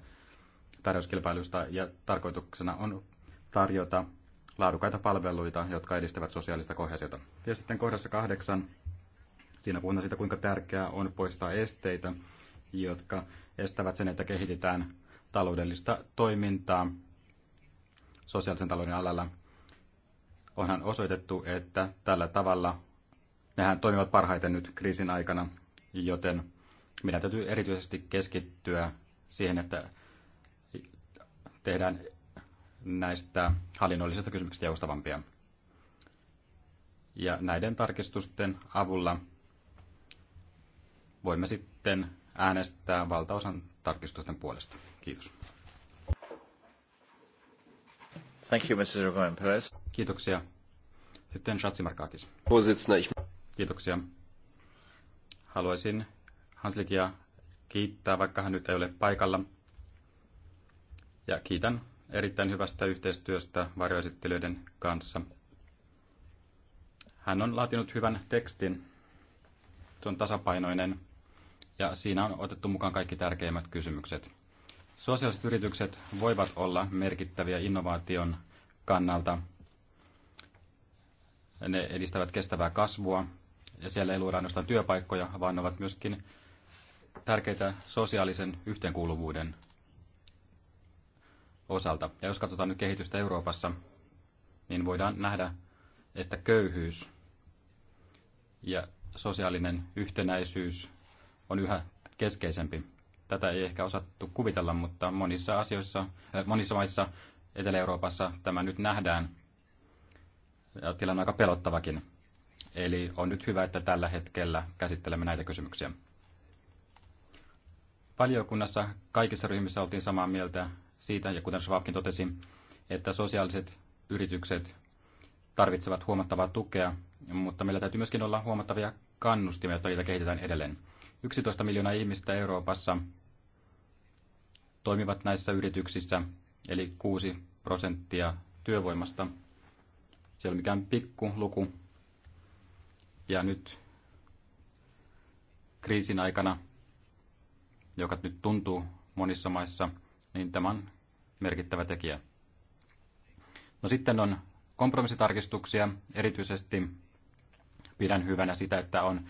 tarjouskilpailuista, ja tarkoituksena on tarjota laadukkaita palveluita, jotka edistävät sosiaalista kohesiota. Ja sitten kohdassa kahdeksan, siinä puhutaan siitä, kuinka tärkeää on poistaa esteitä, jotka estävät sen, että kehitetään taloudellista toimintaa sosiaalisen talouden alalla onhan osoitettu, että tällä tavalla nehän toimivat parhaiten nyt kriisin aikana, joten meidän täytyy erityisesti keskittyä siihen, että tehdään näistä hallinnollisista kysymyksistä joustavampia. Ja näiden tarkistusten avulla voimme sitten äänestää valtaosan tarkistusten puolesta. Kiitos. Thank you, Mrs. Perez. Kiitoksia. Sitten Markakis. Kiitoksia. Haluaisin Hanslikia kiittää, vaikka hän nyt ei ole paikalla. Ja kiitän erittäin hyvästä yhteistyöstä varjoesittelyiden kanssa. Hän on laatinut hyvän tekstin. Se on tasapainoinen ja siinä on otettu mukaan kaikki tärkeimmät kysymykset. Sosiaaliset yritykset voivat olla merkittäviä innovaation kannalta ne edistävät kestävää kasvua ja siellä ei luoda ainoastaan työpaikkoja, vaan ne ovat myöskin tärkeitä sosiaalisen yhteenkuuluvuuden osalta. Ja jos katsotaan nyt kehitystä Euroopassa, niin voidaan nähdä, että köyhyys ja sosiaalinen yhtenäisyys on yhä keskeisempi. Tätä ei ehkä osattu kuvitella, mutta monissa asioissa, äh, monissa maissa Etelä-Euroopassa tämä nyt nähdään ja tilanne aika pelottavakin. Eli on nyt hyvä, että tällä hetkellä käsittelemme näitä kysymyksiä. Valiokunnassa kaikissa ryhmissä oltiin samaa mieltä siitä, ja kuten Schwabkin totesi, että sosiaaliset yritykset tarvitsevat huomattavaa tukea, mutta meillä täytyy myöskin olla huomattavia kannustimia, joita niitä kehitetään edelleen. 11 miljoonaa ihmistä Euroopassa toimivat näissä yrityksissä, eli 6 prosenttia työvoimasta se ei ole mikään pikku luku. Ja nyt kriisin aikana, joka nyt tuntuu monissa maissa, niin tämä on merkittävä tekijä. No sitten on kompromissitarkistuksia. Erityisesti pidän hyvänä sitä, että on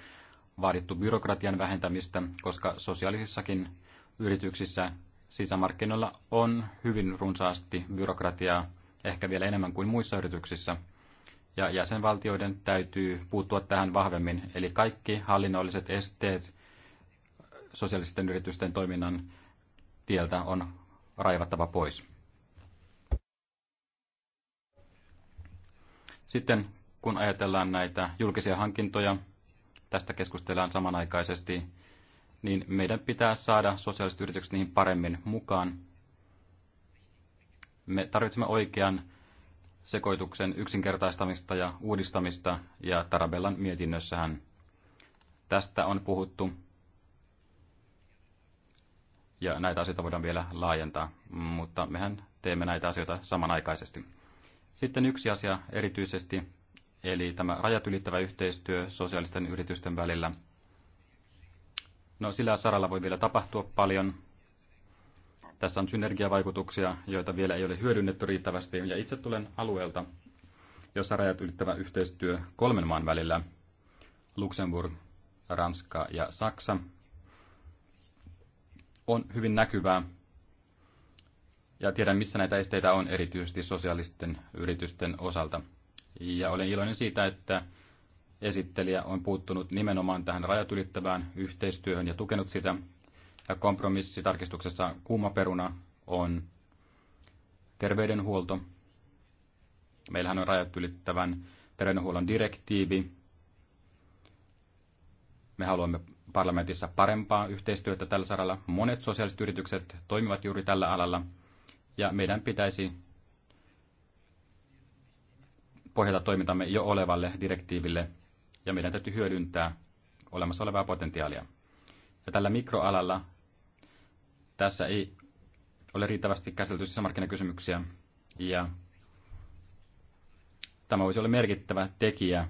vaadittu byrokratian vähentämistä, koska sosiaalisissakin yrityksissä sisämarkkinoilla on hyvin runsaasti byrokratiaa, ehkä vielä enemmän kuin muissa yrityksissä ja jäsenvaltioiden täytyy puuttua tähän vahvemmin. Eli kaikki hallinnolliset esteet sosiaalisten yritysten toiminnan tieltä on raivattava pois. Sitten kun ajatellaan näitä julkisia hankintoja, tästä keskustellaan samanaikaisesti, niin meidän pitää saada sosiaaliset yritykset niihin paremmin mukaan. Me tarvitsemme oikean sekoituksen yksinkertaistamista ja uudistamista, ja Tarabellan mietinnössähän tästä on puhuttu. Ja näitä asioita voidaan vielä laajentaa, mutta mehän teemme näitä asioita samanaikaisesti. Sitten yksi asia erityisesti, eli tämä rajat ylittävä yhteistyö sosiaalisten yritysten välillä. No sillä saralla voi vielä tapahtua paljon, tässä on synergiavaikutuksia, joita vielä ei ole hyödynnetty riittävästi, ja itse tulen alueelta, jossa rajat ylittävä yhteistyö kolmen maan välillä, Luxemburg, Ranska ja Saksa, on hyvin näkyvää. Ja tiedän, missä näitä esteitä on, erityisesti sosiaalisten yritysten osalta. Ja olen iloinen siitä, että esittelijä on puuttunut nimenomaan tähän rajat ylittävään yhteistyöhön ja tukenut sitä, ja kompromissitarkistuksessa kuuma peruna on terveydenhuolto. Meillähän on rajat ylittävän terveydenhuollon direktiivi. Me haluamme parlamentissa parempaa yhteistyötä tällä saralla. Monet sosiaaliset yritykset toimivat juuri tällä alalla ja meidän pitäisi pohjata toimintamme jo olevalle direktiiville ja meidän täytyy hyödyntää olemassa olevaa potentiaalia. Ja tällä mikroalalla tässä ei ole riittävästi käsitelty sisämarkkinakysymyksiä ja tämä voisi olla merkittävä tekijä,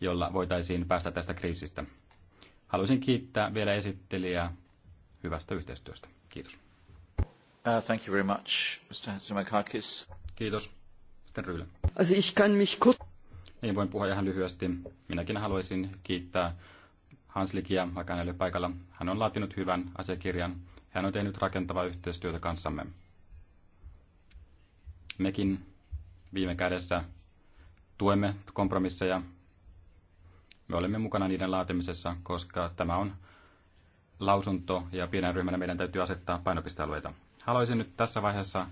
jolla voitaisiin päästä tästä kriisistä. Haluaisin kiittää vielä esittelijää hyvästä yhteistyöstä. Kiitos. Uh, thank you very much, Mr. Hatzimakakis. Kiitos. Sitten Ryylä. Also ich kann mich kurz... Niin, voin puhua ihan lyhyesti. Minäkin haluaisin kiittää Hanslikia, vaikka hän ei ole paikalla. Hän on laatinut hyvän asiakirjan hän on tehnyt rakentavaa yhteistyötä kanssamme. Mekin viime kädessä tuemme kompromisseja. Me olemme mukana niiden laatimisessa, koska tämä on lausunto ja pienen ryhmänä meidän täytyy asettaa painopistealueita. Haluaisin nyt tässä vaiheessa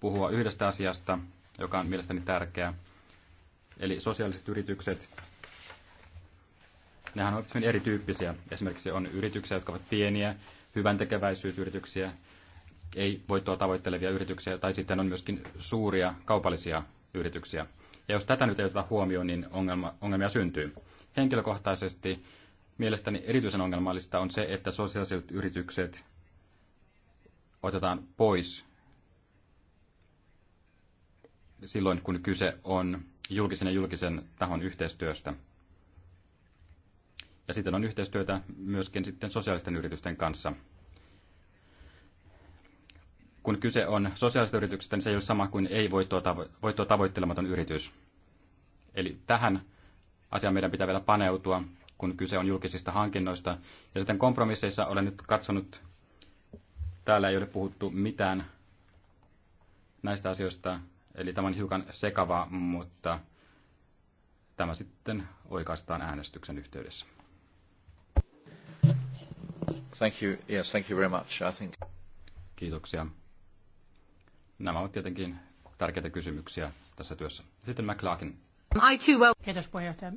puhua yhdestä asiasta, joka on mielestäni tärkeä. Eli sosiaaliset yritykset, nehän ovat hyvin erityyppisiä. Esimerkiksi on yrityksiä, jotka ovat pieniä hyvän tekeväisyysyrityksiä, ei voittoa tavoittelevia yrityksiä, tai sitten on myöskin suuria kaupallisia yrityksiä. Ja jos tätä nyt ei oteta huomioon, niin ongelma, ongelmia syntyy. Henkilökohtaisesti mielestäni erityisen ongelmallista on se, että sosiaaliset yritykset otetaan pois silloin, kun kyse on julkisen ja julkisen tahon yhteistyöstä – ja sitten on yhteistyötä myöskin sitten sosiaalisten yritysten kanssa. Kun kyse on sosiaalisesta yrityksestä, niin se ei ole sama kuin ei-voittoa tavoittelematon yritys. Eli tähän asiaan meidän pitää vielä paneutua, kun kyse on julkisista hankinnoista. Ja sitten kompromisseissa olen nyt katsonut, täällä ei ole puhuttu mitään näistä asioista, eli tämä on hiukan sekava, mutta tämä sitten oikaistaan äänestyksen yhteydessä. Thank you. Yes, thank you very much, I think. Kiitoksia. Nämä ovat tietenkin tärkeitä kysymyksiä tässä työssä. Sitten McLaughlin. I too well. Kiitos puheenjohtaja.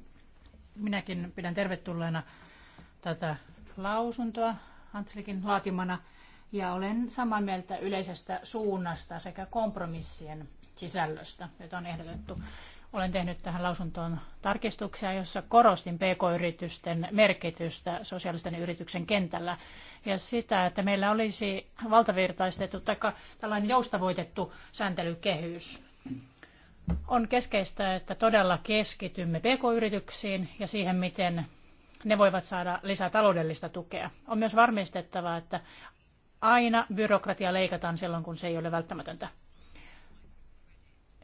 Minäkin pidän tervetulleena tätä lausuntoa Antselikin laatimana ja olen samaa mieltä yleisestä suunnasta sekä kompromissien sisällöstä, jota on ehdotettu. Olen tehnyt tähän lausuntoon tarkistuksia, jossa korostin pk-yritysten merkitystä sosiaalisten yrityksen kentällä ja sitä, että meillä olisi valtavirtaistettu tai tällainen joustavoitettu sääntelykehys. On keskeistä, että todella keskitymme pk-yrityksiin ja siihen, miten ne voivat saada lisää taloudellista tukea. On myös varmistettava, että aina byrokratia leikataan silloin, kun se ei ole välttämätöntä.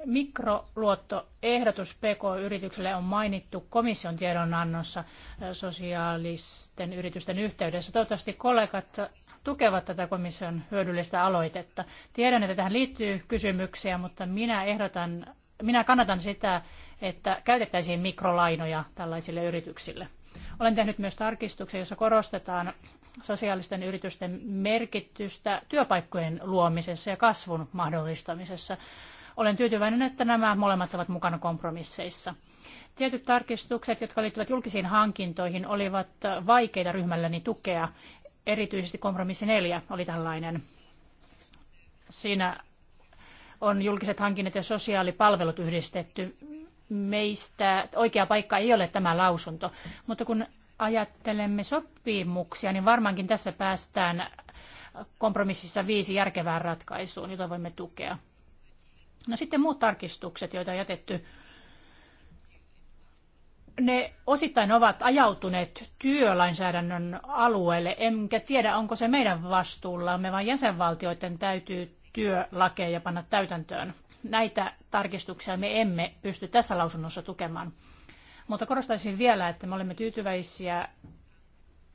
Mikroluottoehdotus PK-yritykselle on mainittu komission tiedonannossa äh, sosiaalisten yritysten yhteydessä. Toivottavasti kollegat tukevat tätä komission hyödyllistä aloitetta. Tiedän, että tähän liittyy kysymyksiä, mutta minä ehdotan, minä kannatan sitä, että käytettäisiin mikrolainoja tällaisille yrityksille. Olen tehnyt myös tarkistuksen, jossa korostetaan sosiaalisten yritysten merkitystä työpaikkojen luomisessa ja kasvun mahdollistamisessa. Olen tyytyväinen, että nämä molemmat ovat mukana kompromisseissa. Tietyt tarkistukset, jotka liittyvät julkisiin hankintoihin, olivat vaikeita ryhmälläni tukea. Erityisesti kompromissi neljä oli tällainen. Siinä on julkiset hankinnat ja sosiaalipalvelut yhdistetty. Meistä oikea paikka ei ole tämä lausunto, mutta kun ajattelemme sopimuksia, niin varmaankin tässä päästään kompromississa viisi järkevään ratkaisuun, jota voimme tukea. No sitten muut tarkistukset, joita on jätetty. Ne osittain ovat ajautuneet työlainsäädännön alueelle, enkä tiedä onko se meidän vastuullamme, vaan jäsenvaltioiden täytyy työlakeja panna täytäntöön. Näitä tarkistuksia me emme pysty tässä lausunnossa tukemaan. Mutta korostaisin vielä, että me olemme tyytyväisiä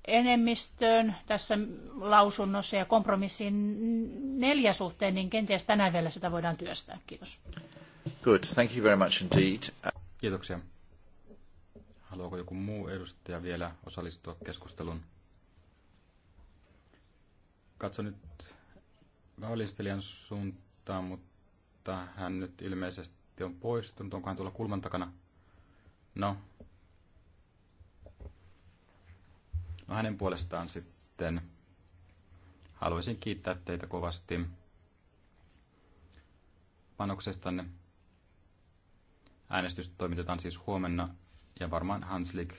enemmistöön tässä lausunnossa ja kompromissin neljä suhteen, niin kenties tänään vielä sitä voidaan työstää. Kiitos. Good. Thank you very much indeed. Kiitoksia. Haluaako joku muu edustaja vielä osallistua keskusteluun? Katso nyt valistelijan suuntaan, mutta hän nyt ilmeisesti on poistunut. Onko hän tuolla kulman takana? No, No hänen puolestaan sitten haluaisin kiittää teitä kovasti panoksestanne. Äänestys toimitetaan siis huomenna ja varmaan Hanslik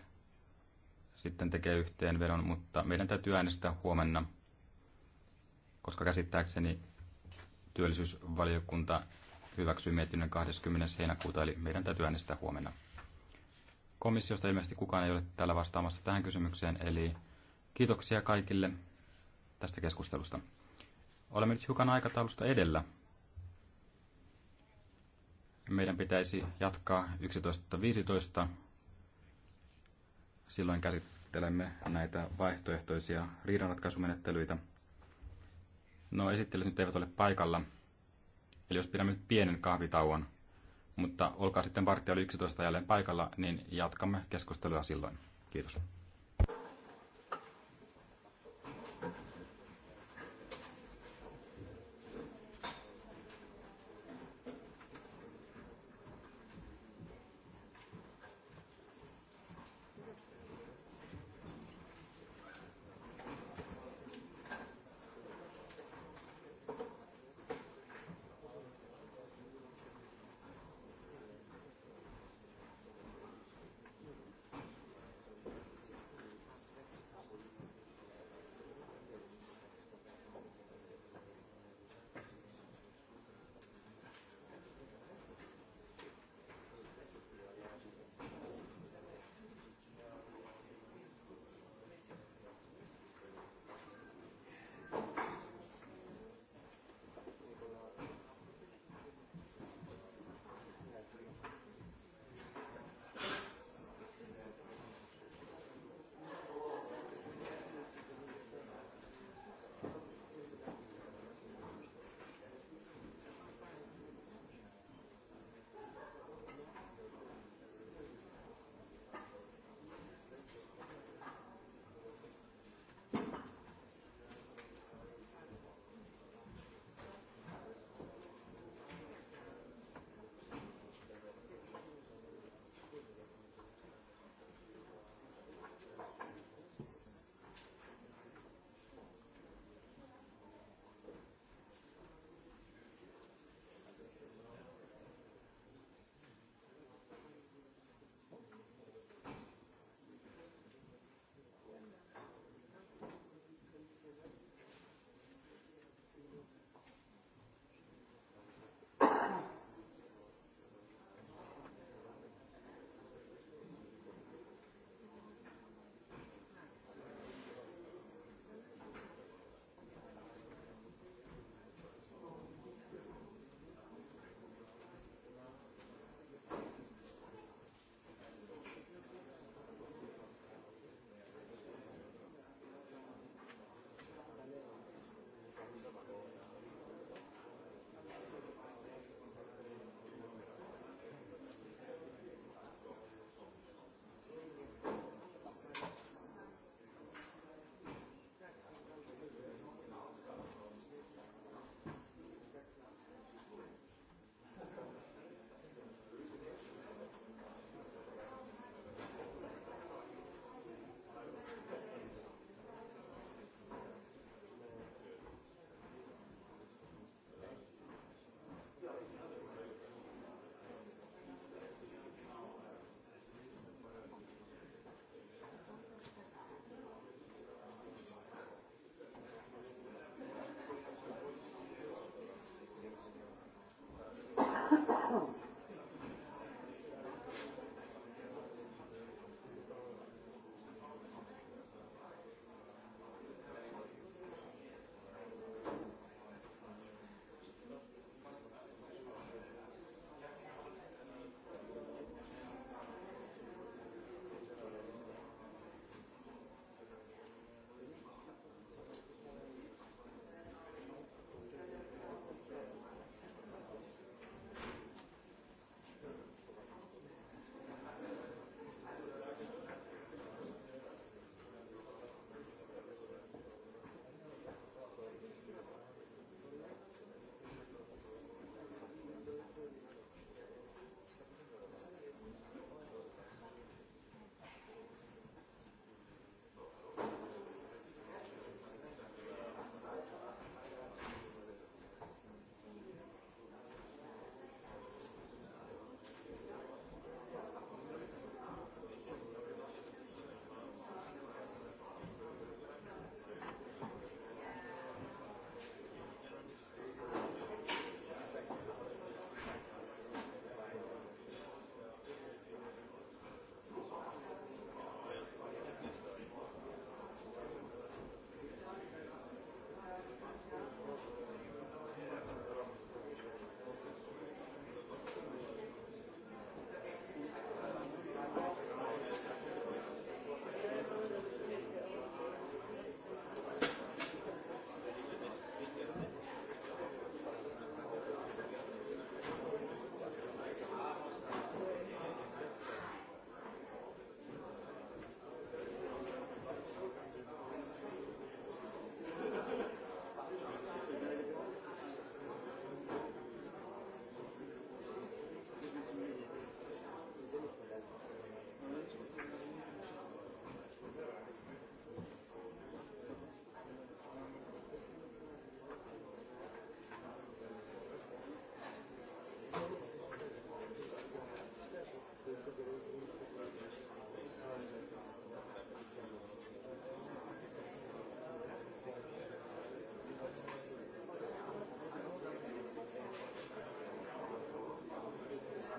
sitten tekee yhteenvedon, mutta meidän täytyy äänestää huomenna, koska käsittääkseni työllisyysvaliokunta hyväksyy mietinnön 20. heinäkuuta, eli meidän täytyy äänestää huomenna. Komissiosta ilmeisesti kukaan ei ole täällä vastaamassa tähän kysymykseen, eli Kiitoksia kaikille tästä keskustelusta. Olemme nyt hiukan aikataulusta edellä. Meidän pitäisi jatkaa 11.15. Silloin käsittelemme näitä vaihtoehtoisia riidanratkaisumenettelyitä. No, esittelyt nyt eivät ole paikalla. Eli jos pidämme nyt pienen kahvitauon, mutta olkaa sitten vartija oli 11 jälleen paikalla, niin jatkamme keskustelua silloin. Kiitos.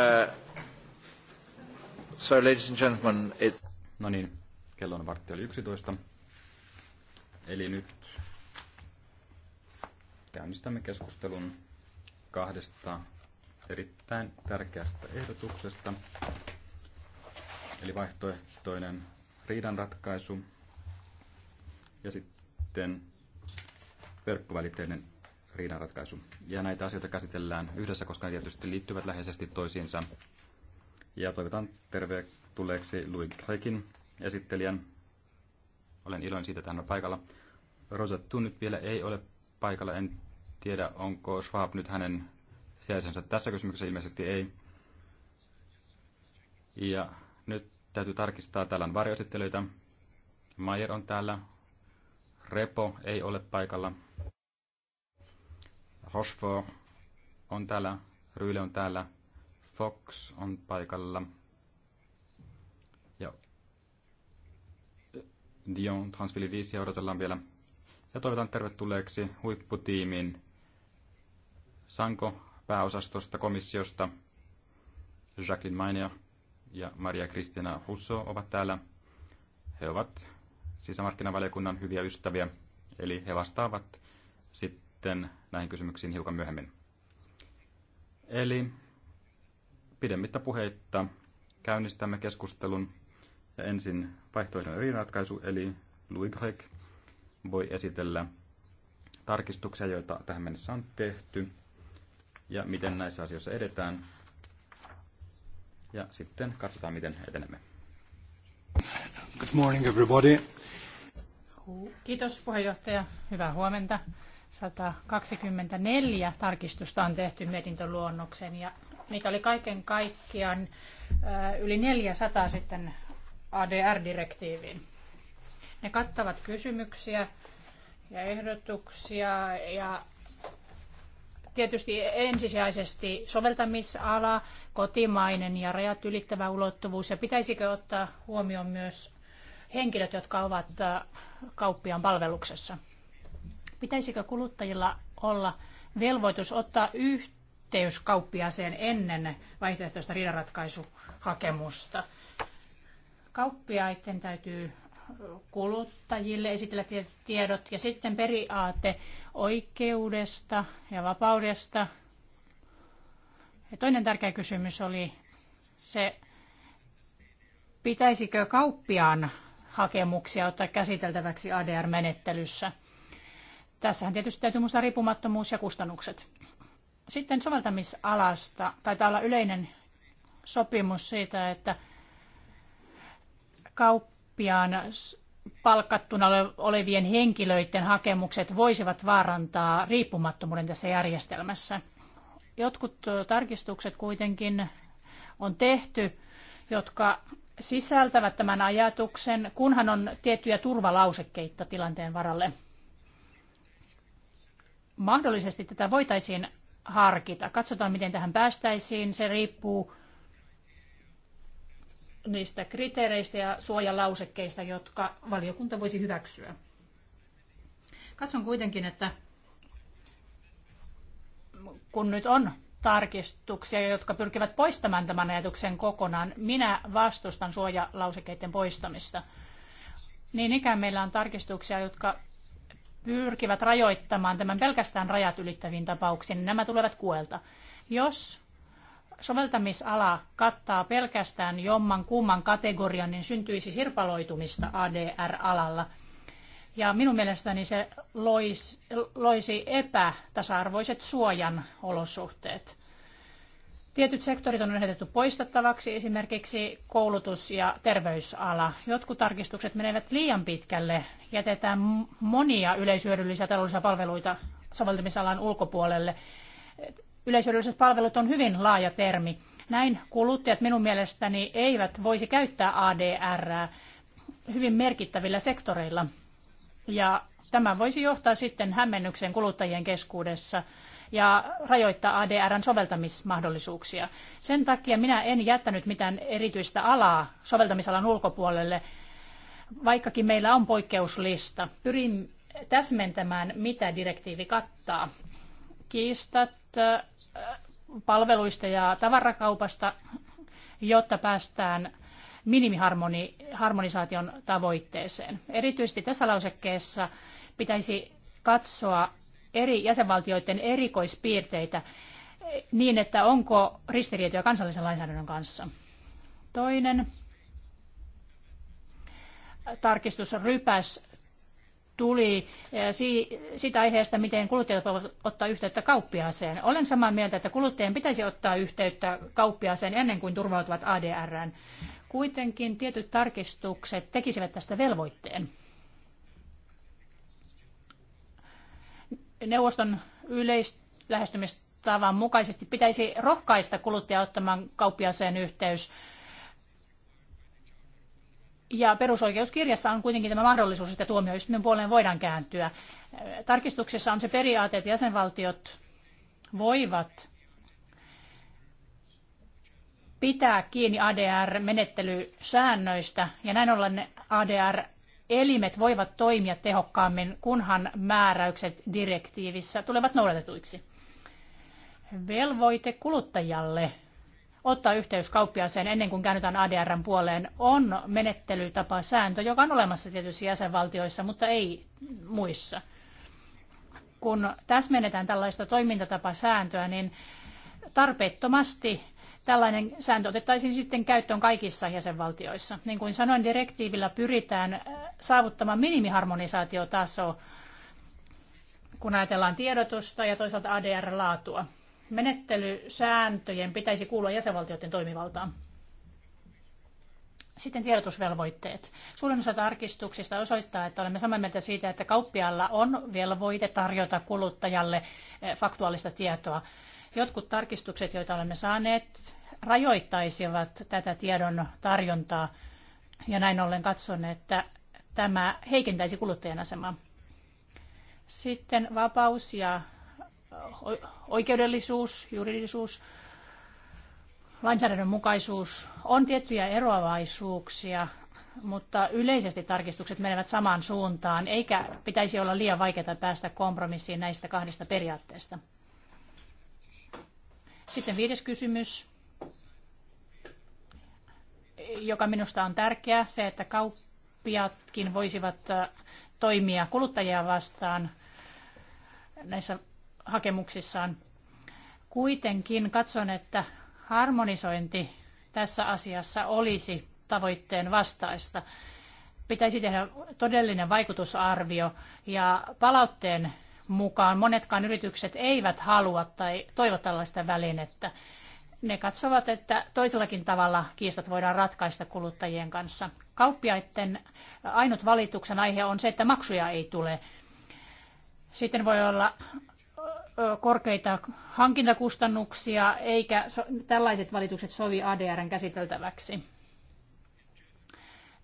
Uh, so, ladies and gentlemen, it... No niin, kello on vartti oli 11. Eli nyt käynnistämme keskustelun kahdesta erittäin tärkeästä ehdotuksesta, eli vaihtoehtoinen riidanratkaisu ja sitten verkkovälitteinen riidanratkaisu. Ja näitä asioita käsitellään yhdessä, koska ne tietysti liittyvät läheisesti toisiinsa. Ja toivotan tervetulleeksi Louis Gregin esittelijän. Olen iloinen siitä, että hän on paikalla. Rosettu nyt vielä ei ole paikalla. En tiedä, onko Schwab nyt hänen sijaisensa tässä kysymyksessä. Ilmeisesti ei. Ja nyt täytyy tarkistaa, täällä on varjoesittelyitä. Mayer on täällä. Repo ei ole paikalla. Rochefort on täällä, Ryyle on täällä, Fox on paikalla. Ja Dion Transfilidisia odotellaan vielä. Ja toivotan tervetulleeksi huipputiimin Sanko pääosastosta komissiosta. Jacqueline Mainer ja Maria Kristina Husso ovat täällä. He ovat sisämarkkinavaliokunnan hyviä ystäviä, eli he vastaavat sitten sitten näihin kysymyksiin hiukan myöhemmin. Eli pidemmittä puheitta käynnistämme keskustelun ja ensin vaihtoehdollinen ratkaisu, eli Louis Greg voi esitellä tarkistuksia, joita tähän mennessä on tehty ja miten näissä asioissa edetään. Ja sitten katsotaan, miten etenemme. Good morning everybody. Kiitos puheenjohtaja. Hyvää huomenta. 124 tarkistusta on tehty mietintöluonnoksen ja niitä oli kaiken kaikkiaan yli 400 sitten ADR-direktiiviin. Ne kattavat kysymyksiä ja ehdotuksia ja tietysti ensisijaisesti soveltamisala, kotimainen ja rajat ylittävä ulottuvuus ja pitäisikö ottaa huomioon myös henkilöt, jotka ovat kauppiaan palveluksessa. Pitäisikö kuluttajilla olla velvoitus ottaa yhteys kauppiaaseen ennen vaihtoehtoista riidanratkaisuhakemusta? Kauppiaiden täytyy kuluttajille esitellä tiedot ja sitten periaate oikeudesta ja vapaudesta. Ja toinen tärkeä kysymys oli se, pitäisikö kauppiaan hakemuksia ottaa käsiteltäväksi ADR-menettelyssä. Tässähän tietysti täytyy muistaa riippumattomuus ja kustannukset. Sitten soveltamisalasta taitaa olla yleinen sopimus siitä, että kauppiaan palkattuna olevien henkilöiden hakemukset voisivat vaarantaa riippumattomuuden tässä järjestelmässä. Jotkut tarkistukset kuitenkin on tehty, jotka sisältävät tämän ajatuksen, kunhan on tiettyjä turvalausekkeita tilanteen varalle mahdollisesti tätä voitaisiin harkita. Katsotaan, miten tähän päästäisiin. Se riippuu niistä kriteereistä ja suojalausekkeista, jotka valiokunta voisi hyväksyä. Katson kuitenkin, että kun nyt on tarkistuksia, jotka pyrkivät poistamaan tämän ajatuksen kokonaan, minä vastustan suojalausekkeiden poistamista. Niin ikään meillä on tarkistuksia, jotka pyrkivät rajoittamaan tämän pelkästään rajat ylittäviin tapauksiin, niin nämä tulevat kuelta. Jos soveltamisala kattaa pelkästään jomman kumman kategorian, niin syntyisi sirpaloitumista ADR-alalla. Ja minun mielestäni se loisi, loisi epätasa-arvoiset suojan olosuhteet. Tietyt sektorit on ehdotettu poistettavaksi, esimerkiksi koulutus- ja terveysala. Jotkut tarkistukset menevät liian pitkälle, jätetään monia yleisyödyllisiä taloudellisia palveluita soveltamisalan ulkopuolelle. Yleisyödylliset palvelut on hyvin laaja termi. Näin kuluttajat minun mielestäni eivät voisi käyttää ADR hyvin merkittävillä sektoreilla. Ja tämä voisi johtaa sitten hämmennykseen kuluttajien keskuudessa – ja rajoittaa ADRn soveltamismahdollisuuksia. Sen takia minä en jättänyt mitään erityistä alaa soveltamisalan ulkopuolelle, vaikkakin meillä on poikkeuslista. Pyrin täsmentämään, mitä direktiivi kattaa. Kiistat äh, palveluista ja tavarakaupasta, jotta päästään minimiharmonisaation tavoitteeseen. Erityisesti tässä lausekkeessa pitäisi katsoa eri jäsenvaltioiden erikoispiirteitä niin, että onko ristiriitoja kansallisen lainsäädännön kanssa. Toinen tarkistusrypäs tuli eh, siitä aiheesta, miten kuluttajat voivat ottaa yhteyttä kauppiaaseen. Olen samaa mieltä, että kuluttajien pitäisi ottaa yhteyttä kauppiaaseen ennen kuin turvautuvat ADRään. Kuitenkin tietyt tarkistukset tekisivät tästä velvoitteen. neuvoston yleislähestymistavan mukaisesti pitäisi rohkaista kuluttajaa ottamaan kauppiaseen yhteys. Ja perusoikeuskirjassa on kuitenkin tämä mahdollisuus, että tuomioistuimen puoleen voidaan kääntyä. Tarkistuksessa on se periaate, että jäsenvaltiot voivat pitää kiinni ADR-menettelysäännöistä ja näin ollen ADR elimet voivat toimia tehokkaammin, kunhan määräykset direktiivissä tulevat noudatetuiksi. Velvoite kuluttajalle ottaa yhteys kauppiaaseen ennen kuin käännytään ADRn puoleen on menettelytapa sääntö, joka on olemassa tietysti jäsenvaltioissa, mutta ei muissa. Kun täsmennetään tällaista sääntöä, niin tarpeettomasti Tällainen sääntö otettaisiin sitten käyttöön kaikissa jäsenvaltioissa. Niin kuin sanoin, direktiivillä pyritään äh, saavuttamaan minimiharmonisaatiotaso, kun ajatellaan tiedotusta ja toisaalta ADR-laatua. Menettelysääntöjen pitäisi kuulua jäsenvaltioiden toimivaltaan. Sitten tiedotusvelvoitteet. Suurin osa tarkistuksista osoittaa, että olemme samaa mieltä siitä, että kauppialla on velvoite tarjota kuluttajalle äh, faktuaalista tietoa. Jotkut tarkistukset, joita olemme saaneet, rajoittaisivat tätä tiedon tarjontaa. Ja näin ollen katson, että tämä heikentäisi kuluttajan asemaa. Sitten vapaus ja oikeudellisuus, juridisuus, lainsäädännön mukaisuus on tiettyjä eroavaisuuksia, mutta yleisesti tarkistukset menevät samaan suuntaan, eikä pitäisi olla liian vaikeaa päästä kompromissiin näistä kahdesta periaatteesta. Sitten viides kysymys joka minusta on tärkeä, se, että kauppiatkin voisivat äh, toimia kuluttajia vastaan näissä hakemuksissaan. Kuitenkin katson, että harmonisointi tässä asiassa olisi tavoitteen vastaista. Pitäisi tehdä todellinen vaikutusarvio ja palautteen mukaan monetkaan yritykset eivät halua tai toivo tällaista välinettä. Ne katsovat, että toisellakin tavalla kiistat voidaan ratkaista kuluttajien kanssa. Kauppiaiden ainut valituksen aihe on se, että maksuja ei tule. Sitten voi olla korkeita hankintakustannuksia, eikä tällaiset valitukset sovi ADRn käsiteltäväksi.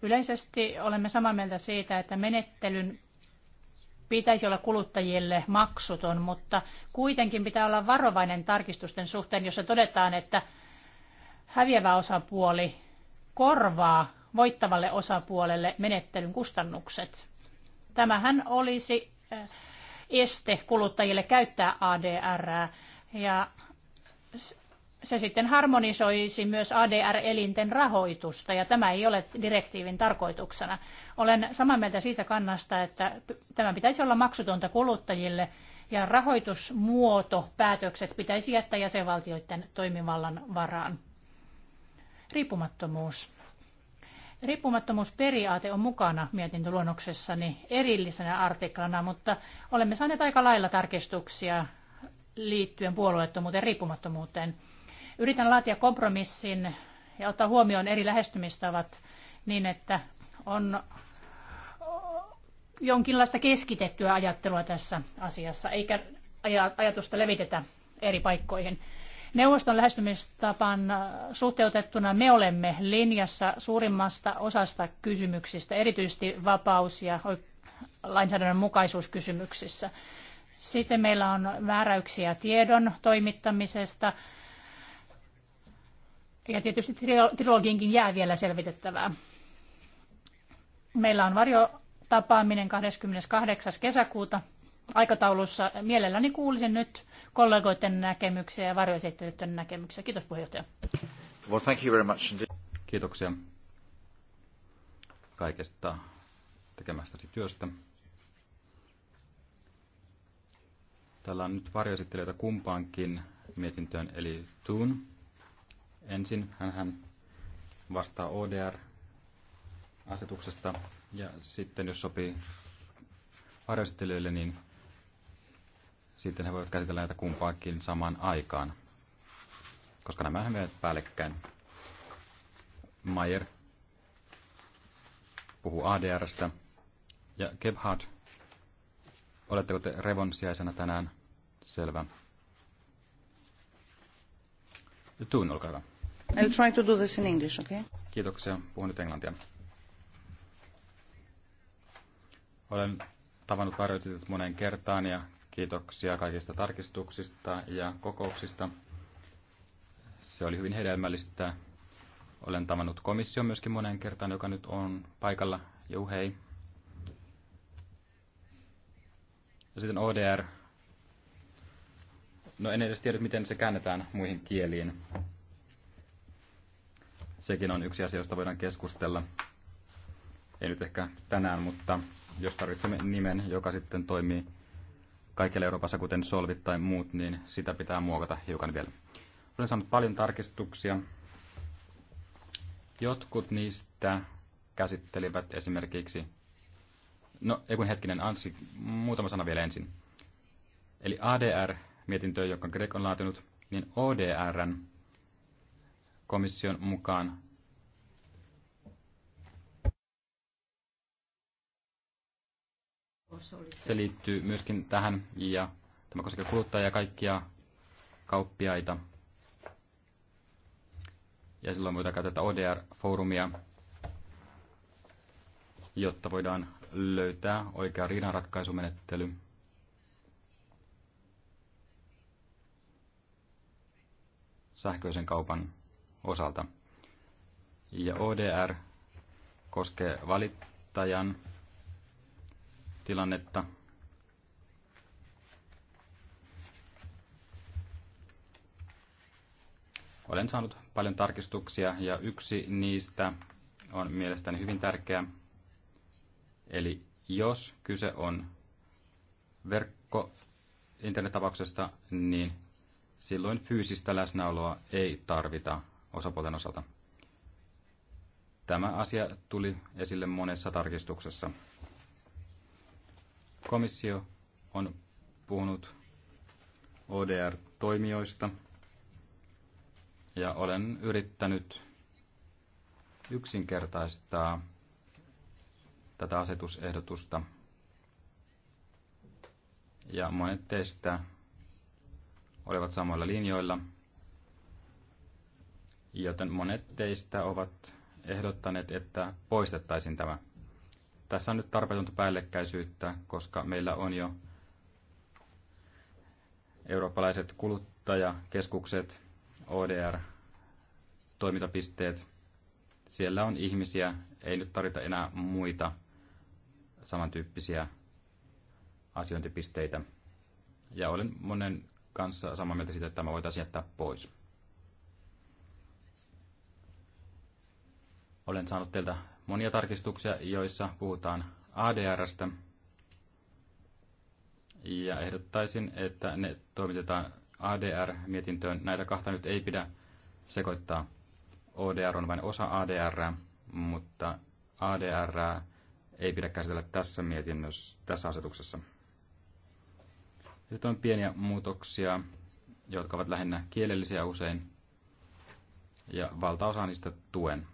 Yleisesti olemme samaa mieltä siitä, että menettelyn pitäisi olla kuluttajille maksuton, mutta kuitenkin pitää olla varovainen tarkistusten suhteen, jossa todetaan, että häviävä osapuoli korvaa voittavalle osapuolelle menettelyn kustannukset. Tämähän olisi eh, este kuluttajille käyttää ADR ja se sitten harmonisoisi myös ADR-elinten rahoitusta, ja tämä ei ole direktiivin tarkoituksena. Olen samaa mieltä siitä kannasta, että tämä pitäisi olla maksutonta kuluttajille, ja rahoitusmuoto päätökset pitäisi jättää jäsenvaltioiden toimivallan varaan. Riippumattomuus. Riippumattomuusperiaate on mukana mietintöluonnoksessani erillisenä artiklana, mutta olemme saaneet aika lailla tarkistuksia liittyen puolueettomuuteen riippumattomuuteen. Yritän laatia kompromissin ja ottaa huomioon eri lähestymistavat niin, että on jonkinlaista keskitettyä ajattelua tässä asiassa, eikä ajatusta levitetä eri paikkoihin. Neuvoston lähestymistapan suhteutettuna me olemme linjassa suurimmasta osasta kysymyksistä, erityisesti vapaus- ja lainsäädännön mukaisuuskysymyksissä. Sitten meillä on määräyksiä tiedon toimittamisesta, ja tietysti trilogiinkin jää vielä selvitettävää. Meillä on varjotapaaminen 28. kesäkuuta aikataulussa. Mielelläni kuulisin nyt kollegoiden näkemyksiä ja varjoesittelyiden näkemyksiä. Kiitos puheenjohtaja. Well, thank you very much. Kiitoksia kaikesta tekemästäsi työstä. Täällä on nyt varjoesittelijöitä kumpaankin mietintöön, eli Tuun Ensin hän vastaa ODR-asetuksesta ja sitten jos sopii harjoittelijoille, niin sitten he voivat käsitellä näitä kumpaakin samaan aikaan, koska nämä menevät päällekkäin. Mayer puhuu ADRstä ja Gebhard, oletteko te Revon sijaisena tänään? Selvä. Tuun, olkaa hyvä. I'll try to do this in English, okay? Kiitoksia. Puhun nyt englantia. Olen tavannut varjoitsijat moneen kertaan ja kiitoksia kaikista tarkistuksista ja kokouksista. Se oli hyvin hedelmällistä. Olen tavannut komission myöskin moneen kertaan, joka nyt on paikalla. Juu, hei. Ja sitten ODR. No en edes tiedä, miten se käännetään muihin kieliin. Sekin on yksi asia, josta voidaan keskustella. Ei nyt ehkä tänään, mutta jos tarvitsemme nimen, joka sitten toimii kaikille Euroopassa, kuten Solvit tai muut, niin sitä pitää muokata hiukan vielä. Olen saanut paljon tarkistuksia. Jotkut niistä käsittelivät esimerkiksi... No, ei kun hetkinen, Anssi, muutama sana vielä ensin. Eli ADR, mietintö, jonka Greg on laatinut, niin ODRn komission mukaan se liittyy myöskin tähän ja tämä koskee kuluttajia ja kaikkia kauppiaita. Ja silloin voidaan käyttää ODR-foorumia, jotta voidaan löytää oikea riidanratkaisumenettely. sähköisen kaupan osalta. Ja ODR koskee valittajan tilannetta. Olen saanut paljon tarkistuksia ja yksi niistä on mielestäni hyvin tärkeä. Eli jos kyse on verkko internet niin silloin fyysistä läsnäoloa ei tarvita osapuolten osalta. Tämä asia tuli esille monessa tarkistuksessa. Komissio on puhunut ODR-toimijoista ja olen yrittänyt yksinkertaistaa tätä asetusehdotusta. Ja monet teistä olivat samoilla linjoilla joten monet teistä ovat ehdottaneet, että poistettaisiin tämä. Tässä on nyt tarpeetonta päällekkäisyyttä, koska meillä on jo eurooppalaiset kuluttajakeskukset, ODR, toimintapisteet. Siellä on ihmisiä, ei nyt tarvita enää muita samantyyppisiä asiointipisteitä. Ja olen monen kanssa samaa mieltä siitä, että tämä voitaisiin jättää pois. Olen saanut teiltä monia tarkistuksia, joissa puhutaan ADRstä. Ja ehdottaisin, että ne toimitetaan ADR-mietintöön. Näitä kahta nyt ei pidä sekoittaa. ODR on vain osa ADR, mutta ADR ei pidä käsitellä tässä mietinnössä, tässä asetuksessa. Sitten on pieniä muutoksia, jotka ovat lähinnä kielellisiä usein, ja valtaosa niistä tuen.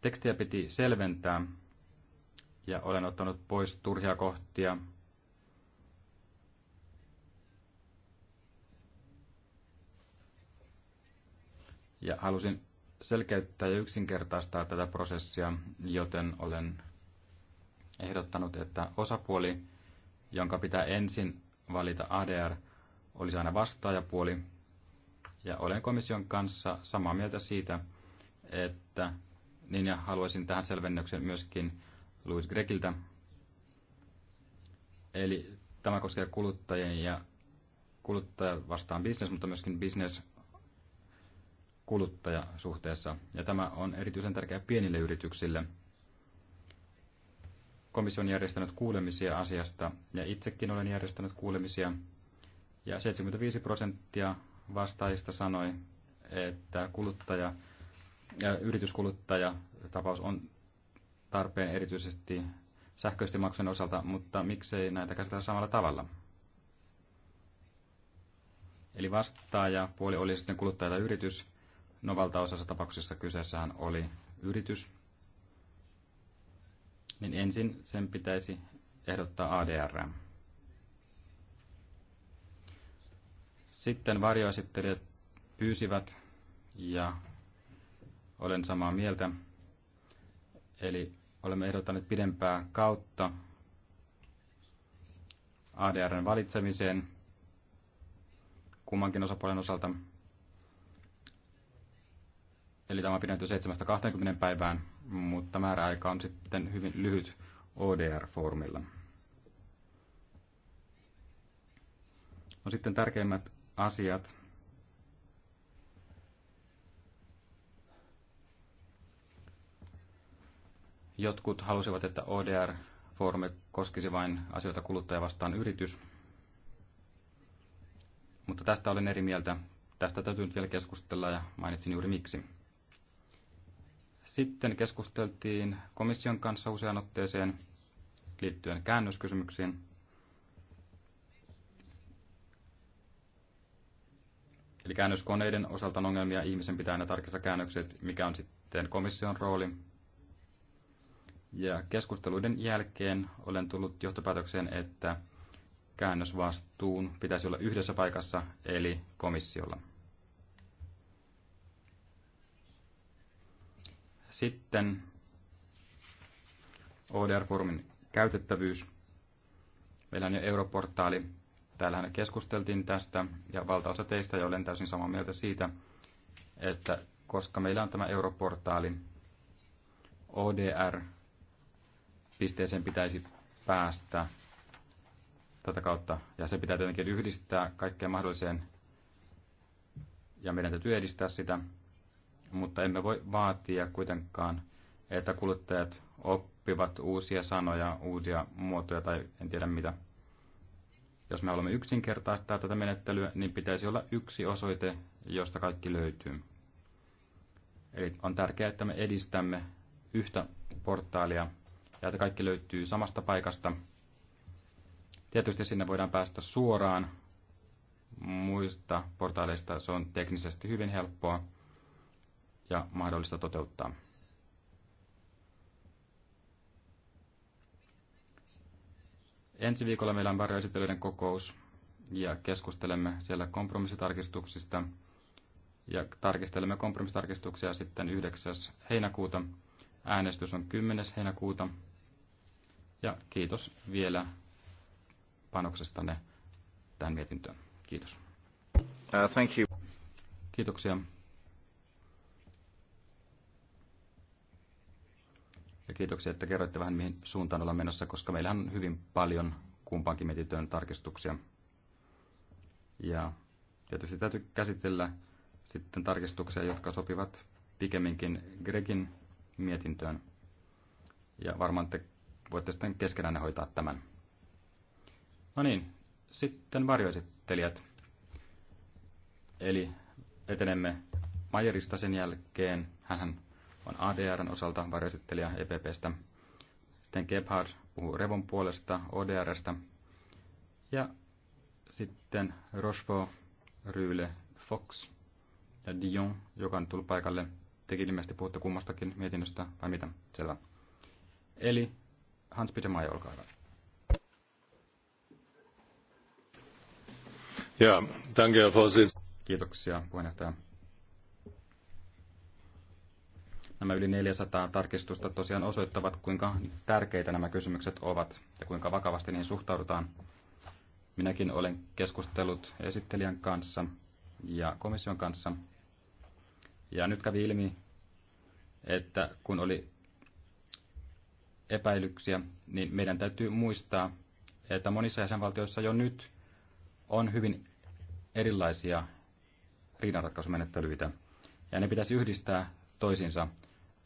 Tekstiä piti selventää ja olen ottanut pois turhia kohtia. Ja halusin selkeyttää ja yksinkertaistaa tätä prosessia, joten olen ehdottanut, että osapuoli, jonka pitää ensin valita ADR, olisi aina vastaajapuoli. Ja olen komission kanssa samaa mieltä siitä, että niin ja haluaisin tähän selvennyksen myöskin Louis Gregiltä. Eli tämä koskee kuluttajien ja kuluttaja vastaan business, mutta myöskin business kuluttajasuhteessa. Ja tämä on erityisen tärkeää pienille yrityksille. Komissio on järjestänyt kuulemisia asiasta ja itsekin olen järjestänyt kuulemisia. Ja 75 prosenttia vastaajista sanoi, että kuluttaja yrityskuluttajatapaus on tarpeen erityisesti sähköisten maksujen osalta, mutta miksei näitä käsitellä samalla tavalla? Eli vastaaja puoli oli sitten kuluttaja tai yritys. No valtaosassa tapauksessa kyseessähän oli yritys. Niin ensin sen pitäisi ehdottaa ADR. Sitten varjoesittelijät pyysivät ja olen samaa mieltä. Eli olemme ehdottaneet pidempää kautta ADRn valitsemiseen kummankin osapuolen osalta. Eli tämä on pidetty 7-20 päivään, mutta määräaika on sitten hyvin lyhyt ODR-foorumilla. No sitten tärkeimmät asiat Jotkut halusivat, että ODR-foorumi koskisi vain asioita kuluttaja vastaan yritys. Mutta tästä olen eri mieltä. Tästä täytyy nyt vielä keskustella ja mainitsin juuri miksi. Sitten keskusteltiin komission kanssa usean otteeseen liittyen käännöskysymyksiin. Eli käännöskoneiden osalta on ongelmia. Ihmisen pitää aina tarkistaa käännökset, mikä on sitten komission rooli ja keskusteluiden jälkeen olen tullut johtopäätökseen, että käännösvastuun pitäisi olla yhdessä paikassa, eli komissiolla. Sitten ODR-foorumin käytettävyys. Meillä on jo europortaali. Täällähän keskusteltiin tästä ja valtaosa teistä, ja olen täysin samaa mieltä siitä, että koska meillä on tämä europortaali, ODR pisteeseen pitäisi päästä tätä kautta. Ja se pitää tietenkin yhdistää kaikkeen mahdolliseen ja meidän täytyy edistää sitä, mutta emme voi vaatia kuitenkaan, että kuluttajat oppivat uusia sanoja, uusia muotoja tai en tiedä mitä. Jos me haluamme yksinkertaistaa tätä menettelyä, niin pitäisi olla yksi osoite, josta kaikki löytyy. Eli on tärkeää, että me edistämme yhtä portaalia ja että kaikki löytyy samasta paikasta. Tietysti sinne voidaan päästä suoraan muista portaaleista. Se on teknisesti hyvin helppoa ja mahdollista toteuttaa. Ensi viikolla meillä on varjoesittelyiden kokous ja keskustelemme siellä kompromissitarkistuksista ja tarkistelemme kompromissitarkistuksia sitten 9. heinäkuuta. Äänestys on 10. heinäkuuta ja kiitos vielä panoksestanne tämän mietintöön. Kiitos. Uh, thank you. Kiitoksia. Ja kiitoksia, että kerroitte vähän mihin suuntaan ollaan menossa, koska meillä on hyvin paljon kumpaankin mietintöön tarkistuksia. Ja tietysti täytyy käsitellä sitten tarkistuksia, jotka sopivat pikemminkin Gregin mietintöön. Ja varmaan te voitte sitten keskenään hoitaa tämän. No niin, sitten varjoesittelijät. Eli etenemme Majerista sen jälkeen. Hän on ADRn osalta varjoesittelijä EPPstä. Sitten Gebhard puhuu Revon puolesta, ODRstä. Ja sitten Rochefort, Ryyle, Fox ja Dion, joka on tullut paikalle. Tekin ilmeisesti puhutte kummastakin mietinnöstä, vai mitä? Selvä. Eli Hans Peter Pidemaja, olkaa hyvä. Ja, danke, Kiitoksia, puheenjohtaja. Nämä yli 400 tarkistusta tosiaan osoittavat, kuinka tärkeitä nämä kysymykset ovat ja kuinka vakavasti niihin suhtaudutaan. Minäkin olen keskustellut esittelijän kanssa ja komission kanssa. Ja nyt kävi ilmi, että kun oli epäilyksiä, niin meidän täytyy muistaa, että monissa jäsenvaltioissa jo nyt on hyvin erilaisia riidanratkaisumenettelyitä, ja ne pitäisi yhdistää toisiinsa.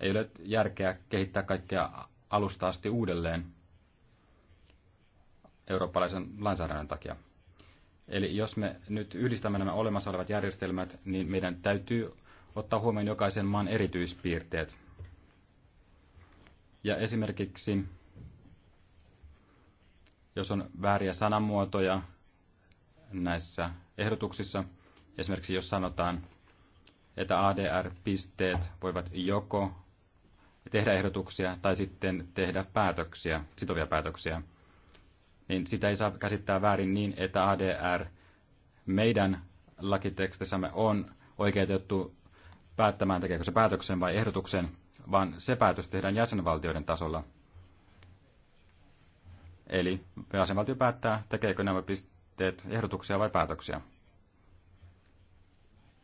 Ei ole järkeä kehittää kaikkea alusta asti uudelleen eurooppalaisen lainsäädännön takia. Eli jos me nyt yhdistämme nämä olemassa olevat järjestelmät, niin meidän täytyy ottaa huomioon jokaisen maan erityispiirteet. Ja esimerkiksi, jos on vääriä sanamuotoja näissä ehdotuksissa, esimerkiksi jos sanotaan, että ADR-pisteet voivat joko tehdä ehdotuksia tai sitten tehdä päätöksiä, sitovia päätöksiä, niin sitä ei saa käsittää väärin niin, että ADR meidän lakitekstissämme on oikeutettu päättämään, tekeekö se päätöksen vai ehdotuksen, vaan se päätös tehdään jäsenvaltioiden tasolla. Eli jäsenvaltio päättää, tekeekö nämä pisteet ehdotuksia vai päätöksiä.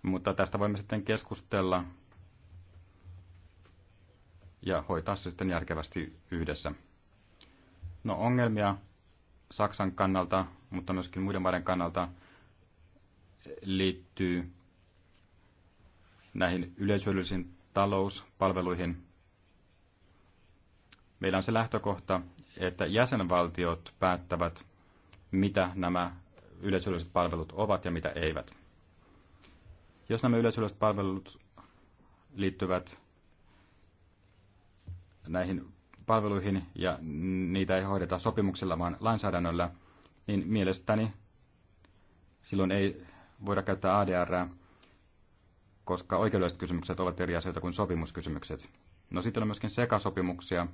Mutta tästä voimme sitten keskustella ja hoitaa se sitten järkevästi yhdessä. No ongelmia Saksan kannalta, mutta myöskin muiden maiden kannalta liittyy näihin yleisöllisiin talouspalveluihin. Meillä on se lähtökohta, että jäsenvaltiot päättävät, mitä nämä yleisölliset palvelut ovat ja mitä eivät. Jos nämä yleisölliset palvelut liittyvät näihin palveluihin ja niitä ei hoideta sopimuksella, vaan lainsäädännöllä, niin mielestäni silloin ei voida käyttää ADR, koska oikeudelliset kysymykset ovat eri asioita kuin sopimuskysymykset. No sitten on myöskin sekasopimuksia,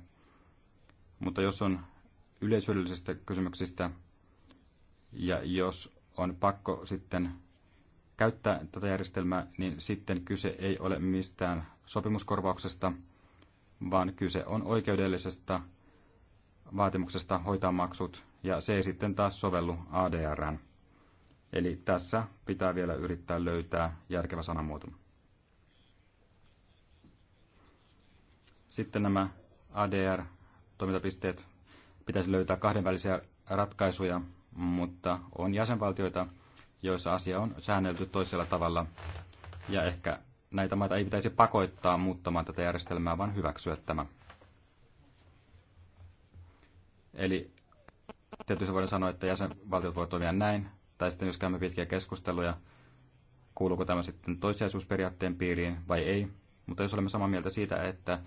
mutta jos on yleisyydellisistä kysymyksistä ja jos on pakko sitten käyttää tätä järjestelmää, niin sitten kyse ei ole mistään sopimuskorvauksesta, vaan kyse on oikeudellisesta vaatimuksesta hoitaa maksut, ja se ei sitten taas sovellu ADRn. Eli tässä pitää vielä yrittää löytää järkevä sanamuoto. Sitten nämä ADR-toimintapisteet pitäisi löytää kahdenvälisiä ratkaisuja, mutta on jäsenvaltioita, joissa asia on säännelty toisella tavalla. Ja ehkä näitä maita ei pitäisi pakoittaa muuttamaan tätä järjestelmää, vaan hyväksyä tämä. Eli tietysti voidaan sanoa, että jäsenvaltiot voivat toimia näin, tai sitten jos käymme pitkiä keskusteluja, kuuluuko tämä sitten toissijaisuusperiaatteen piiriin vai ei. Mutta jos olemme samaa mieltä siitä, että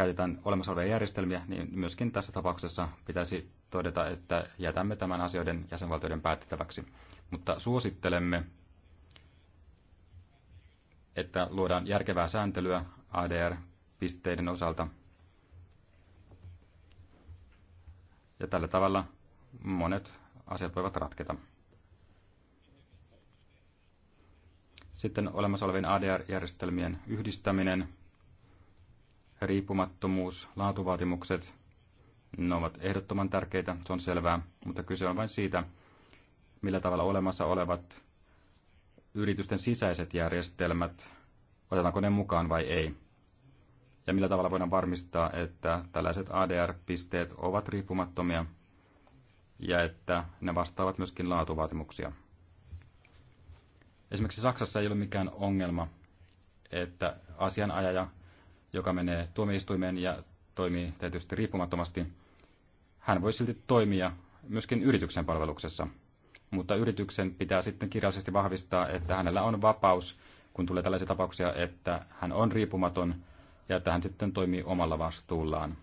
käytetään olemassa olevia järjestelmiä, niin myöskin tässä tapauksessa pitäisi todeta, että jätämme tämän asioiden jäsenvaltioiden päätettäväksi. Mutta suosittelemme, että luodaan järkevää sääntelyä ADR-pisteiden osalta. Ja tällä tavalla monet asiat voivat ratketa. Sitten olemassa olevien ADR-järjestelmien yhdistäminen – riippumattomuus, laatuvaatimukset, ne ovat ehdottoman tärkeitä, se on selvää, mutta kyse on vain siitä, millä tavalla olemassa olevat yritysten sisäiset järjestelmät, otetaanko ne mukaan vai ei. Ja millä tavalla voidaan varmistaa, että tällaiset ADR-pisteet ovat riippumattomia ja että ne vastaavat myöskin laatuvaatimuksia. Esimerkiksi Saksassa ei ole mikään ongelma, että asianajaja joka menee tuomioistuimeen ja toimii tietysti riippumattomasti, hän voi silti toimia myöskin yrityksen palveluksessa. Mutta yrityksen pitää sitten kirjallisesti vahvistaa, että hänellä on vapaus, kun tulee tällaisia tapauksia, että hän on riippumaton ja että hän sitten toimii omalla vastuullaan.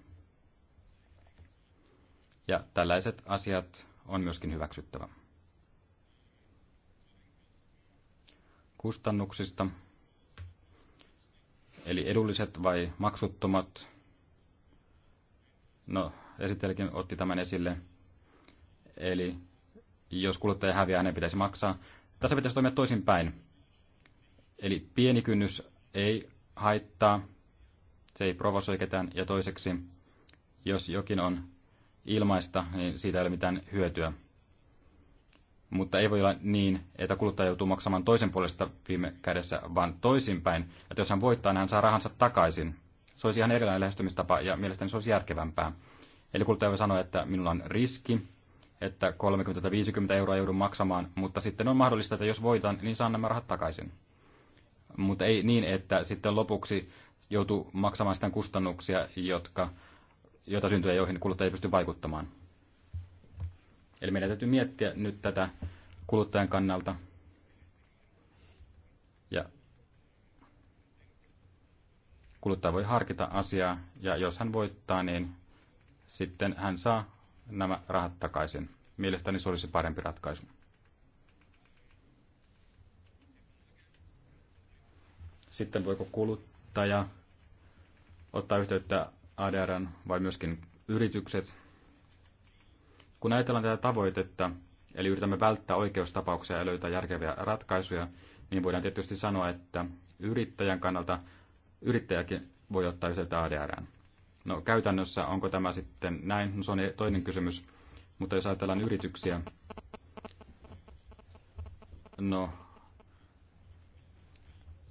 Ja tällaiset asiat on myöskin hyväksyttävä. Kustannuksista Eli edulliset vai maksuttomat? No, esittelikin otti tämän esille. Eli jos kuluttaja häviää, hänen pitäisi maksaa. Tässä pitäisi toimia toisinpäin. Eli pieni kynnys ei haittaa, se ei provosoi ketään. Ja toiseksi, jos jokin on ilmaista, niin siitä ei ole mitään hyötyä mutta ei voi olla niin, että kuluttaja joutuu maksamaan toisen puolesta viime kädessä, vaan toisinpäin, että jos hän voittaa, niin hän saa rahansa takaisin. Se olisi ihan erilainen lähestymistapa ja mielestäni se olisi järkevämpää. Eli kuluttaja voi sanoa, että minulla on riski, että 30-50 euroa joudun maksamaan, mutta sitten on mahdollista, että jos voitan, niin saan nämä rahat takaisin. Mutta ei niin, että sitten lopuksi joutuu maksamaan sitä kustannuksia, jotka, joita syntyy ja joihin kuluttaja ei pysty vaikuttamaan. Eli meidän täytyy miettiä nyt tätä kuluttajan kannalta. Ja kuluttaja voi harkita asiaa, ja jos hän voittaa, niin sitten hän saa nämä rahat takaisin. Mielestäni se olisi parempi ratkaisu. Sitten voiko kuluttaja ottaa yhteyttä ADRn vai myöskin yritykset kun ajatellaan tätä tavoitetta, eli yritämme välttää oikeustapauksia ja löytää järkeviä ratkaisuja, niin voidaan tietysti sanoa, että yrittäjän kannalta yrittäjäkin voi ottaa yhteyttä ADR. No käytännössä onko tämä sitten näin? No, se on toinen kysymys. Mutta jos ajatellaan yrityksiä, no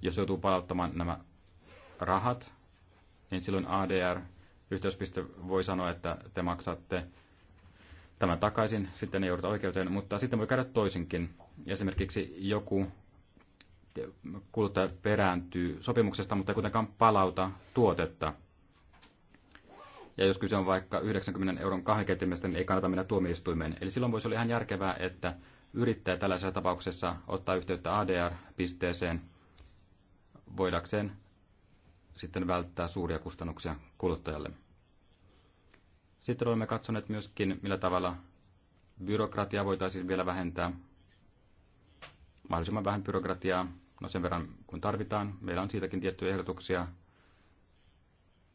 jos joutuu palauttamaan nämä rahat, niin silloin ADR-yhteyspiste voi sanoa, että te maksatte tämän takaisin, sitten ei jouduta oikeuteen, mutta sitten voi käydä toisinkin. Esimerkiksi joku kuluttaja perääntyy sopimuksesta, mutta ei kuitenkaan palauta tuotetta. Ja jos kyse on vaikka 90 euron kahvikettimestä, niin ei kannata mennä tuomioistuimeen. Eli silloin voisi olla ihan järkevää, että yrittäjä tällaisessa tapauksessa ottaa yhteyttä ADR-pisteeseen voidakseen sitten välttää suuria kustannuksia kuluttajalle. Sitten olemme katsoneet myöskin, millä tavalla byrokratiaa voitaisiin vielä vähentää. Mahdollisimman vähän byrokratiaa, no sen verran kun tarvitaan. Meillä on siitäkin tiettyjä ehdotuksia,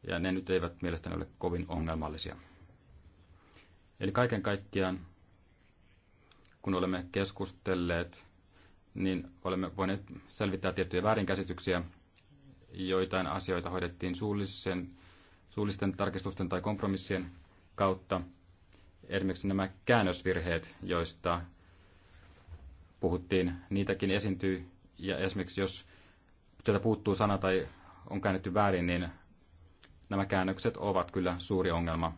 ja ne nyt eivät mielestäni ole kovin ongelmallisia. Eli kaiken kaikkiaan, kun olemme keskustelleet, niin olemme voineet selvittää tiettyjä väärinkäsityksiä. Joitain asioita hoidettiin suullisten tarkistusten tai kompromissien kautta. Esimerkiksi nämä käännösvirheet, joista puhuttiin, niitäkin esiintyy. Ja esimerkiksi jos sieltä puuttuu sana tai on käännetty väärin, niin nämä käännökset ovat kyllä suuri ongelma.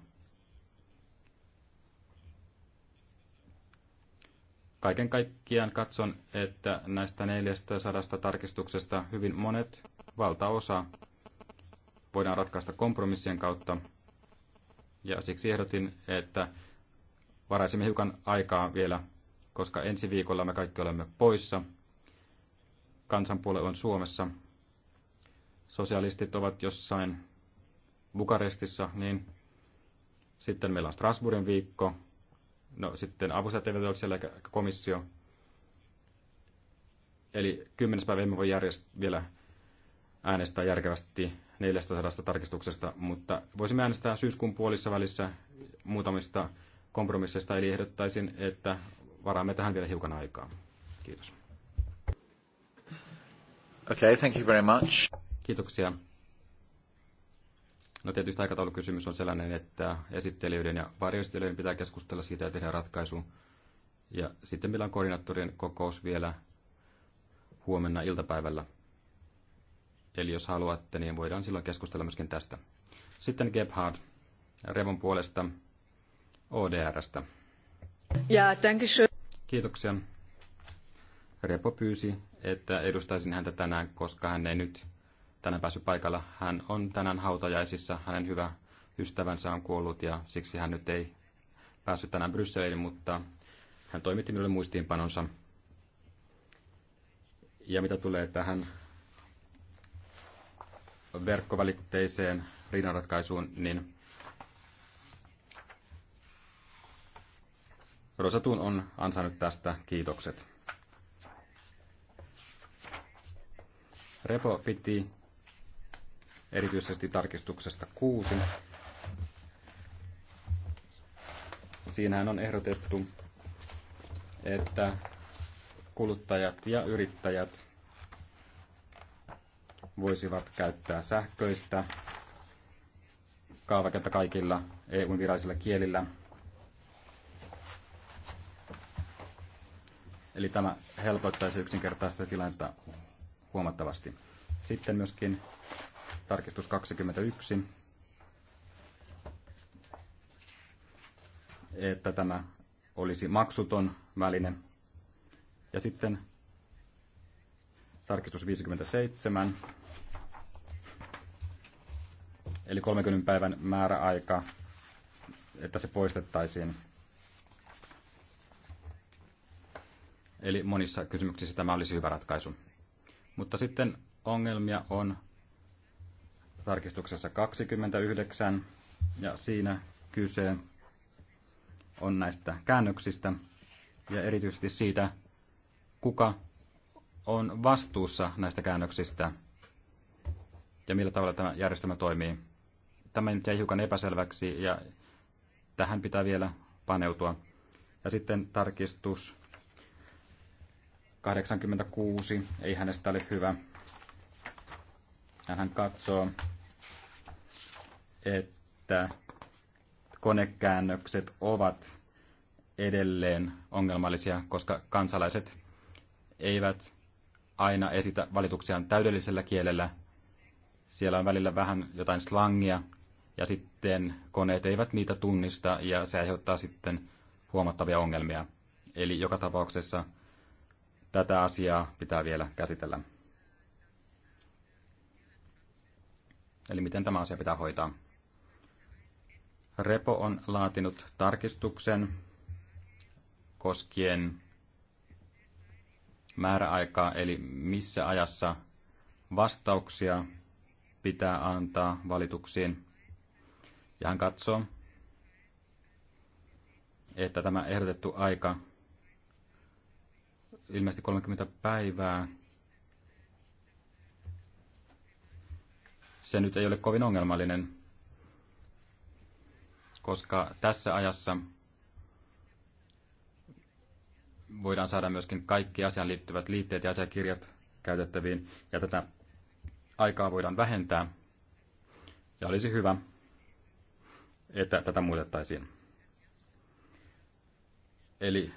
Kaiken kaikkiaan katson, että näistä 400 tarkistuksesta hyvin monet, valtaosa, voidaan ratkaista kompromissien kautta. Ja siksi ehdotin, että varaisimme hiukan aikaa vielä, koska ensi viikolla me kaikki olemme poissa. Kansanpuole on Suomessa. Sosialistit ovat jossain Bukarestissa, niin sitten meillä on Strasbourgin viikko. No sitten avustajat eivät ole siellä komissio. Eli kymmenes päivä emme voi järjestää vielä äänestää järkevästi 400 tarkistuksesta, mutta voisimme äänestää syyskuun puolissa välissä muutamista kompromisseista, eli ehdottaisin, että varaamme tähän vielä hiukan aikaa. Kiitos. Okay, thank you very much. Kiitoksia. No tietysti aikataulukysymys on sellainen, että esittelijöiden ja varjoistelijoiden pitää keskustella siitä ja tehdä ratkaisu. Ja sitten meillä on koordinaattorien kokous vielä huomenna iltapäivällä. Eli jos haluatte, niin voidaan silloin keskustella myöskin tästä. Sitten Gebhard Revon puolesta ODRstä. Ja, dankeschön. Kiitoksia. Repo pyysi, että edustaisin häntä tänään, koska hän ei nyt tänään päässyt paikalla. Hän on tänään hautajaisissa, hänen hyvä ystävänsä on kuollut ja siksi hän nyt ei päässyt tänään Brysseliin, mutta hän toimitti minulle muistiinpanonsa. Ja mitä tulee tähän verkkovälitteiseen riidanratkaisuun, niin Rosatun on ansainnut tästä kiitokset. Repo piti erityisesti tarkistuksesta kuusi. Siinähän on ehdotettu, että kuluttajat ja yrittäjät voisivat käyttää sähköistä kaavaketta kaikilla EUn virallisilla kielillä. Eli tämä helpottaisi yksinkertaista tilannetta huomattavasti. Sitten myöskin tarkistus 21, että tämä olisi maksuton väline. Ja sitten Tarkistus 57. Eli 30 päivän määräaika, että se poistettaisiin. Eli monissa kysymyksissä tämä olisi hyvä ratkaisu. Mutta sitten ongelmia on tarkistuksessa 29, ja siinä kyse on näistä käännöksistä, ja erityisesti siitä, kuka on vastuussa näistä käännöksistä ja millä tavalla tämä järjestelmä toimii. Tämä nyt jäi hiukan epäselväksi ja tähän pitää vielä paneutua. Ja sitten tarkistus 86, ei hänestä ole hyvä. Hän katsoo, että konekäännökset ovat edelleen ongelmallisia, koska kansalaiset eivät aina esitä valituksiaan täydellisellä kielellä. Siellä on välillä vähän jotain slangia ja sitten koneet eivät niitä tunnista ja se aiheuttaa sitten huomattavia ongelmia. Eli joka tapauksessa tätä asiaa pitää vielä käsitellä. Eli miten tämä asia pitää hoitaa. Repo on laatinut tarkistuksen koskien määräaikaa, eli missä ajassa vastauksia pitää antaa valituksiin. Ja hän katsoo, että tämä ehdotettu aika, ilmeisesti 30 päivää, se nyt ei ole kovin ongelmallinen, koska tässä ajassa voidaan saada myöskin kaikki asiaan liittyvät liitteet ja asiakirjat käytettäviin, ja tätä aikaa voidaan vähentää. Ja olisi hyvä, että tätä muutettaisiin. Eli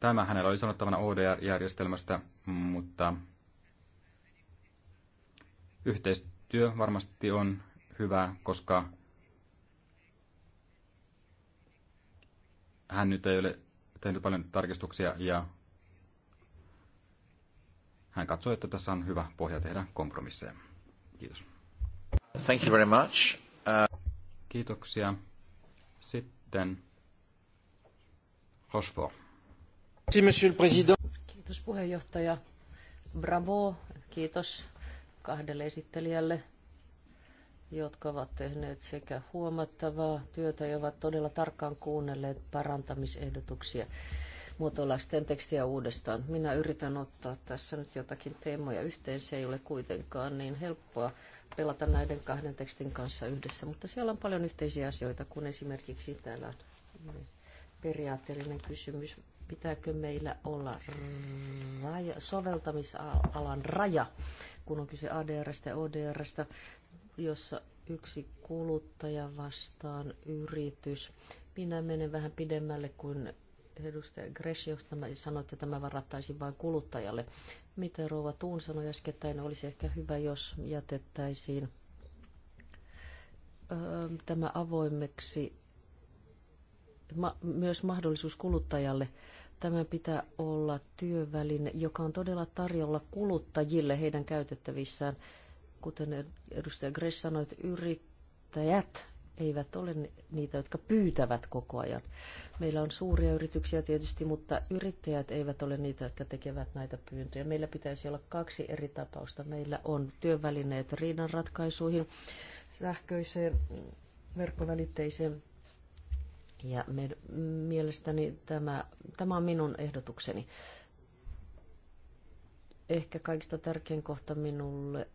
tämä hänellä oli sanottavana ODR-järjestelmästä, mutta yhteistyö varmasti on hyvä, koska hän nyt ei ole tehnyt paljon tarkistuksia ja hän katsoi, että tässä on hyvä pohja tehdä kompromisseja. Kiitos. Thank you very much. Uh... Kiitoksia. Sitten Rochefort. Kiitos puheenjohtaja. Bravo. Kiitos kahdelle esittelijälle jotka ovat tehneet sekä huomattavaa työtä ja ovat todella tarkkaan kuunnelleet parantamisehdotuksia muotoillaan sitten tekstiä uudestaan. Minä yritän ottaa tässä nyt jotakin teemoja yhteen. Se ei ole kuitenkaan niin helppoa pelata näiden kahden tekstin kanssa yhdessä, mutta siellä on paljon yhteisiä asioita, kun esimerkiksi täällä on periaatteellinen kysymys, pitääkö meillä olla raja, soveltamisalan raja, kun on kyse ADRstä ja ODRstä jossa yksi kuluttaja vastaan yritys. Minä menen vähän pidemmälle kuin edustaja Gresi, jos tämä sanoi, että tämä varattaisiin vain kuluttajalle. Miten Rouva Tuun sanoi äskettäin, olisi ehkä hyvä, jos jätettäisiin tämä avoimeksi ma- myös mahdollisuus kuluttajalle. Tämä pitää olla työväline, joka on todella tarjolla kuluttajille heidän käytettävissään kuten edustaja Gress sanoi, että yrittäjät eivät ole niitä, jotka pyytävät koko ajan. Meillä on suuria yrityksiä tietysti, mutta yrittäjät eivät ole niitä, jotka tekevät näitä pyyntöjä. Meillä pitäisi olla kaksi eri tapausta. Meillä on työvälineet riidanratkaisuihin, sähköiseen mm, verkkovälitteiseen ja me, mielestäni tämä, tämä on minun ehdotukseni. Ehkä kaikista tärkein kohta minulle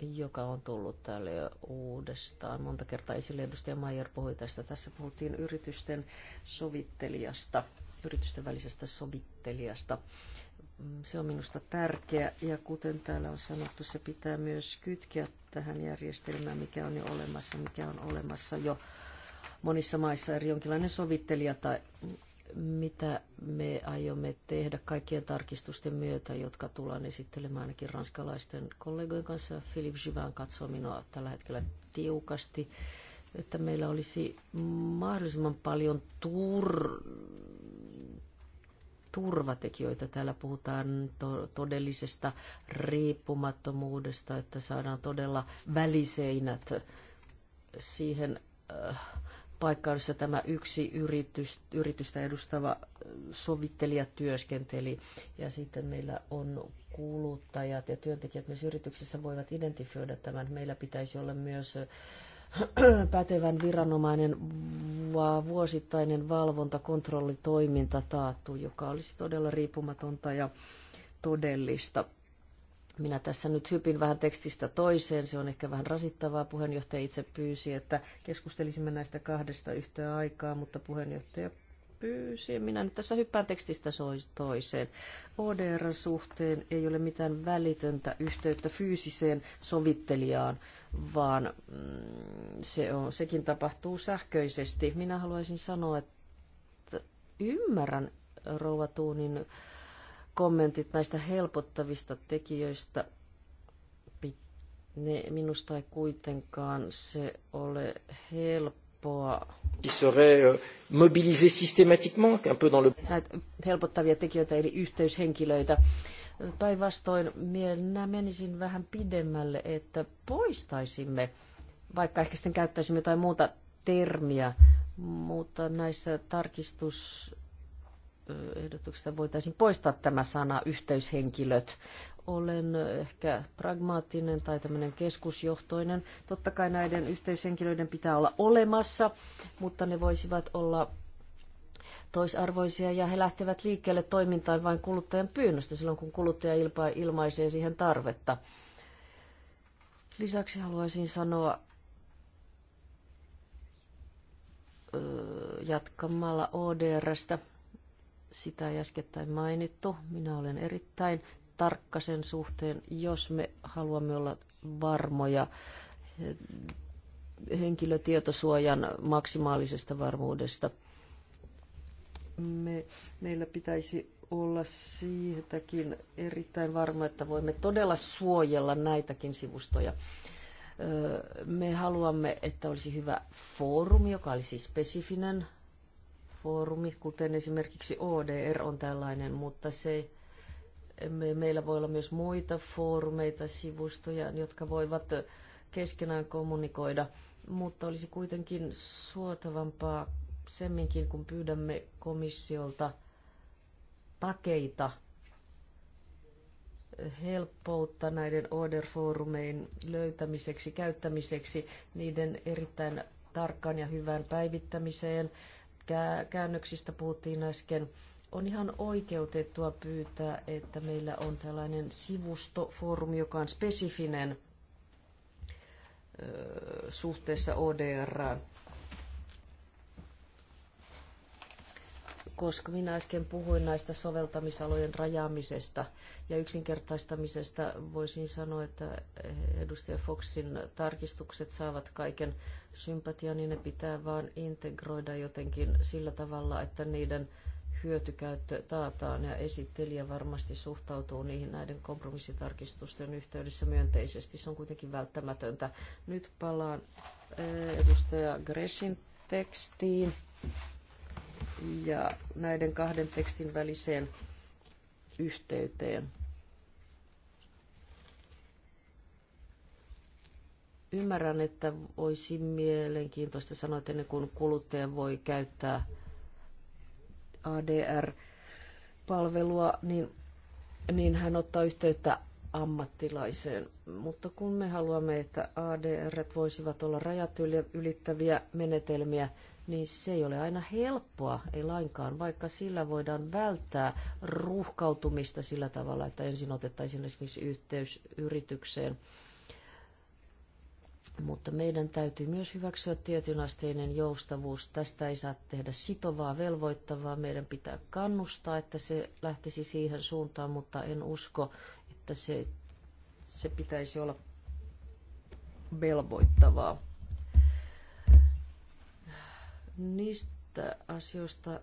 joka on tullut täällä jo uudestaan. Monta kertaa esille edustaja Maier puhui tästä. Tässä puhuttiin yritysten sovittelijasta, yritysten välisestä sovittelijasta. Mm, se on minusta tärkeä ja kuten täällä on sanottu, se pitää myös kytkeä tähän järjestelmään, mikä on jo olemassa, mikä on olemassa jo monissa maissa eri jonkinlainen sovittelija tai mitä me aiomme tehdä kaikkien tarkistusten myötä, jotka tullaan esittelemään ainakin ranskalaisten kollegojen kanssa. Philippe Jyvän katsoo minua tällä hetkellä tiukasti, että meillä olisi mahdollisimman paljon tur turvatekijöitä. Täällä puhutaan to- todellisesta riippumattomuudesta, että saadaan todella väliseinät siihen äh, paikka, jossa tämä yksi yritys, yritystä edustava sovittelija työskenteli. Ja sitten meillä on kuluttajat ja työntekijät myös yrityksessä voivat identifioida tämän. Meillä pitäisi olla myös [clears throat] pätevän viranomainen vuosittainen valvonta, kontrollitoiminta taattu, joka olisi todella riippumatonta ja todellista minä tässä nyt hypin vähän tekstistä toiseen, se on ehkä vähän rasittavaa. Puheenjohtaja itse pyysi, että keskustelisimme näistä kahdesta yhtä aikaa, mutta puheenjohtaja pyysi. Minä nyt tässä hyppään tekstistä toiseen. ODR-suhteen ei ole mitään välitöntä yhteyttä fyysiseen sovittelijaan, vaan mm, se on, sekin tapahtuu sähköisesti. Minä haluaisin sanoa, että ymmärrän Rouva Tuunin kommentit näistä helpottavista tekijöistä. Ne minusta ei kuitenkaan se ole helppoa. Euh, Näitä helpottavia tekijöitä eli yhteyshenkilöitä. Päinvastoin minä menisin vähän pidemmälle, että poistaisimme, vaikka ehkä sitten käyttäisimme jotain muuta termiä, mutta näissä tarkistus ehdotuksesta voitaisiin poistaa tämä sana yhteyshenkilöt. Olen ehkä pragmaattinen tai tämmöinen keskusjohtoinen. Totta kai näiden yhteyshenkilöiden pitää olla olemassa, mutta ne voisivat olla toisarvoisia ja he lähtevät liikkeelle toimintaan vain kuluttajan pyynnöstä silloin, kun kuluttaja ilmaisee siihen tarvetta. Lisäksi haluaisin sanoa jatkamalla ODRstä sitä ei äskettäin mainittu. Minä olen erittäin tarkka sen suhteen, jos me haluamme olla varmoja eh, henkilötietosuojan maksimaalisesta varmuudesta. Me, meillä pitäisi olla siitäkin erittäin varma, että voimme todella suojella näitäkin sivustoja. Eh, me haluamme, että olisi hyvä foorumi, joka olisi spesifinen foorumi, kuten esimerkiksi ODR on tällainen, mutta se, me, meillä voi olla myös muita foorumeita, sivustoja, jotka voivat keskenään kommunikoida, mutta olisi kuitenkin suotavampaa semminkin, kun pyydämme komissiolta takeita helppoutta näiden order-foorumein löytämiseksi, käyttämiseksi, niiden erittäin tarkkaan ja hyvään päivittämiseen, käännöksistä puhuttiin äsken. On ihan oikeutettua pyytää, että meillä on tällainen sivustofoorumi, joka on spesifinen suhteessa ODR. koska minä äsken puhuin näistä soveltamisalojen rajaamisesta ja yksinkertaistamisesta, voisin sanoa, että eh, edustaja Foxin tarkistukset saavat kaiken sympatian, niin ne pitää vain integroida jotenkin sillä tavalla, että niiden hyötykäyttö taataan ja esittelijä varmasti suhtautuu niihin näiden kompromissitarkistusten yhteydessä myönteisesti. Se on kuitenkin välttämätöntä. Nyt palaan eh, edustaja Gressin tekstiin ja näiden kahden tekstin väliseen yhteyteen. Ymmärrän, että olisi mielenkiintoista sanoa, että ennen kuin kuluttaja voi käyttää ADR-palvelua, niin, niin hän ottaa yhteyttä ammattilaiseen. Mutta kun me haluamme, että ADR voisivat olla rajat ylittäviä menetelmiä, niin se ei ole aina helppoa, ei lainkaan, vaikka sillä voidaan välttää ruuhkautumista sillä tavalla, että ensin otettaisiin esimerkiksi yhteys yritykseen. Mutta meidän täytyy myös hyväksyä tietynasteinen joustavuus. Tästä ei saa tehdä sitovaa, velvoittavaa. Meidän pitää kannustaa, että se lähtisi siihen suuntaan, mutta en usko, että se, se pitäisi olla velvoittavaa niistä asioista,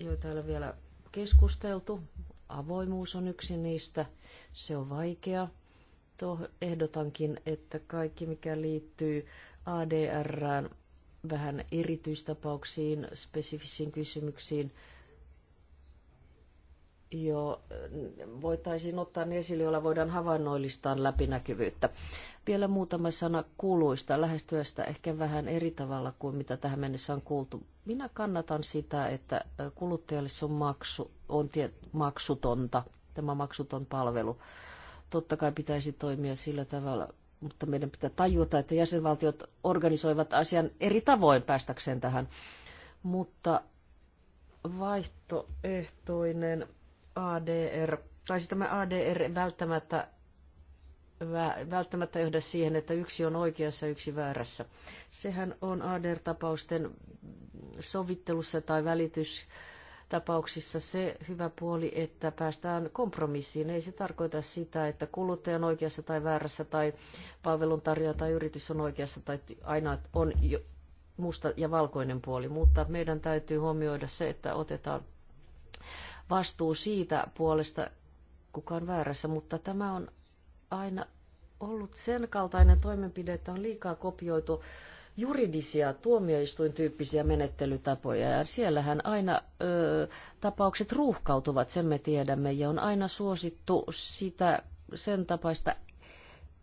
joita ei ole vielä keskusteltu. Avoimuus on yksi niistä. Se on vaikea. Tuo ehdotankin, että kaikki mikä liittyy ADR vähän erityistapauksiin, spesifisiin kysymyksiin – jo voitaisiin ottaa ne esille, joilla voidaan havainnoillistaa läpinäkyvyyttä. Vielä muutama sana kuuluista lähestyöstä ehkä vähän eri tavalla kuin mitä tähän mennessä on kuultu. Minä kannatan sitä, että kuluttajalle se on, maksu, on tie, maksutonta, tämä maksuton palvelu. Totta kai pitäisi toimia sillä tavalla, mutta meidän pitää tajuta, että jäsenvaltiot organisoivat asian eri tavoin päästäkseen tähän. Mutta vaihtoehtoinen ADR, tai siis tämä ADR välttämättä välttämättä johda siihen, että yksi on oikeassa ja yksi väärässä. Sehän on ADR-tapausten sovittelussa tai välitys tapauksissa se hyvä puoli, että päästään kompromissiin. Ei se tarkoita sitä, että kuluttaja on oikeassa tai väärässä tai palveluntarjoaja tai yritys on oikeassa tai aina on musta ja valkoinen puoli, mutta meidän täytyy huomioida se, että otetaan vastuu siitä puolesta, kuka on väärässä, mutta tämä on aina ollut sen kaltainen toimenpide, että on liikaa kopioitu juridisia tuomioistuintyyppisiä menettelytapoja. Ja siellähän aina ö, tapaukset ruuhkautuvat, sen me tiedämme, ja on aina suosittu sitä sen tapaista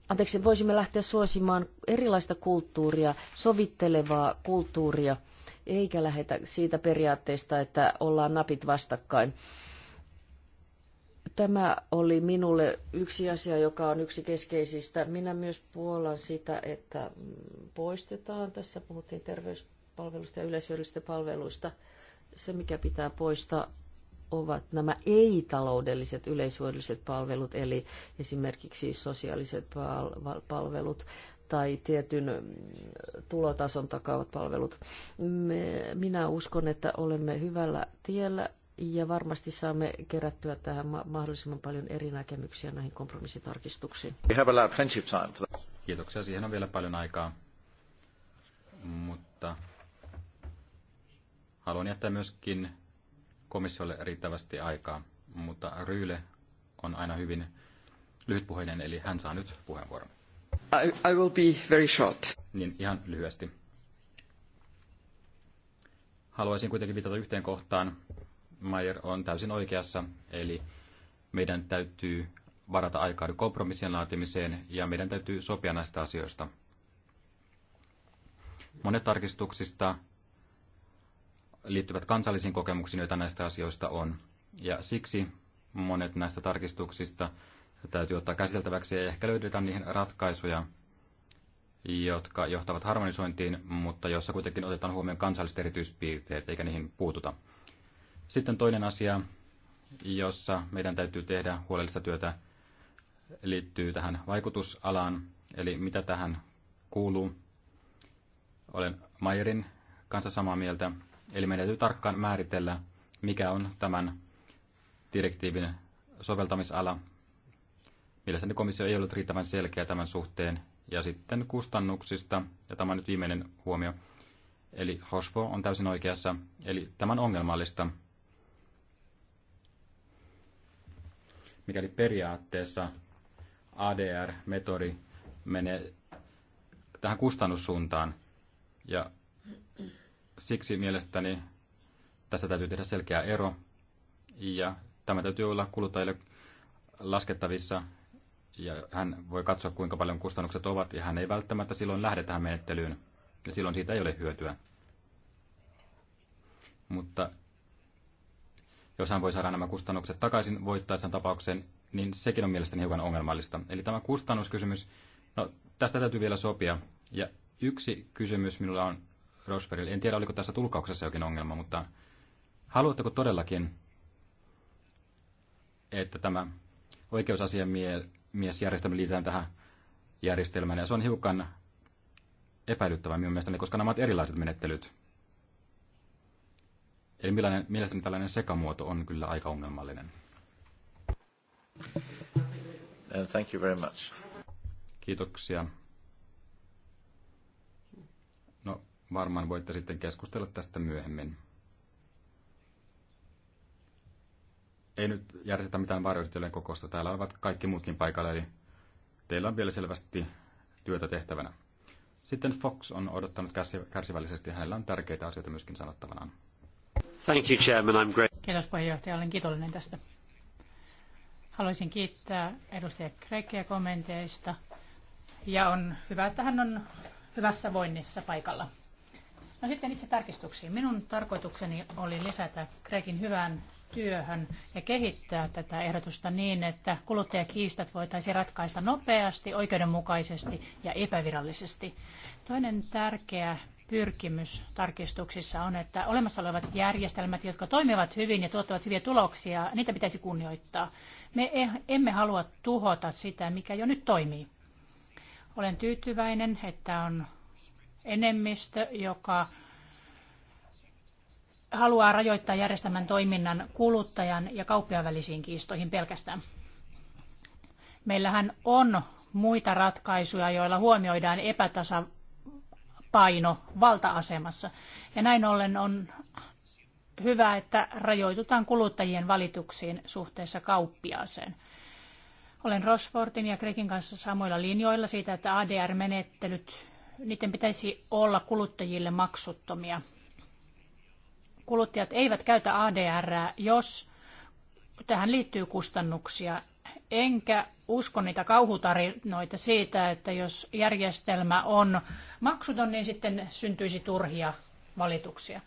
anteeksi, voisimme lähteä suosimaan erilaista kulttuuria, sovittelevaa kulttuuria – eikä lähetä siitä periaatteesta, että ollaan napit vastakkain. Tämä oli minulle yksi asia, joka on yksi keskeisistä. Minä myös puolan sitä, että poistetaan. Tässä puhuttiin terveyspalveluista ja yleishyödyllisistä palveluista. Se, mikä pitää poistaa, ovat nämä ei-taloudelliset yleishyödylliset palvelut, eli esimerkiksi sosiaaliset palvelut, tai tietyn mm, tulotason takaavat palvelut. Me, minä uskon, että olemme hyvällä tiellä ja varmasti saamme kerättyä tähän mahdollisimman paljon eri näkemyksiä näihin kompromissitarkistuksiin. Kiitoksia, siihen on vielä paljon aikaa, mutta haluan jättää myöskin komissiolle riittävästi aikaa, mutta Ryyle on aina hyvin lyhytpuheinen, eli hän saa nyt puheenvuoron. I, I will be very short. Niin, ihan lyhyesti. Haluaisin kuitenkin viitata yhteen kohtaan. Mayer on täysin oikeassa, eli meidän täytyy varata aikaa kompromissien laatimiseen ja meidän täytyy sopia näistä asioista. Monet tarkistuksista liittyvät kansallisiin kokemuksiin, joita näistä asioista on. Ja siksi monet näistä tarkistuksista täytyy ottaa käsiteltäväksi ja ehkä löydetään niihin ratkaisuja, jotka johtavat harmonisointiin, mutta jossa kuitenkin otetaan huomioon kansalliset erityispiirteet eikä niihin puututa. Sitten toinen asia, jossa meidän täytyy tehdä huolellista työtä, liittyy tähän vaikutusalaan, eli mitä tähän kuuluu. Olen Mayerin kanssa samaa mieltä, eli meidän täytyy tarkkaan määritellä, mikä on tämän direktiivin soveltamisala Mielestäni komissio ei ollut riittävän selkeä tämän suhteen. Ja sitten kustannuksista, ja tämä on nyt viimeinen huomio, eli HOSFO on täysin oikeassa, eli tämän ongelmallista. Mikäli periaatteessa ADR-metodi menee tähän kustannussuuntaan, ja siksi mielestäni tässä täytyy tehdä selkeä ero, ja tämä täytyy olla kuluttajille laskettavissa, ja hän voi katsoa, kuinka paljon kustannukset ovat, ja hän ei välttämättä silloin lähde tähän menettelyyn, ja silloin siitä ei ole hyötyä. Mutta jos hän voi saada nämä kustannukset takaisin voittaessaan tapauksen, niin sekin on mielestäni hiukan ongelmallista. Eli tämä kustannuskysymys, no tästä täytyy vielä sopia. Ja yksi kysymys minulla on Rosbergille. En tiedä, oliko tässä tulkauksessa jokin ongelma, mutta haluatteko todellakin, että tämä oikeusasiamies miesjärjestelmä liitetään tähän järjestelmään, ja se on hiukan epäilyttävää minun mielestäni, koska nämä ovat erilaiset menettelyt. Eli millainen, mielestäni tällainen sekamuoto on kyllä aika ongelmallinen. Uh, thank you very much. Kiitoksia. No, varmaan voitte sitten keskustella tästä myöhemmin. ei nyt järjestetä mitään varjoistelujen kokousta. Täällä ovat kaikki muutkin paikalla, eli teillä on vielä selvästi työtä tehtävänä. Sitten Fox on odottanut kärsivällisesti. Hänellä on tärkeitä asioita myöskin sanottavanaan. Thank you, Chairman. I'm great. Kiitos puheenjohtaja. Olen kiitollinen tästä. Haluaisin kiittää edustaja Krekiä kommenteista. Ja on hyvä, että hän on hyvässä voinnissa paikalla. No sitten itse tarkistuksiin. Minun tarkoitukseni oli lisätä Kreikin hyvään työhön ja kehittää tätä ehdotusta niin, että kuluttajakiistat voitaisiin ratkaista nopeasti, oikeudenmukaisesti ja epävirallisesti. Toinen tärkeä pyrkimys tarkistuksissa on, että olemassa olevat järjestelmät, jotka toimivat hyvin ja tuottavat hyviä tuloksia, niitä pitäisi kunnioittaa. Me eh, emme halua tuhota sitä, mikä jo nyt toimii. Olen tyytyväinen, että on enemmistö, joka haluaa rajoittaa järjestelmän toiminnan kuluttajan ja kauppiaan välisiin kiistoihin pelkästään. Meillähän on muita ratkaisuja, joilla huomioidaan epätasapaino valta-asemassa. Ja näin ollen on hyvä, että rajoitutaan kuluttajien valituksiin suhteessa kauppiaaseen. Olen Rosfortin ja Krekin kanssa samoilla linjoilla siitä, että ADR-menettelyt, niiden pitäisi olla kuluttajille maksuttomia kuluttajat eivät käytä ADR, jos tähän liittyy kustannuksia. Enkä usko niitä kauhutarinoita siitä, että jos järjestelmä on maksuton, niin sitten syntyisi turhia valituksia.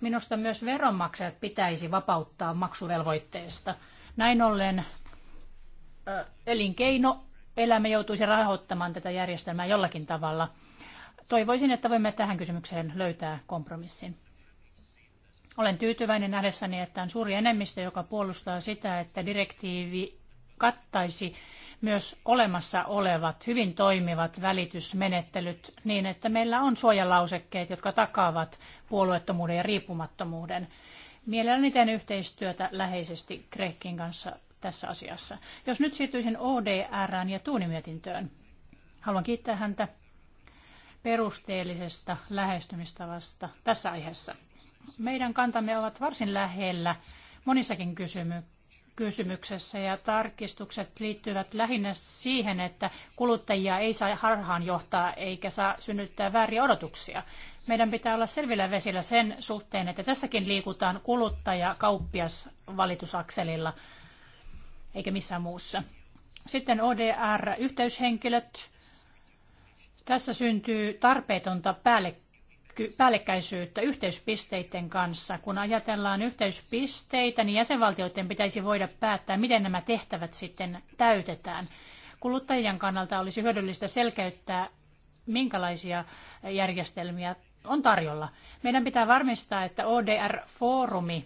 Minusta myös veronmaksajat pitäisi vapauttaa maksuvelvoitteesta. Näin ollen elinkeino elämä joutuisi rahoittamaan tätä järjestelmää jollakin tavalla. Toivoisin, että voimme tähän kysymykseen löytää kompromissin. Olen tyytyväinen nähdessäni, että on suuri enemmistö, joka puolustaa sitä, että direktiivi kattaisi myös olemassa olevat hyvin toimivat välitysmenettelyt niin, että meillä on suojalausekkeet, jotka takaavat puolueettomuuden ja riippumattomuuden. Mielelläni teen yhteistyötä läheisesti Krekkin kanssa tässä asiassa. Jos nyt siirtyisin ODRään ja tuunimietintöön, haluan kiittää häntä perusteellisesta lähestymistavasta tässä aiheessa meidän kantamme ovat varsin lähellä monissakin kysymyksissä kysymyksessä ja tarkistukset liittyvät lähinnä siihen, että kuluttajia ei saa harhaan johtaa eikä saa synnyttää vääriä odotuksia. Meidän pitää olla selvillä vesillä sen suhteen, että tässäkin liikutaan kuluttaja-kauppias valitusakselilla eikä missään muussa. Sitten ODR-yhteyshenkilöt. Tässä syntyy tarpeetonta päällekkäisyyttä päällekkäisyyttä yhteyspisteiden kanssa. Kun ajatellaan yhteyspisteitä, niin jäsenvaltioiden pitäisi voida päättää, miten nämä tehtävät sitten täytetään. Kuluttajien kannalta olisi hyödyllistä selkeyttää, minkälaisia järjestelmiä on tarjolla. Meidän pitää varmistaa, että ODR-foorumi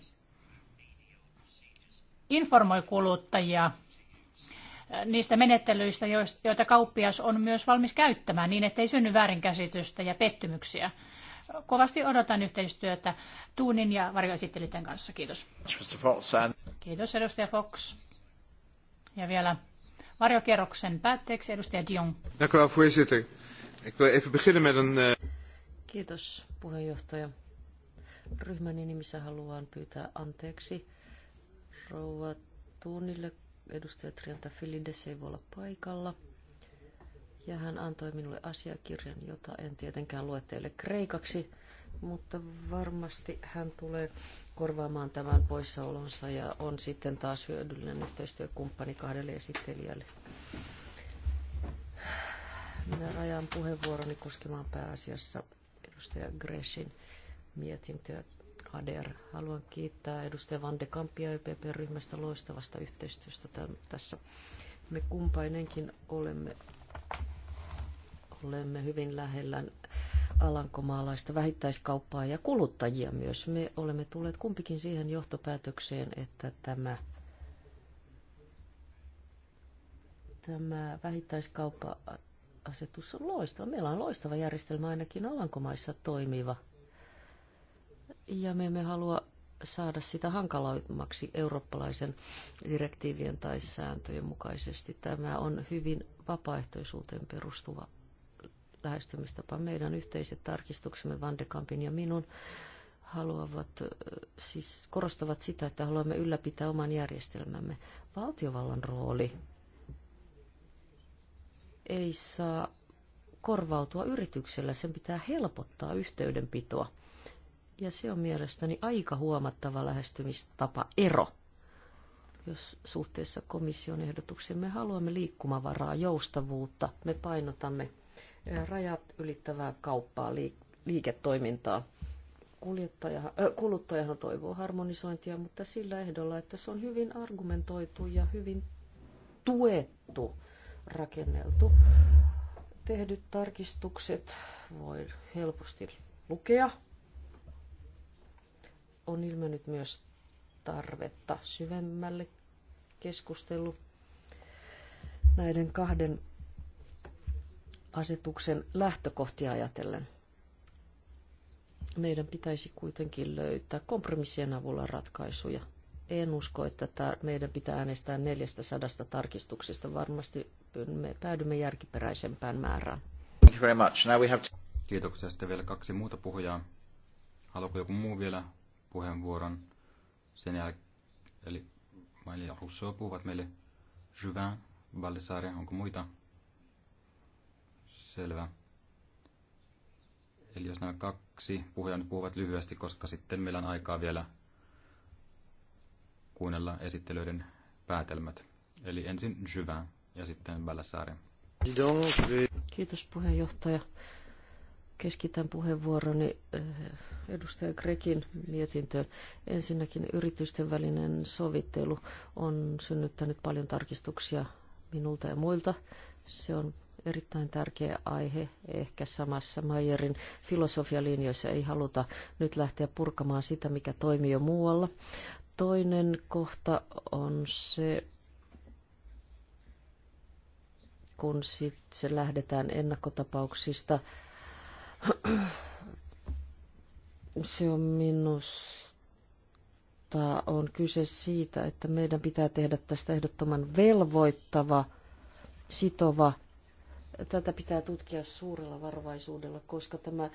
informoi kuluttajia eh, niistä menettelyistä, joita kauppias on myös valmis käyttämään niin, ettei synny väärinkäsitystä ja pettymyksiä kovasti odotan yhteistyötä Tuunin ja varjoesittelijöiden kanssa. Kiitos. Kiitos edustaja Fox. Ja vielä varjokierroksen päätteeksi edustaja Dion. Eh, Kiitos puheenjohtaja. Ryhmäni nimissä haluan pyytää anteeksi rouva Tuunille. Edustaja Trianta Filides ei voi olla paikalla ja hän antoi minulle asiakirjan, jota en tietenkään lue teille kreikaksi, mutta varmasti hän tulee korvaamaan tämän poissaolonsa ja on sitten taas hyödyllinen yhteistyökumppani kahdelle esittelijälle. Minä rajaan puheenvuoroni koskemaan pääasiassa edustaja Gressin mietintöä ADR. Haluan kiittää edustaja Van de Kampia YPP-ryhmästä e loistavasta yhteistyöstä tässä. Me kumpainenkin olemme olemme hyvin lähellä alankomaalaista vähittäiskauppaa ja kuluttajia myös. Me olemme tulleet kumpikin siihen johtopäätökseen, että tämä, tämä vähittäiskauppa-asetus on loistava. Meillä on loistava järjestelmä ainakin alankomaissa toimiva. Ja me emme halua saada sitä hankalammaksi eurooppalaisen direktiivien tai sääntöjen mukaisesti. Tämä on hyvin vapaaehtoisuuteen perustuva lähestymistapa. Meidän yhteiset tarkistuksemme Van de Kampin ja minun haluavat, siis korostavat sitä, että haluamme ylläpitää oman järjestelmämme. Valtiovallan rooli ei saa korvautua yrityksellä, sen pitää helpottaa yhteydenpitoa. Ja se on mielestäni aika huomattava lähestymistapa ero. Jos suhteessa komission ehdotukseen me haluamme liikkumavaraa, joustavuutta, me painotamme rajat ylittävää kauppaa, liiketoimintaa. äh, kuluttajahan toivoo harmonisointia, mutta sillä ehdolla, että se on hyvin argumentoitu ja hyvin tuettu, rakenneltu. Tehdyt tarkistukset voi helposti lukea. On ilmennyt myös tarvetta syvemmälle keskustelu näiden kahden asetuksen lähtökohtia ajatellen. Meidän pitäisi kuitenkin löytää kompromissien avulla ratkaisuja. En usko, että meidän pitää äänestää 400 tarkistuksista Varmasti me päädymme järkiperäisempään määrään. Thank you very much. Now we have to... Kiitoksia. Sitten vielä kaksi muuta puhujaa. Haluatko joku muu vielä puheenvuoron? Sen jälkeen, eli Maili ja Rousseau puhuvat meille Juvin, Vallisaari, onko muita? Selvä. Eli jos nämä kaksi puhujaa nyt puhuvat lyhyesti, koska sitten meillä on aikaa vielä kuunnella esittelyiden päätelmät. Eli ensin Jyvän ja sitten Väläsaari. Kiitos puheenjohtaja. Keskitän puheenvuoroni eh, edustaja Grekin mietintöön. Ensinnäkin yritysten välinen sovittelu on synnyttänyt paljon tarkistuksia minulta ja muilta. Se on erittäin tärkeä aihe, ehkä samassa Mayerin filosofialinjoissa ei haluta nyt lähteä purkamaan sitä, mikä toimii jo muualla. Toinen kohta on se, kun sit se lähdetään ennakkotapauksista. Se on minusta on kyse siitä, että meidän pitää tehdä tästä ehdottoman velvoittava, sitova tätä pitää tutkia suurella varovaisuudella, koska tämä äh,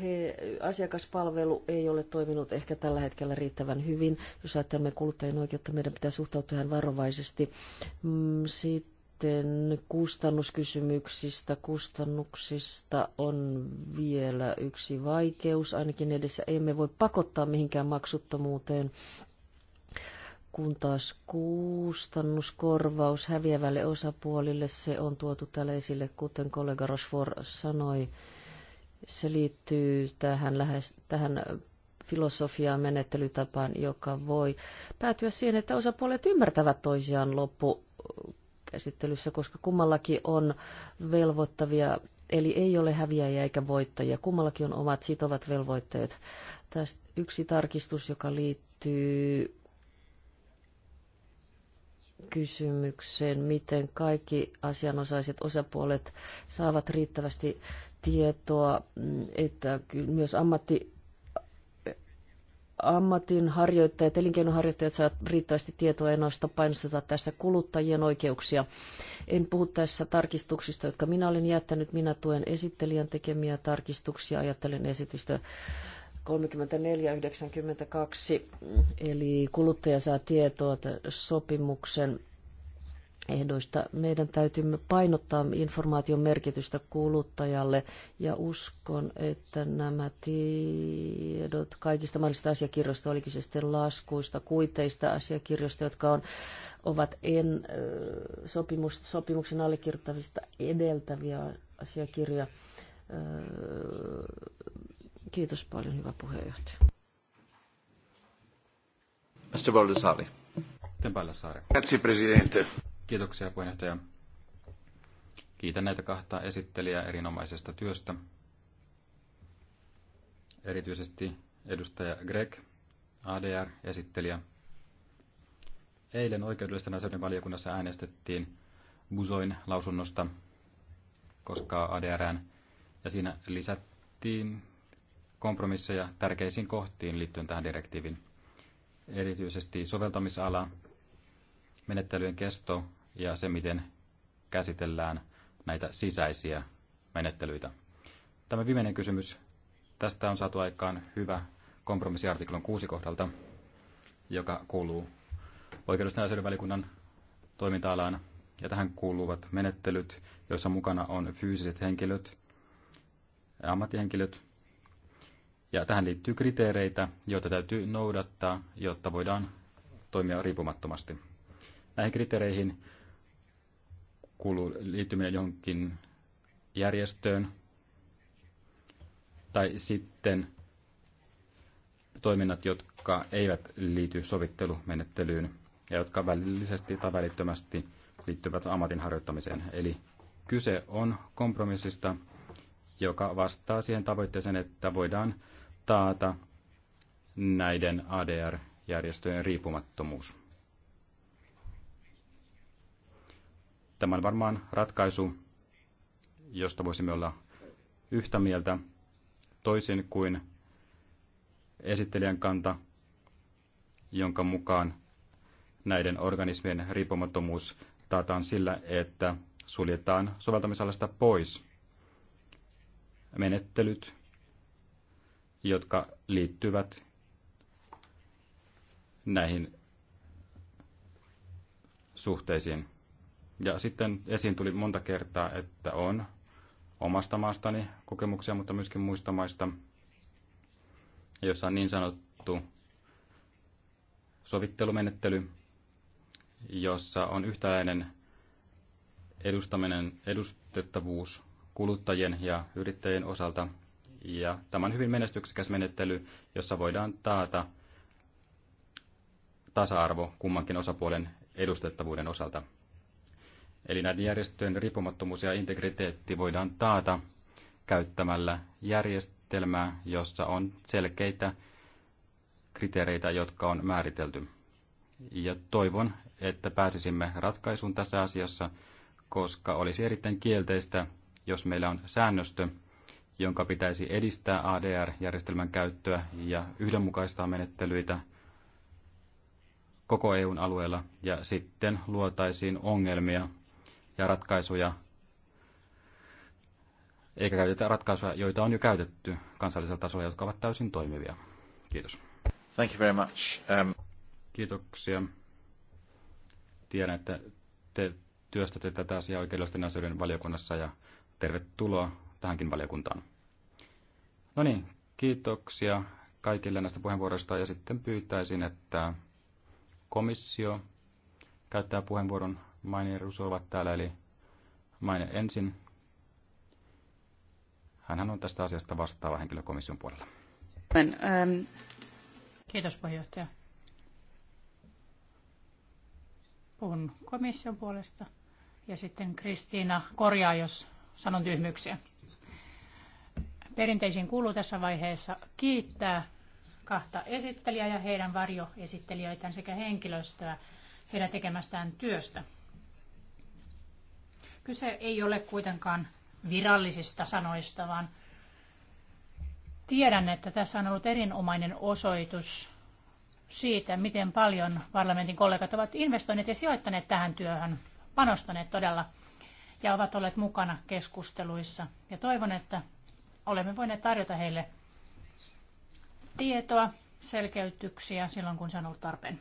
he, asiakaspalvelu ei ole toiminut ehkä tällä hetkellä riittävän hyvin. Jos ajattelemme kuluttajien oikeutta, meidän pitää suhtautua ihan varovaisesti. Mm, sitten kustannuskysymyksistä. Kustannuksista on vielä yksi vaikeus. Ainakin edessä emme voi pakottaa mihinkään maksuttomuuteen kun taas kustannuskorvaus häviävälle osapuolille, se on tuotu täällä esille, kuten kollega Rochefort sanoi, se liittyy tähän, lähes, tähän filosofiaan, menettelytapaan, joka voi päätyä siihen, että osapuolet ymmärtävät toisiaan loppukäsittelyssä, koska kummallakin on velvoittavia, eli ei ole häviäjiä eikä voittajia, kummallakin on omat sitovat velvoitteet. Tästä yksi tarkistus, joka liittyy kysymykseen, miten kaikki asianosaiset osapuolet saavat riittävästi tietoa, mm, että myös ammatti, ammatin harjoittajat, elinkeinoharjoittajat saavat riittävästi tietoa enosta noista painosteta tässä kuluttajien oikeuksia. En puhu tässä tarkistuksista, jotka minä olen jättänyt. Minä tuen esittelijän tekemiä tarkistuksia. Ajattelen esitystä 3492, eli kuluttaja saa tietoa sopimuksen ehdoista. Meidän täytyy painottaa informaation merkitystä kuluttajalle ja uskon, että nämä tiedot kaikista mahdollisista asiakirjoista, olikin se sitten laskuista, kuiteista asiakirjoista, jotka on, ovat en, sopimus, sopimuksen allekirjoittavista edeltäviä asiakirjoja, Kiitos paljon, hyvä puheenjohtaja. Mr. Valdesaari. Tempäläsaari. Grazie, presidente. Kiitoksia, puheenjohtaja. Kiitän näitä kahta esittelijää erinomaisesta työstä. Erityisesti edustaja Greg, ADR-esittelijä. Eilen oikeudellisten asioiden valiokunnassa äänestettiin Busoin lausunnosta, koska ADRään, ja siinä lisättiin kompromisseja tärkeisiin kohtiin liittyen tähän direktiivin. Erityisesti soveltamisala, menettelyjen kesto ja se, miten käsitellään näitä sisäisiä menettelyitä. Tämä viimeinen kysymys. Tästä on saatu aikaan hyvä kompromissiartiklon kuusi kohdalta, joka kuuluu oikeudellisten asioiden välikunnan toiminta-alaan. Ja tähän kuuluvat menettelyt, joissa mukana on fyysiset henkilöt, ammattihenkilöt ja tähän liittyy kriteereitä, joita täytyy noudattaa, jotta voidaan toimia riippumattomasti. Näihin kriteereihin kuuluu liittyminen johonkin järjestöön tai sitten toiminnat, jotka eivät liity sovittelumenettelyyn ja jotka välillisesti tai välittömästi liittyvät ammatin harjoittamiseen. Eli kyse on kompromissista, joka vastaa siihen tavoitteeseen, että voidaan taata näiden ADR-järjestöjen riippumattomuus. Tämä on varmaan ratkaisu, josta voisimme olla yhtä mieltä toisin kuin esittelijän kanta, jonka mukaan näiden organismien riippumattomuus taataan sillä, että suljetaan soveltamisalasta pois menettelyt, jotka liittyvät näihin suhteisiin. Ja sitten esiin tuli monta kertaa, että on omasta maastani kokemuksia, mutta myöskin muista maista, jossa on niin sanottu sovittelumenettely, jossa on yhtäläinen edustaminen, edustettavuus kuluttajien ja yrittäjien osalta ja tämä on hyvin menestyksekäs menettely, jossa voidaan taata tasa-arvo kummankin osapuolen edustettavuuden osalta. Eli näiden järjestöjen riippumattomuus ja integriteetti voidaan taata käyttämällä järjestelmää, jossa on selkeitä kriteereitä, jotka on määritelty. Ja toivon, että pääsisimme ratkaisuun tässä asiassa, koska olisi erittäin kielteistä, jos meillä on säännöstö, jonka pitäisi edistää ADR-järjestelmän käyttöä ja yhdenmukaistaa menettelyitä koko EUn alueella ja sitten luotaisiin ongelmia ja ratkaisuja, eikä käytetä ratkaisuja, joita on jo käytetty kansallisella tasolla, jotka ovat täysin toimivia. Kiitos. Thank you very much. Um... Kiitoksia. Tiedän, että te työstätte tätä asiaa oikeudellisten asioiden valiokunnassa ja tervetuloa tähänkin valiokuntaan. No niin, kiitoksia kaikille näistä puheenvuoroista ja sitten pyytäisin, että komissio käyttää puheenvuoron. Maini Rusu ovat täällä, eli Maine ensin. Hänhän on tästä asiasta vastaava henkilö komission puolella. Kiitos puheenjohtaja. Puhun komission puolesta ja sitten Kristiina korjaa, jos sanon tyhmyyksiä. Perinteisiin kuuluu tässä vaiheessa kiittää kahta esittelijää ja heidän varjoesittelijöitään sekä henkilöstöä heidän tekemästään työstä. Kyse ei ole kuitenkaan virallisista sanoista, vaan tiedän, että tässä on ollut erinomainen osoitus siitä, miten paljon parlamentin kollegat ovat investoineet ja sijoittaneet tähän työhön, panostaneet todella ja ovat olleet mukana keskusteluissa. Ja toivon, että olemme voineet tarjota heille tietoa, selkeytyksiä silloin, kun se on ollut tarpeen.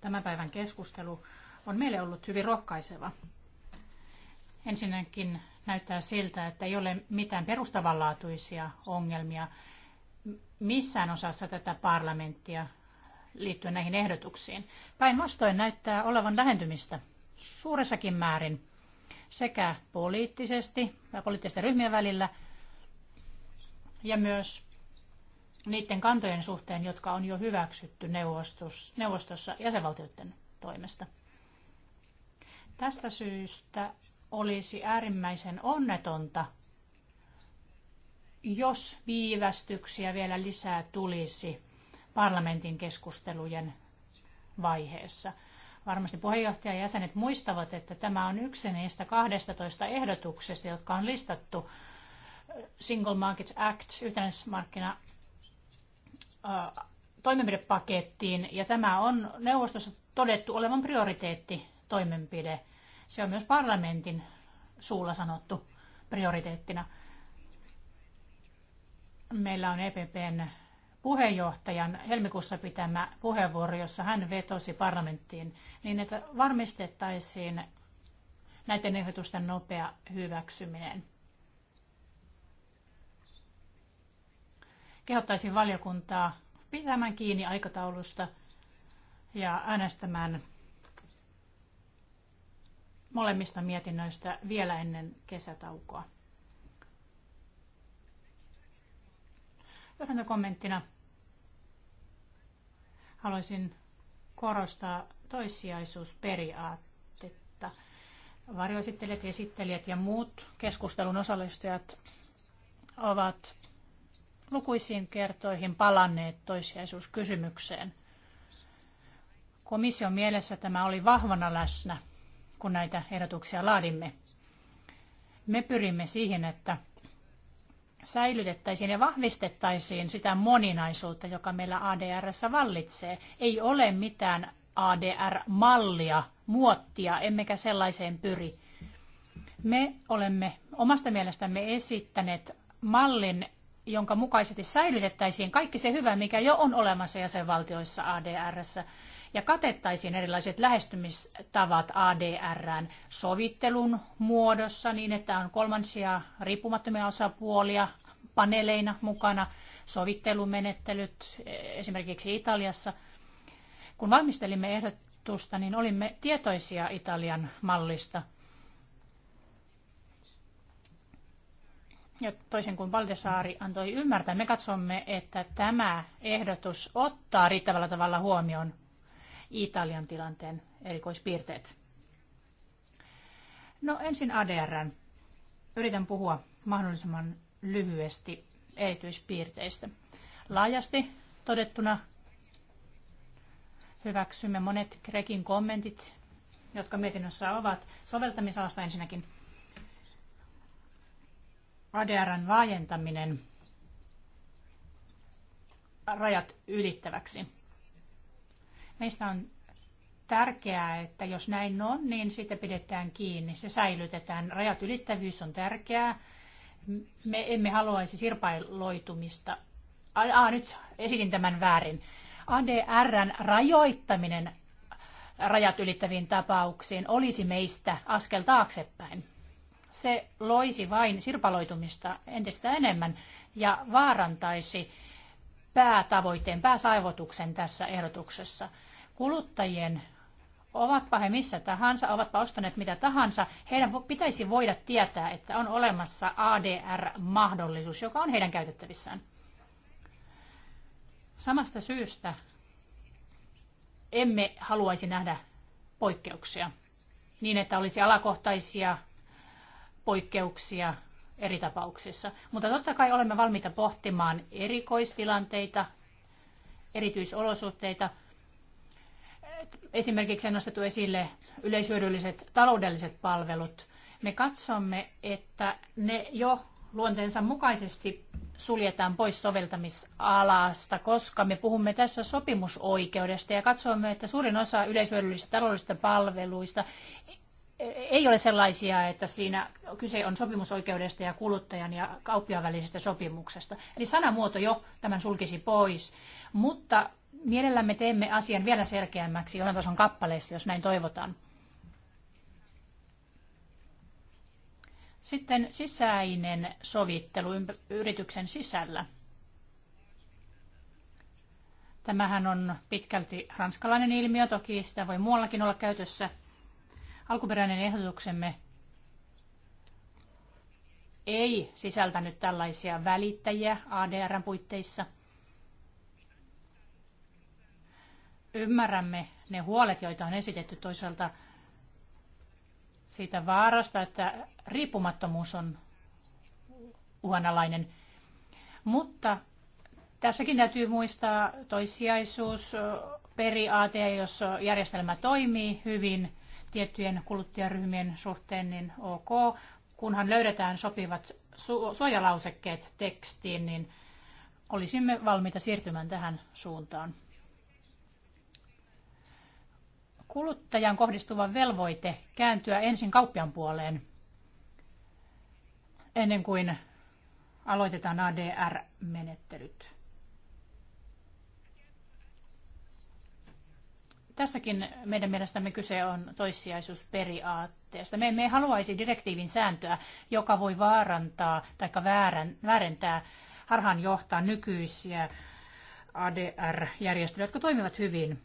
Tämän päivän keskustelu on meille ollut hyvin rohkaiseva. Ensinnäkin näyttää siltä, että ei ole mitään perustavanlaatuisia ongelmia missään osassa tätä parlamenttia liittyen näihin ehdotuksiin. Päinvastoin näyttää olevan lähentymistä suuressakin määrin sekä poliittisesti ja poliittisten ryhmien välillä ja myös niiden kantojen suhteen, jotka on jo hyväksytty neuvostossa jäsenvaltioiden toimesta. Tästä syystä olisi äärimmäisen onnetonta, jos viivästyksiä vielä lisää tulisi parlamentin keskustelujen vaiheessa – Varmasti puheenjohtaja ja jäsenet muistavat, että tämä on yksi niistä 12 ehdotuksesta, jotka on listattu Single Markets Act, yhtenäismarkkina toimenpidepakettiin, ja tämä on neuvostossa todettu olevan prioriteetti toimenpide. Se on myös parlamentin suulla sanottu prioriteettina. Meillä on EPPn puheenjohtajan helmikuussa pitämä puheenvuoro, jossa hän vetosi parlamenttiin niin, että varmistettaisiin näiden ehdotusten nopea hyväksyminen. Kehottaisin valiokuntaa pitämään kiinni aikataulusta ja äänestämään molemmista mietinnöistä vielä ennen kesätaukoa. Johdantokommenttina kommenttina Haluaisin korostaa toissijaisuusperiaatetta. Varjoesittelijät, esittelijät ja muut keskustelun osallistujat ovat lukuisiin kertoihin palanneet toissijaisuuskysymykseen. Komission mielessä tämä oli vahvana läsnä, kun näitä ehdotuksia laadimme. Me pyrimme siihen, että säilytettäisiin ja vahvistettaisiin sitä moninaisuutta, joka meillä ADRssä vallitsee. Ei ole mitään ADR-mallia, muottia, emmekä sellaiseen pyri. Me olemme omasta mielestämme esittäneet mallin, jonka mukaisesti säilytettäisiin kaikki se hyvä, mikä jo on olemassa jäsenvaltioissa ADRssä ja katettaisiin erilaiset lähestymistavat ADRn sovittelun muodossa niin, että on kolmansia riippumattomia osapuolia paneeleina mukana, sovittelumenettelyt esimerkiksi Italiassa. Kun valmistelimme ehdotusta, niin olimme tietoisia Italian mallista. Ja toisen kuin Valdesaari antoi ymmärtää, me katsomme, että tämä ehdotus ottaa riittävällä tavalla huomioon Italian tilanteen erikoispiirteet. No ensin ADRn. Yritän puhua mahdollisimman lyhyesti erityispiirteistä. Laajasti todettuna hyväksymme monet Grekin kommentit, jotka mietinnössä ovat soveltamisalasta ensinnäkin. ADRn laajentaminen rajat ylittäväksi. Meistä on tärkeää, että jos näin on, niin sitä pidetään kiinni, se säilytetään. Rajat ylittävyys on tärkeää. Me emme haluaisi sirpailoitumista. Ah, nyt esitin tämän väärin. ADRn rajoittaminen rajat ylittäviin tapauksiin olisi meistä askel taaksepäin. Se loisi vain sirpaloitumista entistä enemmän ja vaarantaisi päätavoitteen, pääsaivotuksen tässä ehdotuksessa – kuluttajien ovatpa he missä tahansa, ovatpa ostaneet mitä tahansa, heidän pitäisi voida tietää, että on olemassa ADR-mahdollisuus, joka on heidän käytettävissään. Samasta syystä emme haluaisi nähdä poikkeuksia niin, että olisi alakohtaisia poikkeuksia eri tapauksissa. Mutta totta kai olemme valmiita pohtimaan erikoistilanteita, erityisolosuhteita – Esimerkiksi nostettu esille yleishyödylliset taloudelliset palvelut. Me katsomme, että ne jo luonteensa mukaisesti suljetaan pois soveltamisalasta, koska me puhumme tässä sopimusoikeudesta ja katsomme, että suurin osa yleishyödyllisistä taloudellisista palveluista ei ole sellaisia, että siinä kyse on sopimusoikeudesta ja kuluttajan ja kauppiaan välisestä sopimuksesta. Eli sanamuoto jo tämän sulkisi pois, mutta Mielellämme teemme asian vielä selkeämmäksi tason kappaleessa, jos näin toivotaan. Sitten sisäinen sovittelu yrityksen sisällä. Tämähän on pitkälti ranskalainen ilmiö, toki sitä voi muuallakin olla käytössä. Alkuperäinen ehdotuksemme ei sisältänyt tällaisia välittäjiä ADRn puitteissa – Ymmärrämme ne huolet, joita on esitetty toisaalta siitä vaarasta, että riippumattomuus on uhanalainen. Mutta tässäkin täytyy muistaa toissijaisuusperiaate, jos järjestelmä toimii hyvin tiettyjen kuluttajaryhmien suhteen, niin ok. Kunhan löydetään sopivat su- suojalausekkeet tekstiin, niin olisimme valmiita siirtymään tähän suuntaan. kuluttajan kohdistuva velvoite kääntyä ensin kauppian puoleen ennen kuin aloitetaan ADR-menettelyt. Tässäkin meidän mielestämme kyse on toissijaisuusperiaatteesta. Me emme haluaisi direktiivin sääntöä, joka voi vaarantaa tai väärentää harhaan johtaa nykyisiä ADR-järjestelyjä, jotka toimivat hyvin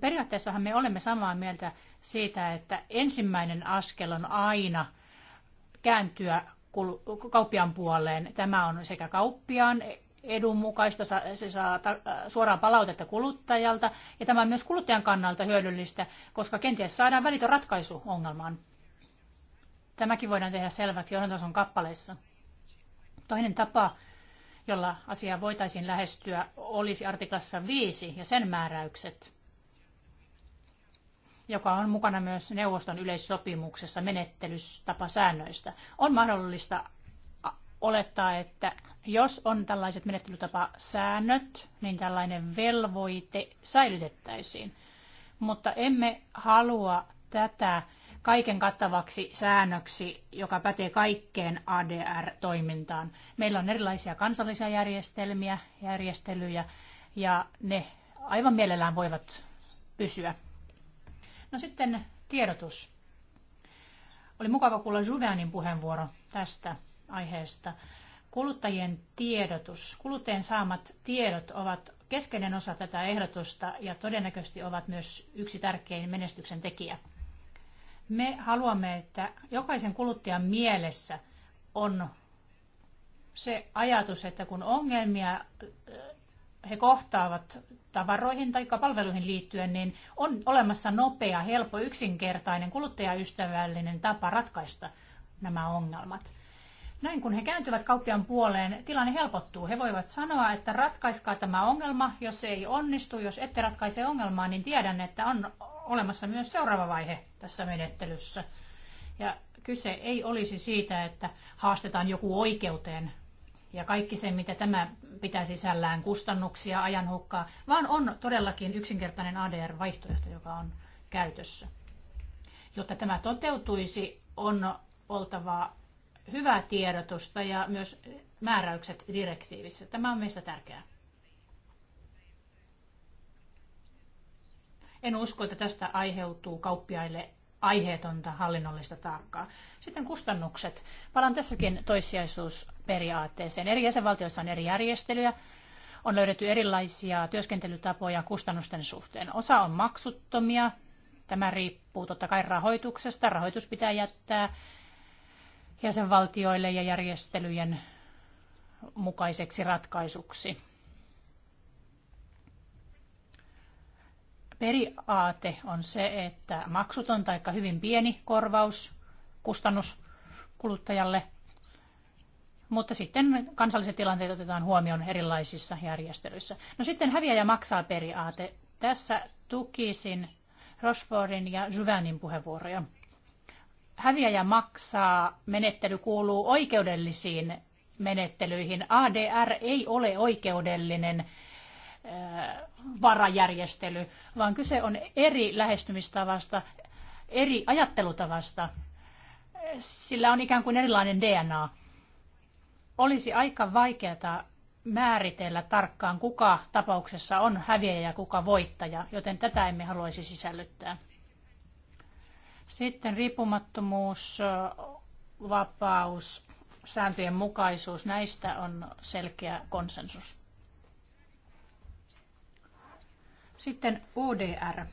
Periaatteessahan me olemme samaa mieltä siitä, että ensimmäinen askel on aina kääntyä kauppiaan puoleen. Tämä on sekä kauppiaan edun mukaista, se saa suoraan palautetta kuluttajalta ja tämä on myös kuluttajan kannalta hyödyllistä, koska kenties saadaan välitön ratkaisu ongelmaan. Tämäkin voidaan tehdä selväksi johdantason kappaleissa. Toinen tapa, jolla asiaa voitaisiin lähestyä, olisi artiklassa 5 ja sen määräykset joka on mukana myös neuvoston yleissopimuksessa menettelystapasäännöistä. On mahdollista olettaa, että jos on tällaiset menettelytapasäännöt, niin tällainen velvoite säilytettäisiin. Mutta emme halua tätä kaiken kattavaksi säännöksi, joka pätee kaikkeen ADR-toimintaan. Meillä on erilaisia kansallisia järjestelmiä, järjestelyjä, ja ne aivan mielellään voivat pysyä No sitten tiedotus. Oli mukava kuulla Juvenin puheenvuoro tästä aiheesta. Kuluttajien tiedotus, kuluttajien saamat tiedot ovat keskeinen osa tätä ehdotusta ja todennäköisesti ovat myös yksi tärkein menestyksen tekijä. Me haluamme, että jokaisen kuluttajan mielessä on se ajatus, että kun ongelmia he kohtaavat tavaroihin tai palveluihin liittyen, niin on olemassa nopea, helppo, yksinkertainen, kuluttajaystävällinen tapa ratkaista nämä ongelmat. Näin kun he kääntyvät kauppian puoleen, tilanne helpottuu. He voivat sanoa, että ratkaiskaa tämä ongelma. Jos se ei onnistu, jos ette ratkaise ongelmaa, niin tiedän, että on olemassa myös seuraava vaihe tässä menettelyssä. Ja kyse ei olisi siitä, että haastetaan joku oikeuteen ja kaikki se, mitä tämä pitää sisällään, kustannuksia, ajanhukkaa, vaan on todellakin yksinkertainen ADR-vaihtoehto, joka on käytössä. Jotta tämä toteutuisi, on oltava hyvää tiedotusta ja myös määräykset direktiivissä. Tämä on meistä tärkeää. En usko, että tästä aiheutuu kauppiaille aiheetonta hallinnollista taakkaa. Sitten kustannukset. Palaan tässäkin toissijaisuusperiaatteeseen. Eri jäsenvaltioissa on eri järjestelyjä. On löydetty erilaisia työskentelytapoja kustannusten suhteen. Osa on maksuttomia. Tämä riippuu totta kai rahoituksesta. Rahoitus pitää jättää jäsenvaltioille ja järjestelyjen mukaiseksi ratkaisuksi periaate on se, että maksuton tai hyvin pieni korvaus, kustannus kuluttajalle, mutta sitten kansalliset tilanteet otetaan huomioon erilaisissa järjestelyissä. No sitten häviäjä maksaa periaate. Tässä tukisin Rochefortin ja Juvenin puheenvuoroja. Häviäjä maksaa menettely kuuluu oikeudellisiin menettelyihin. ADR ei ole oikeudellinen Eh, varajärjestely, vaan kyse on eri lähestymistavasta, eri ajattelutavasta. Sillä on ikään kuin erilainen DNA. Olisi aika vaikeata määritellä tarkkaan, kuka tapauksessa on häviäjä ja kuka voittaja, joten tätä emme haluaisi sisällyttää. Sitten riippumattomuus, vapaus, sääntöjen mukaisuus, näistä on selkeä konsensus. Sitten ODR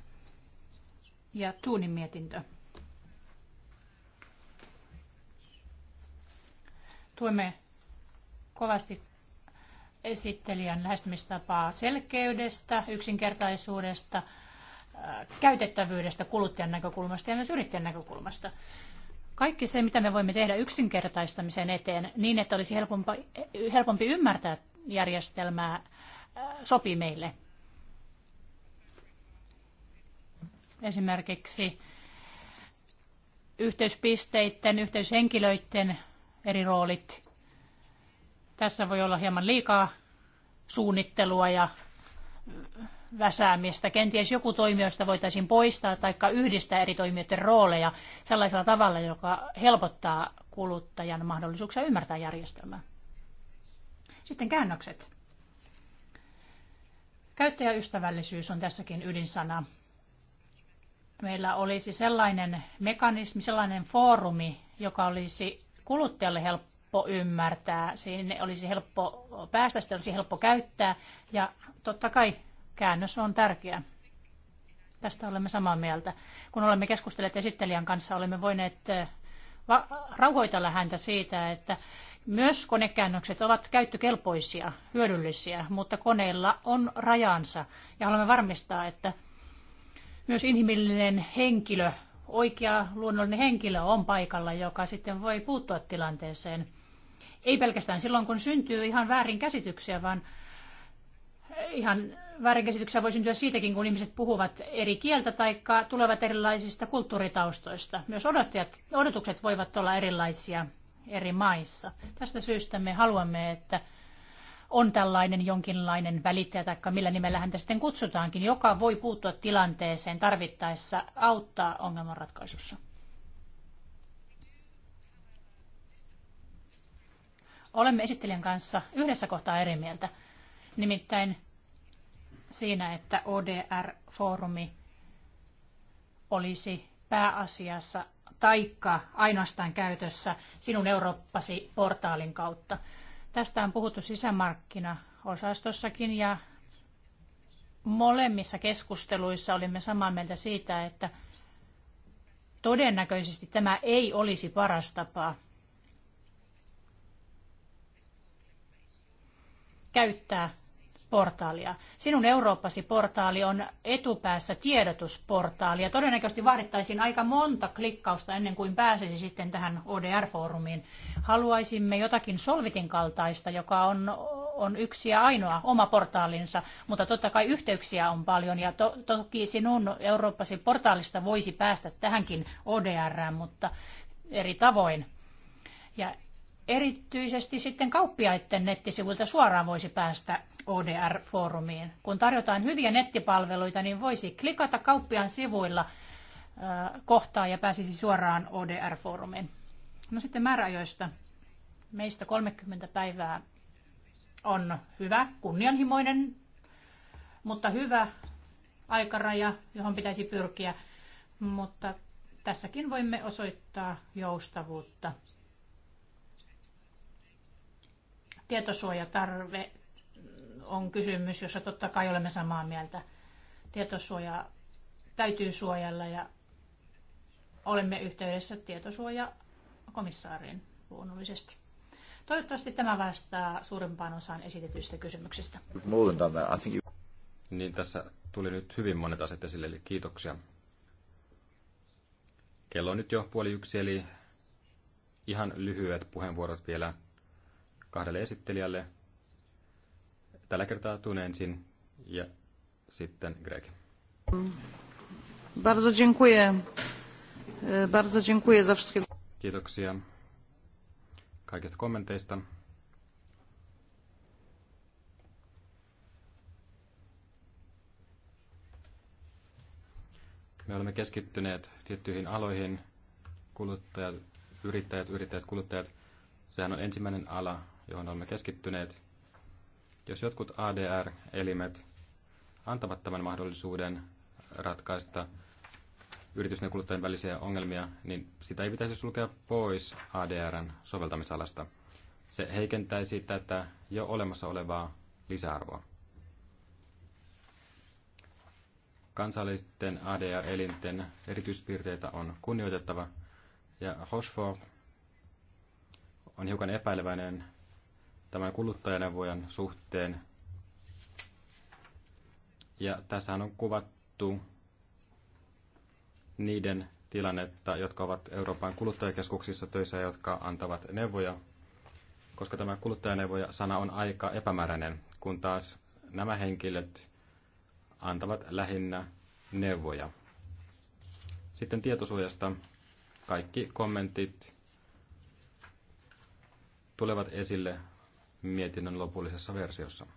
ja Tuunin mietintö. Tuemme kovasti esittelijän lähestymistapaa selkeydestä, yksinkertaisuudesta, äh, käytettävyydestä kuluttajan näkökulmasta ja myös yrittäjän näkökulmasta. Kaikki se, mitä me voimme tehdä yksinkertaistamisen eteen niin, että olisi helpompi, ymmärtää järjestelmää, äh, sopii meille. esimerkiksi yhteyspisteiden, yhteyshenkilöiden eri roolit. Tässä voi olla hieman liikaa suunnittelua ja väsäämistä. Kenties joku toimijoista voitaisiin poistaa tai yhdistää eri toimijoiden rooleja sellaisella tavalla, joka helpottaa kuluttajan mahdollisuuksia ymmärtää järjestelmää. Sitten käännökset. Käyttäjäystävällisyys on tässäkin ydinsana meillä olisi sellainen mekanismi, sellainen foorumi, joka olisi kuluttajalle helppo ymmärtää, sinne olisi helppo päästä, sitä olisi helppo käyttää ja totta kai käännös on tärkeä. Tästä olemme samaa mieltä. Kun olemme keskustelleet esittelijän kanssa, olemme voineet eh, rauhoitella häntä siitä, että myös konekäännökset ovat käyttökelpoisia, hyödyllisiä, mutta koneilla on rajansa ja haluamme varmistaa, että – myös inhimillinen henkilö, oikea luonnollinen henkilö on paikalla, joka sitten voi puuttua tilanteeseen. Ei pelkästään silloin, kun syntyy ihan väärinkäsityksiä, vaan ihan väärinkäsityksiä voi syntyä siitäkin, kun ihmiset puhuvat eri kieltä tai tulevat erilaisista kulttuuritaustoista. Myös odottajat, odotukset voivat olla erilaisia eri maissa. Tästä syystä me haluamme, että on tällainen jonkinlainen välittäjä, tai millä nimellä häntä sitten kutsutaankin, joka voi puuttua tilanteeseen tarvittaessa auttaa ongelmanratkaisussa. Olemme esittelijän kanssa yhdessä kohtaa eri mieltä, nimittäin siinä, että ODR-foorumi olisi pääasiassa taikka ainoastaan käytössä sinun Eurooppasi portaalin kautta. Tästä on puhuttu sisämarkkinaosastossakin ja molemmissa keskusteluissa olimme samaa mieltä siitä, että todennäköisesti tämä ei olisi paras tapa käyttää portaalia. Sinun Eurooppasi portaali on etupäässä tiedotusportaali ja todennäköisesti vaadittaisiin aika monta klikkausta ennen kuin pääsisi sitten tähän ODR-foorumiin. Haluaisimme jotakin Solvitin kaltaista, joka on, on yksi ja ainoa oma portaalinsa, mutta totta kai yhteyksiä on paljon ja to, toki sinun Eurooppasi portaalista voisi päästä tähänkin ODR, mutta eri tavoin. Ja erityisesti sitten kauppiaiden nettisivuilta suoraan voisi päästä ODR-foorumiin. Kun tarjotaan hyviä nettipalveluita, niin voisi klikata kauppiaan sivuilla kohtaa ja pääsisi suoraan ODR-foorumiin. No sitten määräajoista. Meistä 30 päivää on hyvä, kunnianhimoinen, mutta hyvä aikaraja, johon pitäisi pyrkiä. Mutta tässäkin voimme osoittaa joustavuutta. Tietosuojatarve on kysymys, jossa totta kai olemme samaa mieltä. Tietosuoja täytyy suojella ja olemme yhteydessä tietosuojakomissaariin luonnollisesti. Toivottavasti tämä vastaa suurempaan osaan esitetyistä kysymyksistä. Niin tässä tuli nyt hyvin monet asiat esille, eli kiitoksia. Kello on nyt jo puoli yksi, eli ihan lyhyet puheenvuorot vielä kahdelle esittelijälle Tällä kertaa Tune ensin ja sitten Greg. Bardzo dziękuję. Bardzo dziękuję za wszystkie... Kiitoksia kaikista kommenteista. Me olemme keskittyneet tiettyihin aloihin, kuluttajat, yrittäjät, yrittäjät, kuluttajat. Sehän on ensimmäinen ala, johon olemme keskittyneet – jos jotkut ADR-elimet antavat tämän mahdollisuuden ratkaista yritysten ja kuluttajien välisiä ongelmia, niin sitä ei pitäisi sulkea pois ADRn soveltamisalasta. Se heikentäisi tätä jo olemassa olevaa lisäarvoa. Kansallisten ADR-elinten erityispiirteitä on kunnioitettava, ja Rochefort on hiukan epäileväinen tämän kuluttajaneuvojan suhteen. Ja tässähän on kuvattu niiden tilannetta, jotka ovat Euroopan kuluttajakeskuksissa töissä ja jotka antavat neuvoja, koska tämä kuluttajaneuvoja-sana on aika epämääräinen, kun taas nämä henkilöt antavat lähinnä neuvoja. Sitten tietosuojasta kaikki kommentit tulevat esille mietinnön lopullisessa versiossa.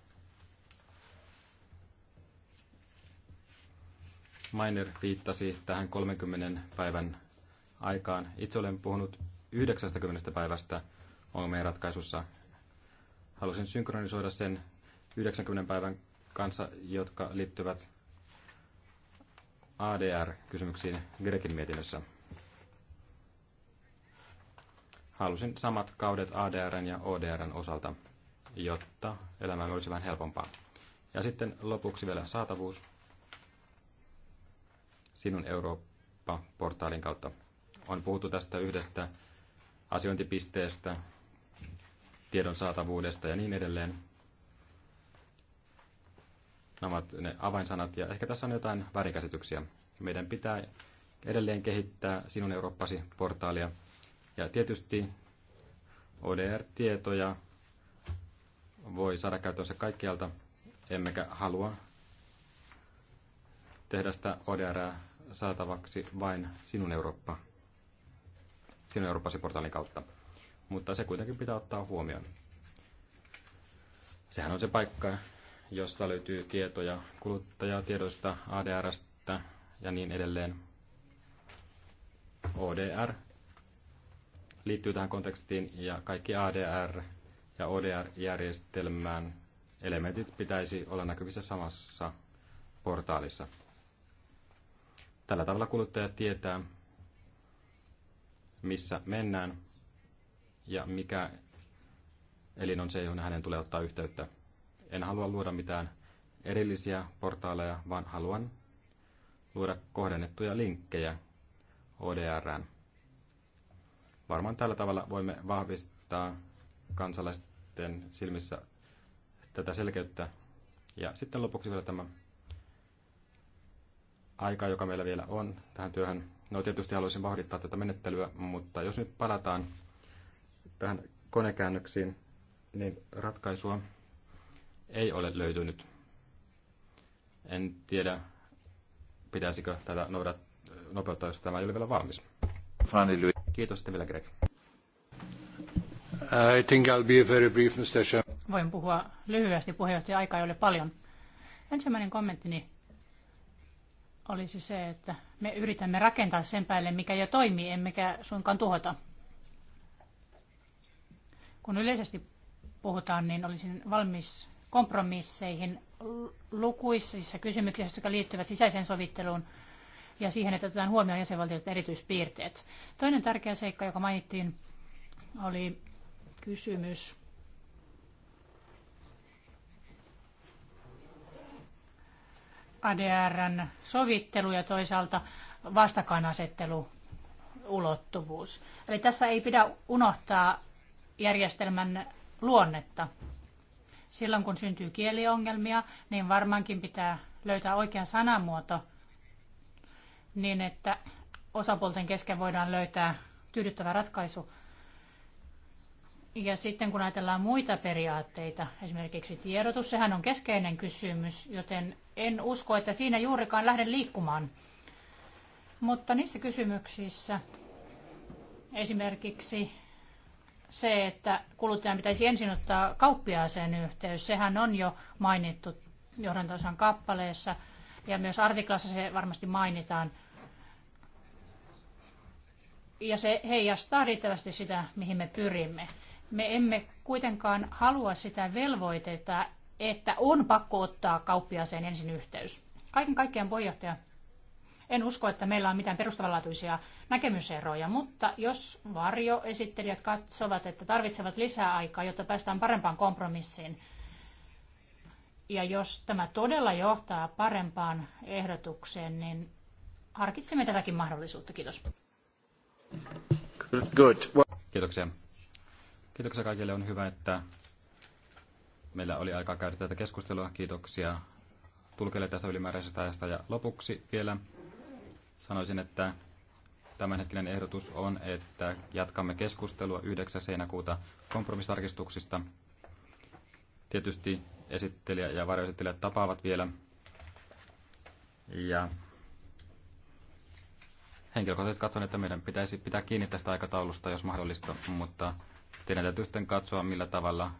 Mainer viittasi tähän 30 päivän aikaan. Itse olen puhunut 90 päivästä ongelmien ratkaisussa. Halusin synkronisoida sen 90 päivän kanssa, jotka liittyvät ADR-kysymyksiin Grekin mietinnössä. Halusin samat kaudet ADRn ja ODRn osalta jotta elämä olisi vähän helpompaa. Ja sitten lopuksi vielä saatavuus sinun Eurooppa-portaalin kautta. On puhuttu tästä yhdestä asiointipisteestä, tiedon saatavuudesta ja niin edelleen. Nämä ovat ne avainsanat ja ehkä tässä on jotain värikäsityksiä. Meidän pitää edelleen kehittää sinun Eurooppasi portaalia ja tietysti ODR-tietoja voi saada käytössä kaikkialta, emmekä halua tehdä sitä ODR saatavaksi vain sinun Eurooppa, sinun Eurooppasi portaalin kautta. Mutta se kuitenkin pitää ottaa huomioon. Sehän on se paikka, jossa löytyy tietoja kuluttajatiedoista, ADRstä ja niin edelleen. ODR liittyy tähän kontekstiin ja kaikki ADR ja ODR-järjestelmän elementit pitäisi olla näkyvissä samassa portaalissa. Tällä tavalla kuluttaja tietää, missä mennään ja mikä elin on se, johon hänen tulee ottaa yhteyttä. En halua luoda mitään erillisiä portaaleja, vaan haluan luoda kohdennettuja linkkejä ODRään. Varmaan tällä tavalla voimme vahvistaa kansalaiset kansalaisten silmissä tätä selkeyttä. Ja sitten lopuksi vielä tämä aika, joka meillä vielä on tähän työhön. No tietysti haluaisin vauhdittaa tätä menettelyä, mutta jos nyt palataan tähän konekäännöksiin, niin ratkaisua ei ole löytynyt. En tiedä, pitäisikö tätä noudat, nopeuttaa, jos tämä ei ole vielä valmis. Kiitos sitten vielä Greg. I think I'll be very brief, Mr. Voin puhua lyhyesti, puheenjohtaja, aika ei ole paljon. Ensimmäinen kommenttini olisi se, että me yritämme rakentaa sen päälle, mikä jo toimii, emmekä suinkaan tuhota. Kun yleisesti puhutaan, niin olisin valmis kompromisseihin lukuisissa kysymyksissä, jotka liittyvät sisäiseen sovitteluun ja siihen, että otetaan huomioon jäsenvaltioiden erityispiirteet. Toinen tärkeä seikka, joka mainittiin, oli kysymys. ADRn sovittelu ja toisaalta vastakkainasettelu ulottuvuus. Eli tässä ei pidä unohtaa järjestelmän luonnetta. Silloin kun syntyy kieliongelmia, niin varmaankin pitää löytää oikea sanamuoto niin, että osapuolten kesken voidaan löytää tyydyttävä ratkaisu. Ja sitten kun ajatellaan muita periaatteita, esimerkiksi tiedotus, sehän on keskeinen kysymys, joten en usko, että siinä juurikaan lähden liikkumaan. Mutta niissä kysymyksissä esimerkiksi se, että kuluttajan pitäisi ensin ottaa kauppiaaseen yhteys, sehän on jo mainittu johdantosan kappaleessa ja myös artiklassa se varmasti mainitaan. Ja se heijastaa riittävästi sitä, mihin me pyrimme. Me emme kuitenkaan halua sitä velvoitetta, että on pakko ottaa kauppiaaseen ensin yhteys. Kaiken kaikkiaan puheenjohtaja, en usko, että meillä on mitään perustavanlaatuisia näkemyseroja, mutta jos varjoesittelijät katsovat, että tarvitsevat lisää aikaa, jotta päästään parempaan kompromissiin, ja jos tämä todella johtaa parempaan ehdotukseen, niin harkitsemme tätäkin mahdollisuutta. Kiitos. Good. Kiitoksia. Kiitoksia kaikille. On hyvä, että meillä oli aikaa käydä tätä keskustelua. Kiitoksia tulkeille tästä ylimääräisestä ajasta. Ja lopuksi vielä sanoisin, että tämänhetkinen ehdotus on, että jatkamme keskustelua 9. seinäkuuta kompromistarkistuksista. Tietysti esittelijä ja varjoesittelijät tapaavat vielä. Ja henkilökohtaisesti katson, että meidän pitäisi pitää kiinni tästä aikataulusta, jos mahdollista, mutta Teidän täytyy sitten katsoa, millä tavalla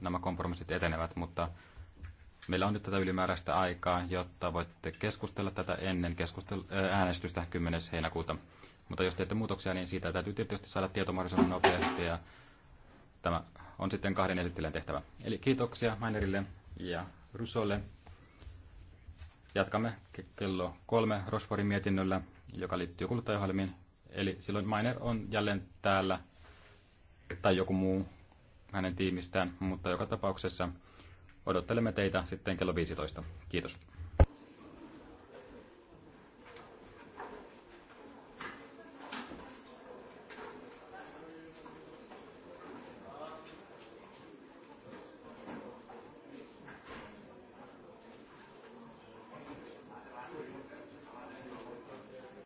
nämä kompromissit etenevät, mutta meillä on nyt tätä ylimääräistä aikaa, jotta voitte keskustella tätä ennen keskustel- äänestystä 10. heinäkuuta. Mutta jos teette muutoksia, niin siitä täytyy tietysti saada tieto mahdollisimman nopeasti ja tämä on sitten kahden esittelijän tehtävä. Eli kiitoksia Mainerille ja Rusolle. Jatkamme kello kolme Rosforin mietinnöllä, joka liittyy kuluttajohjelmiin. Eli silloin Mainer on jälleen täällä tai joku muu hänen tiimistään, mutta joka tapauksessa odottelemme teitä sitten kello 15. Kiitos.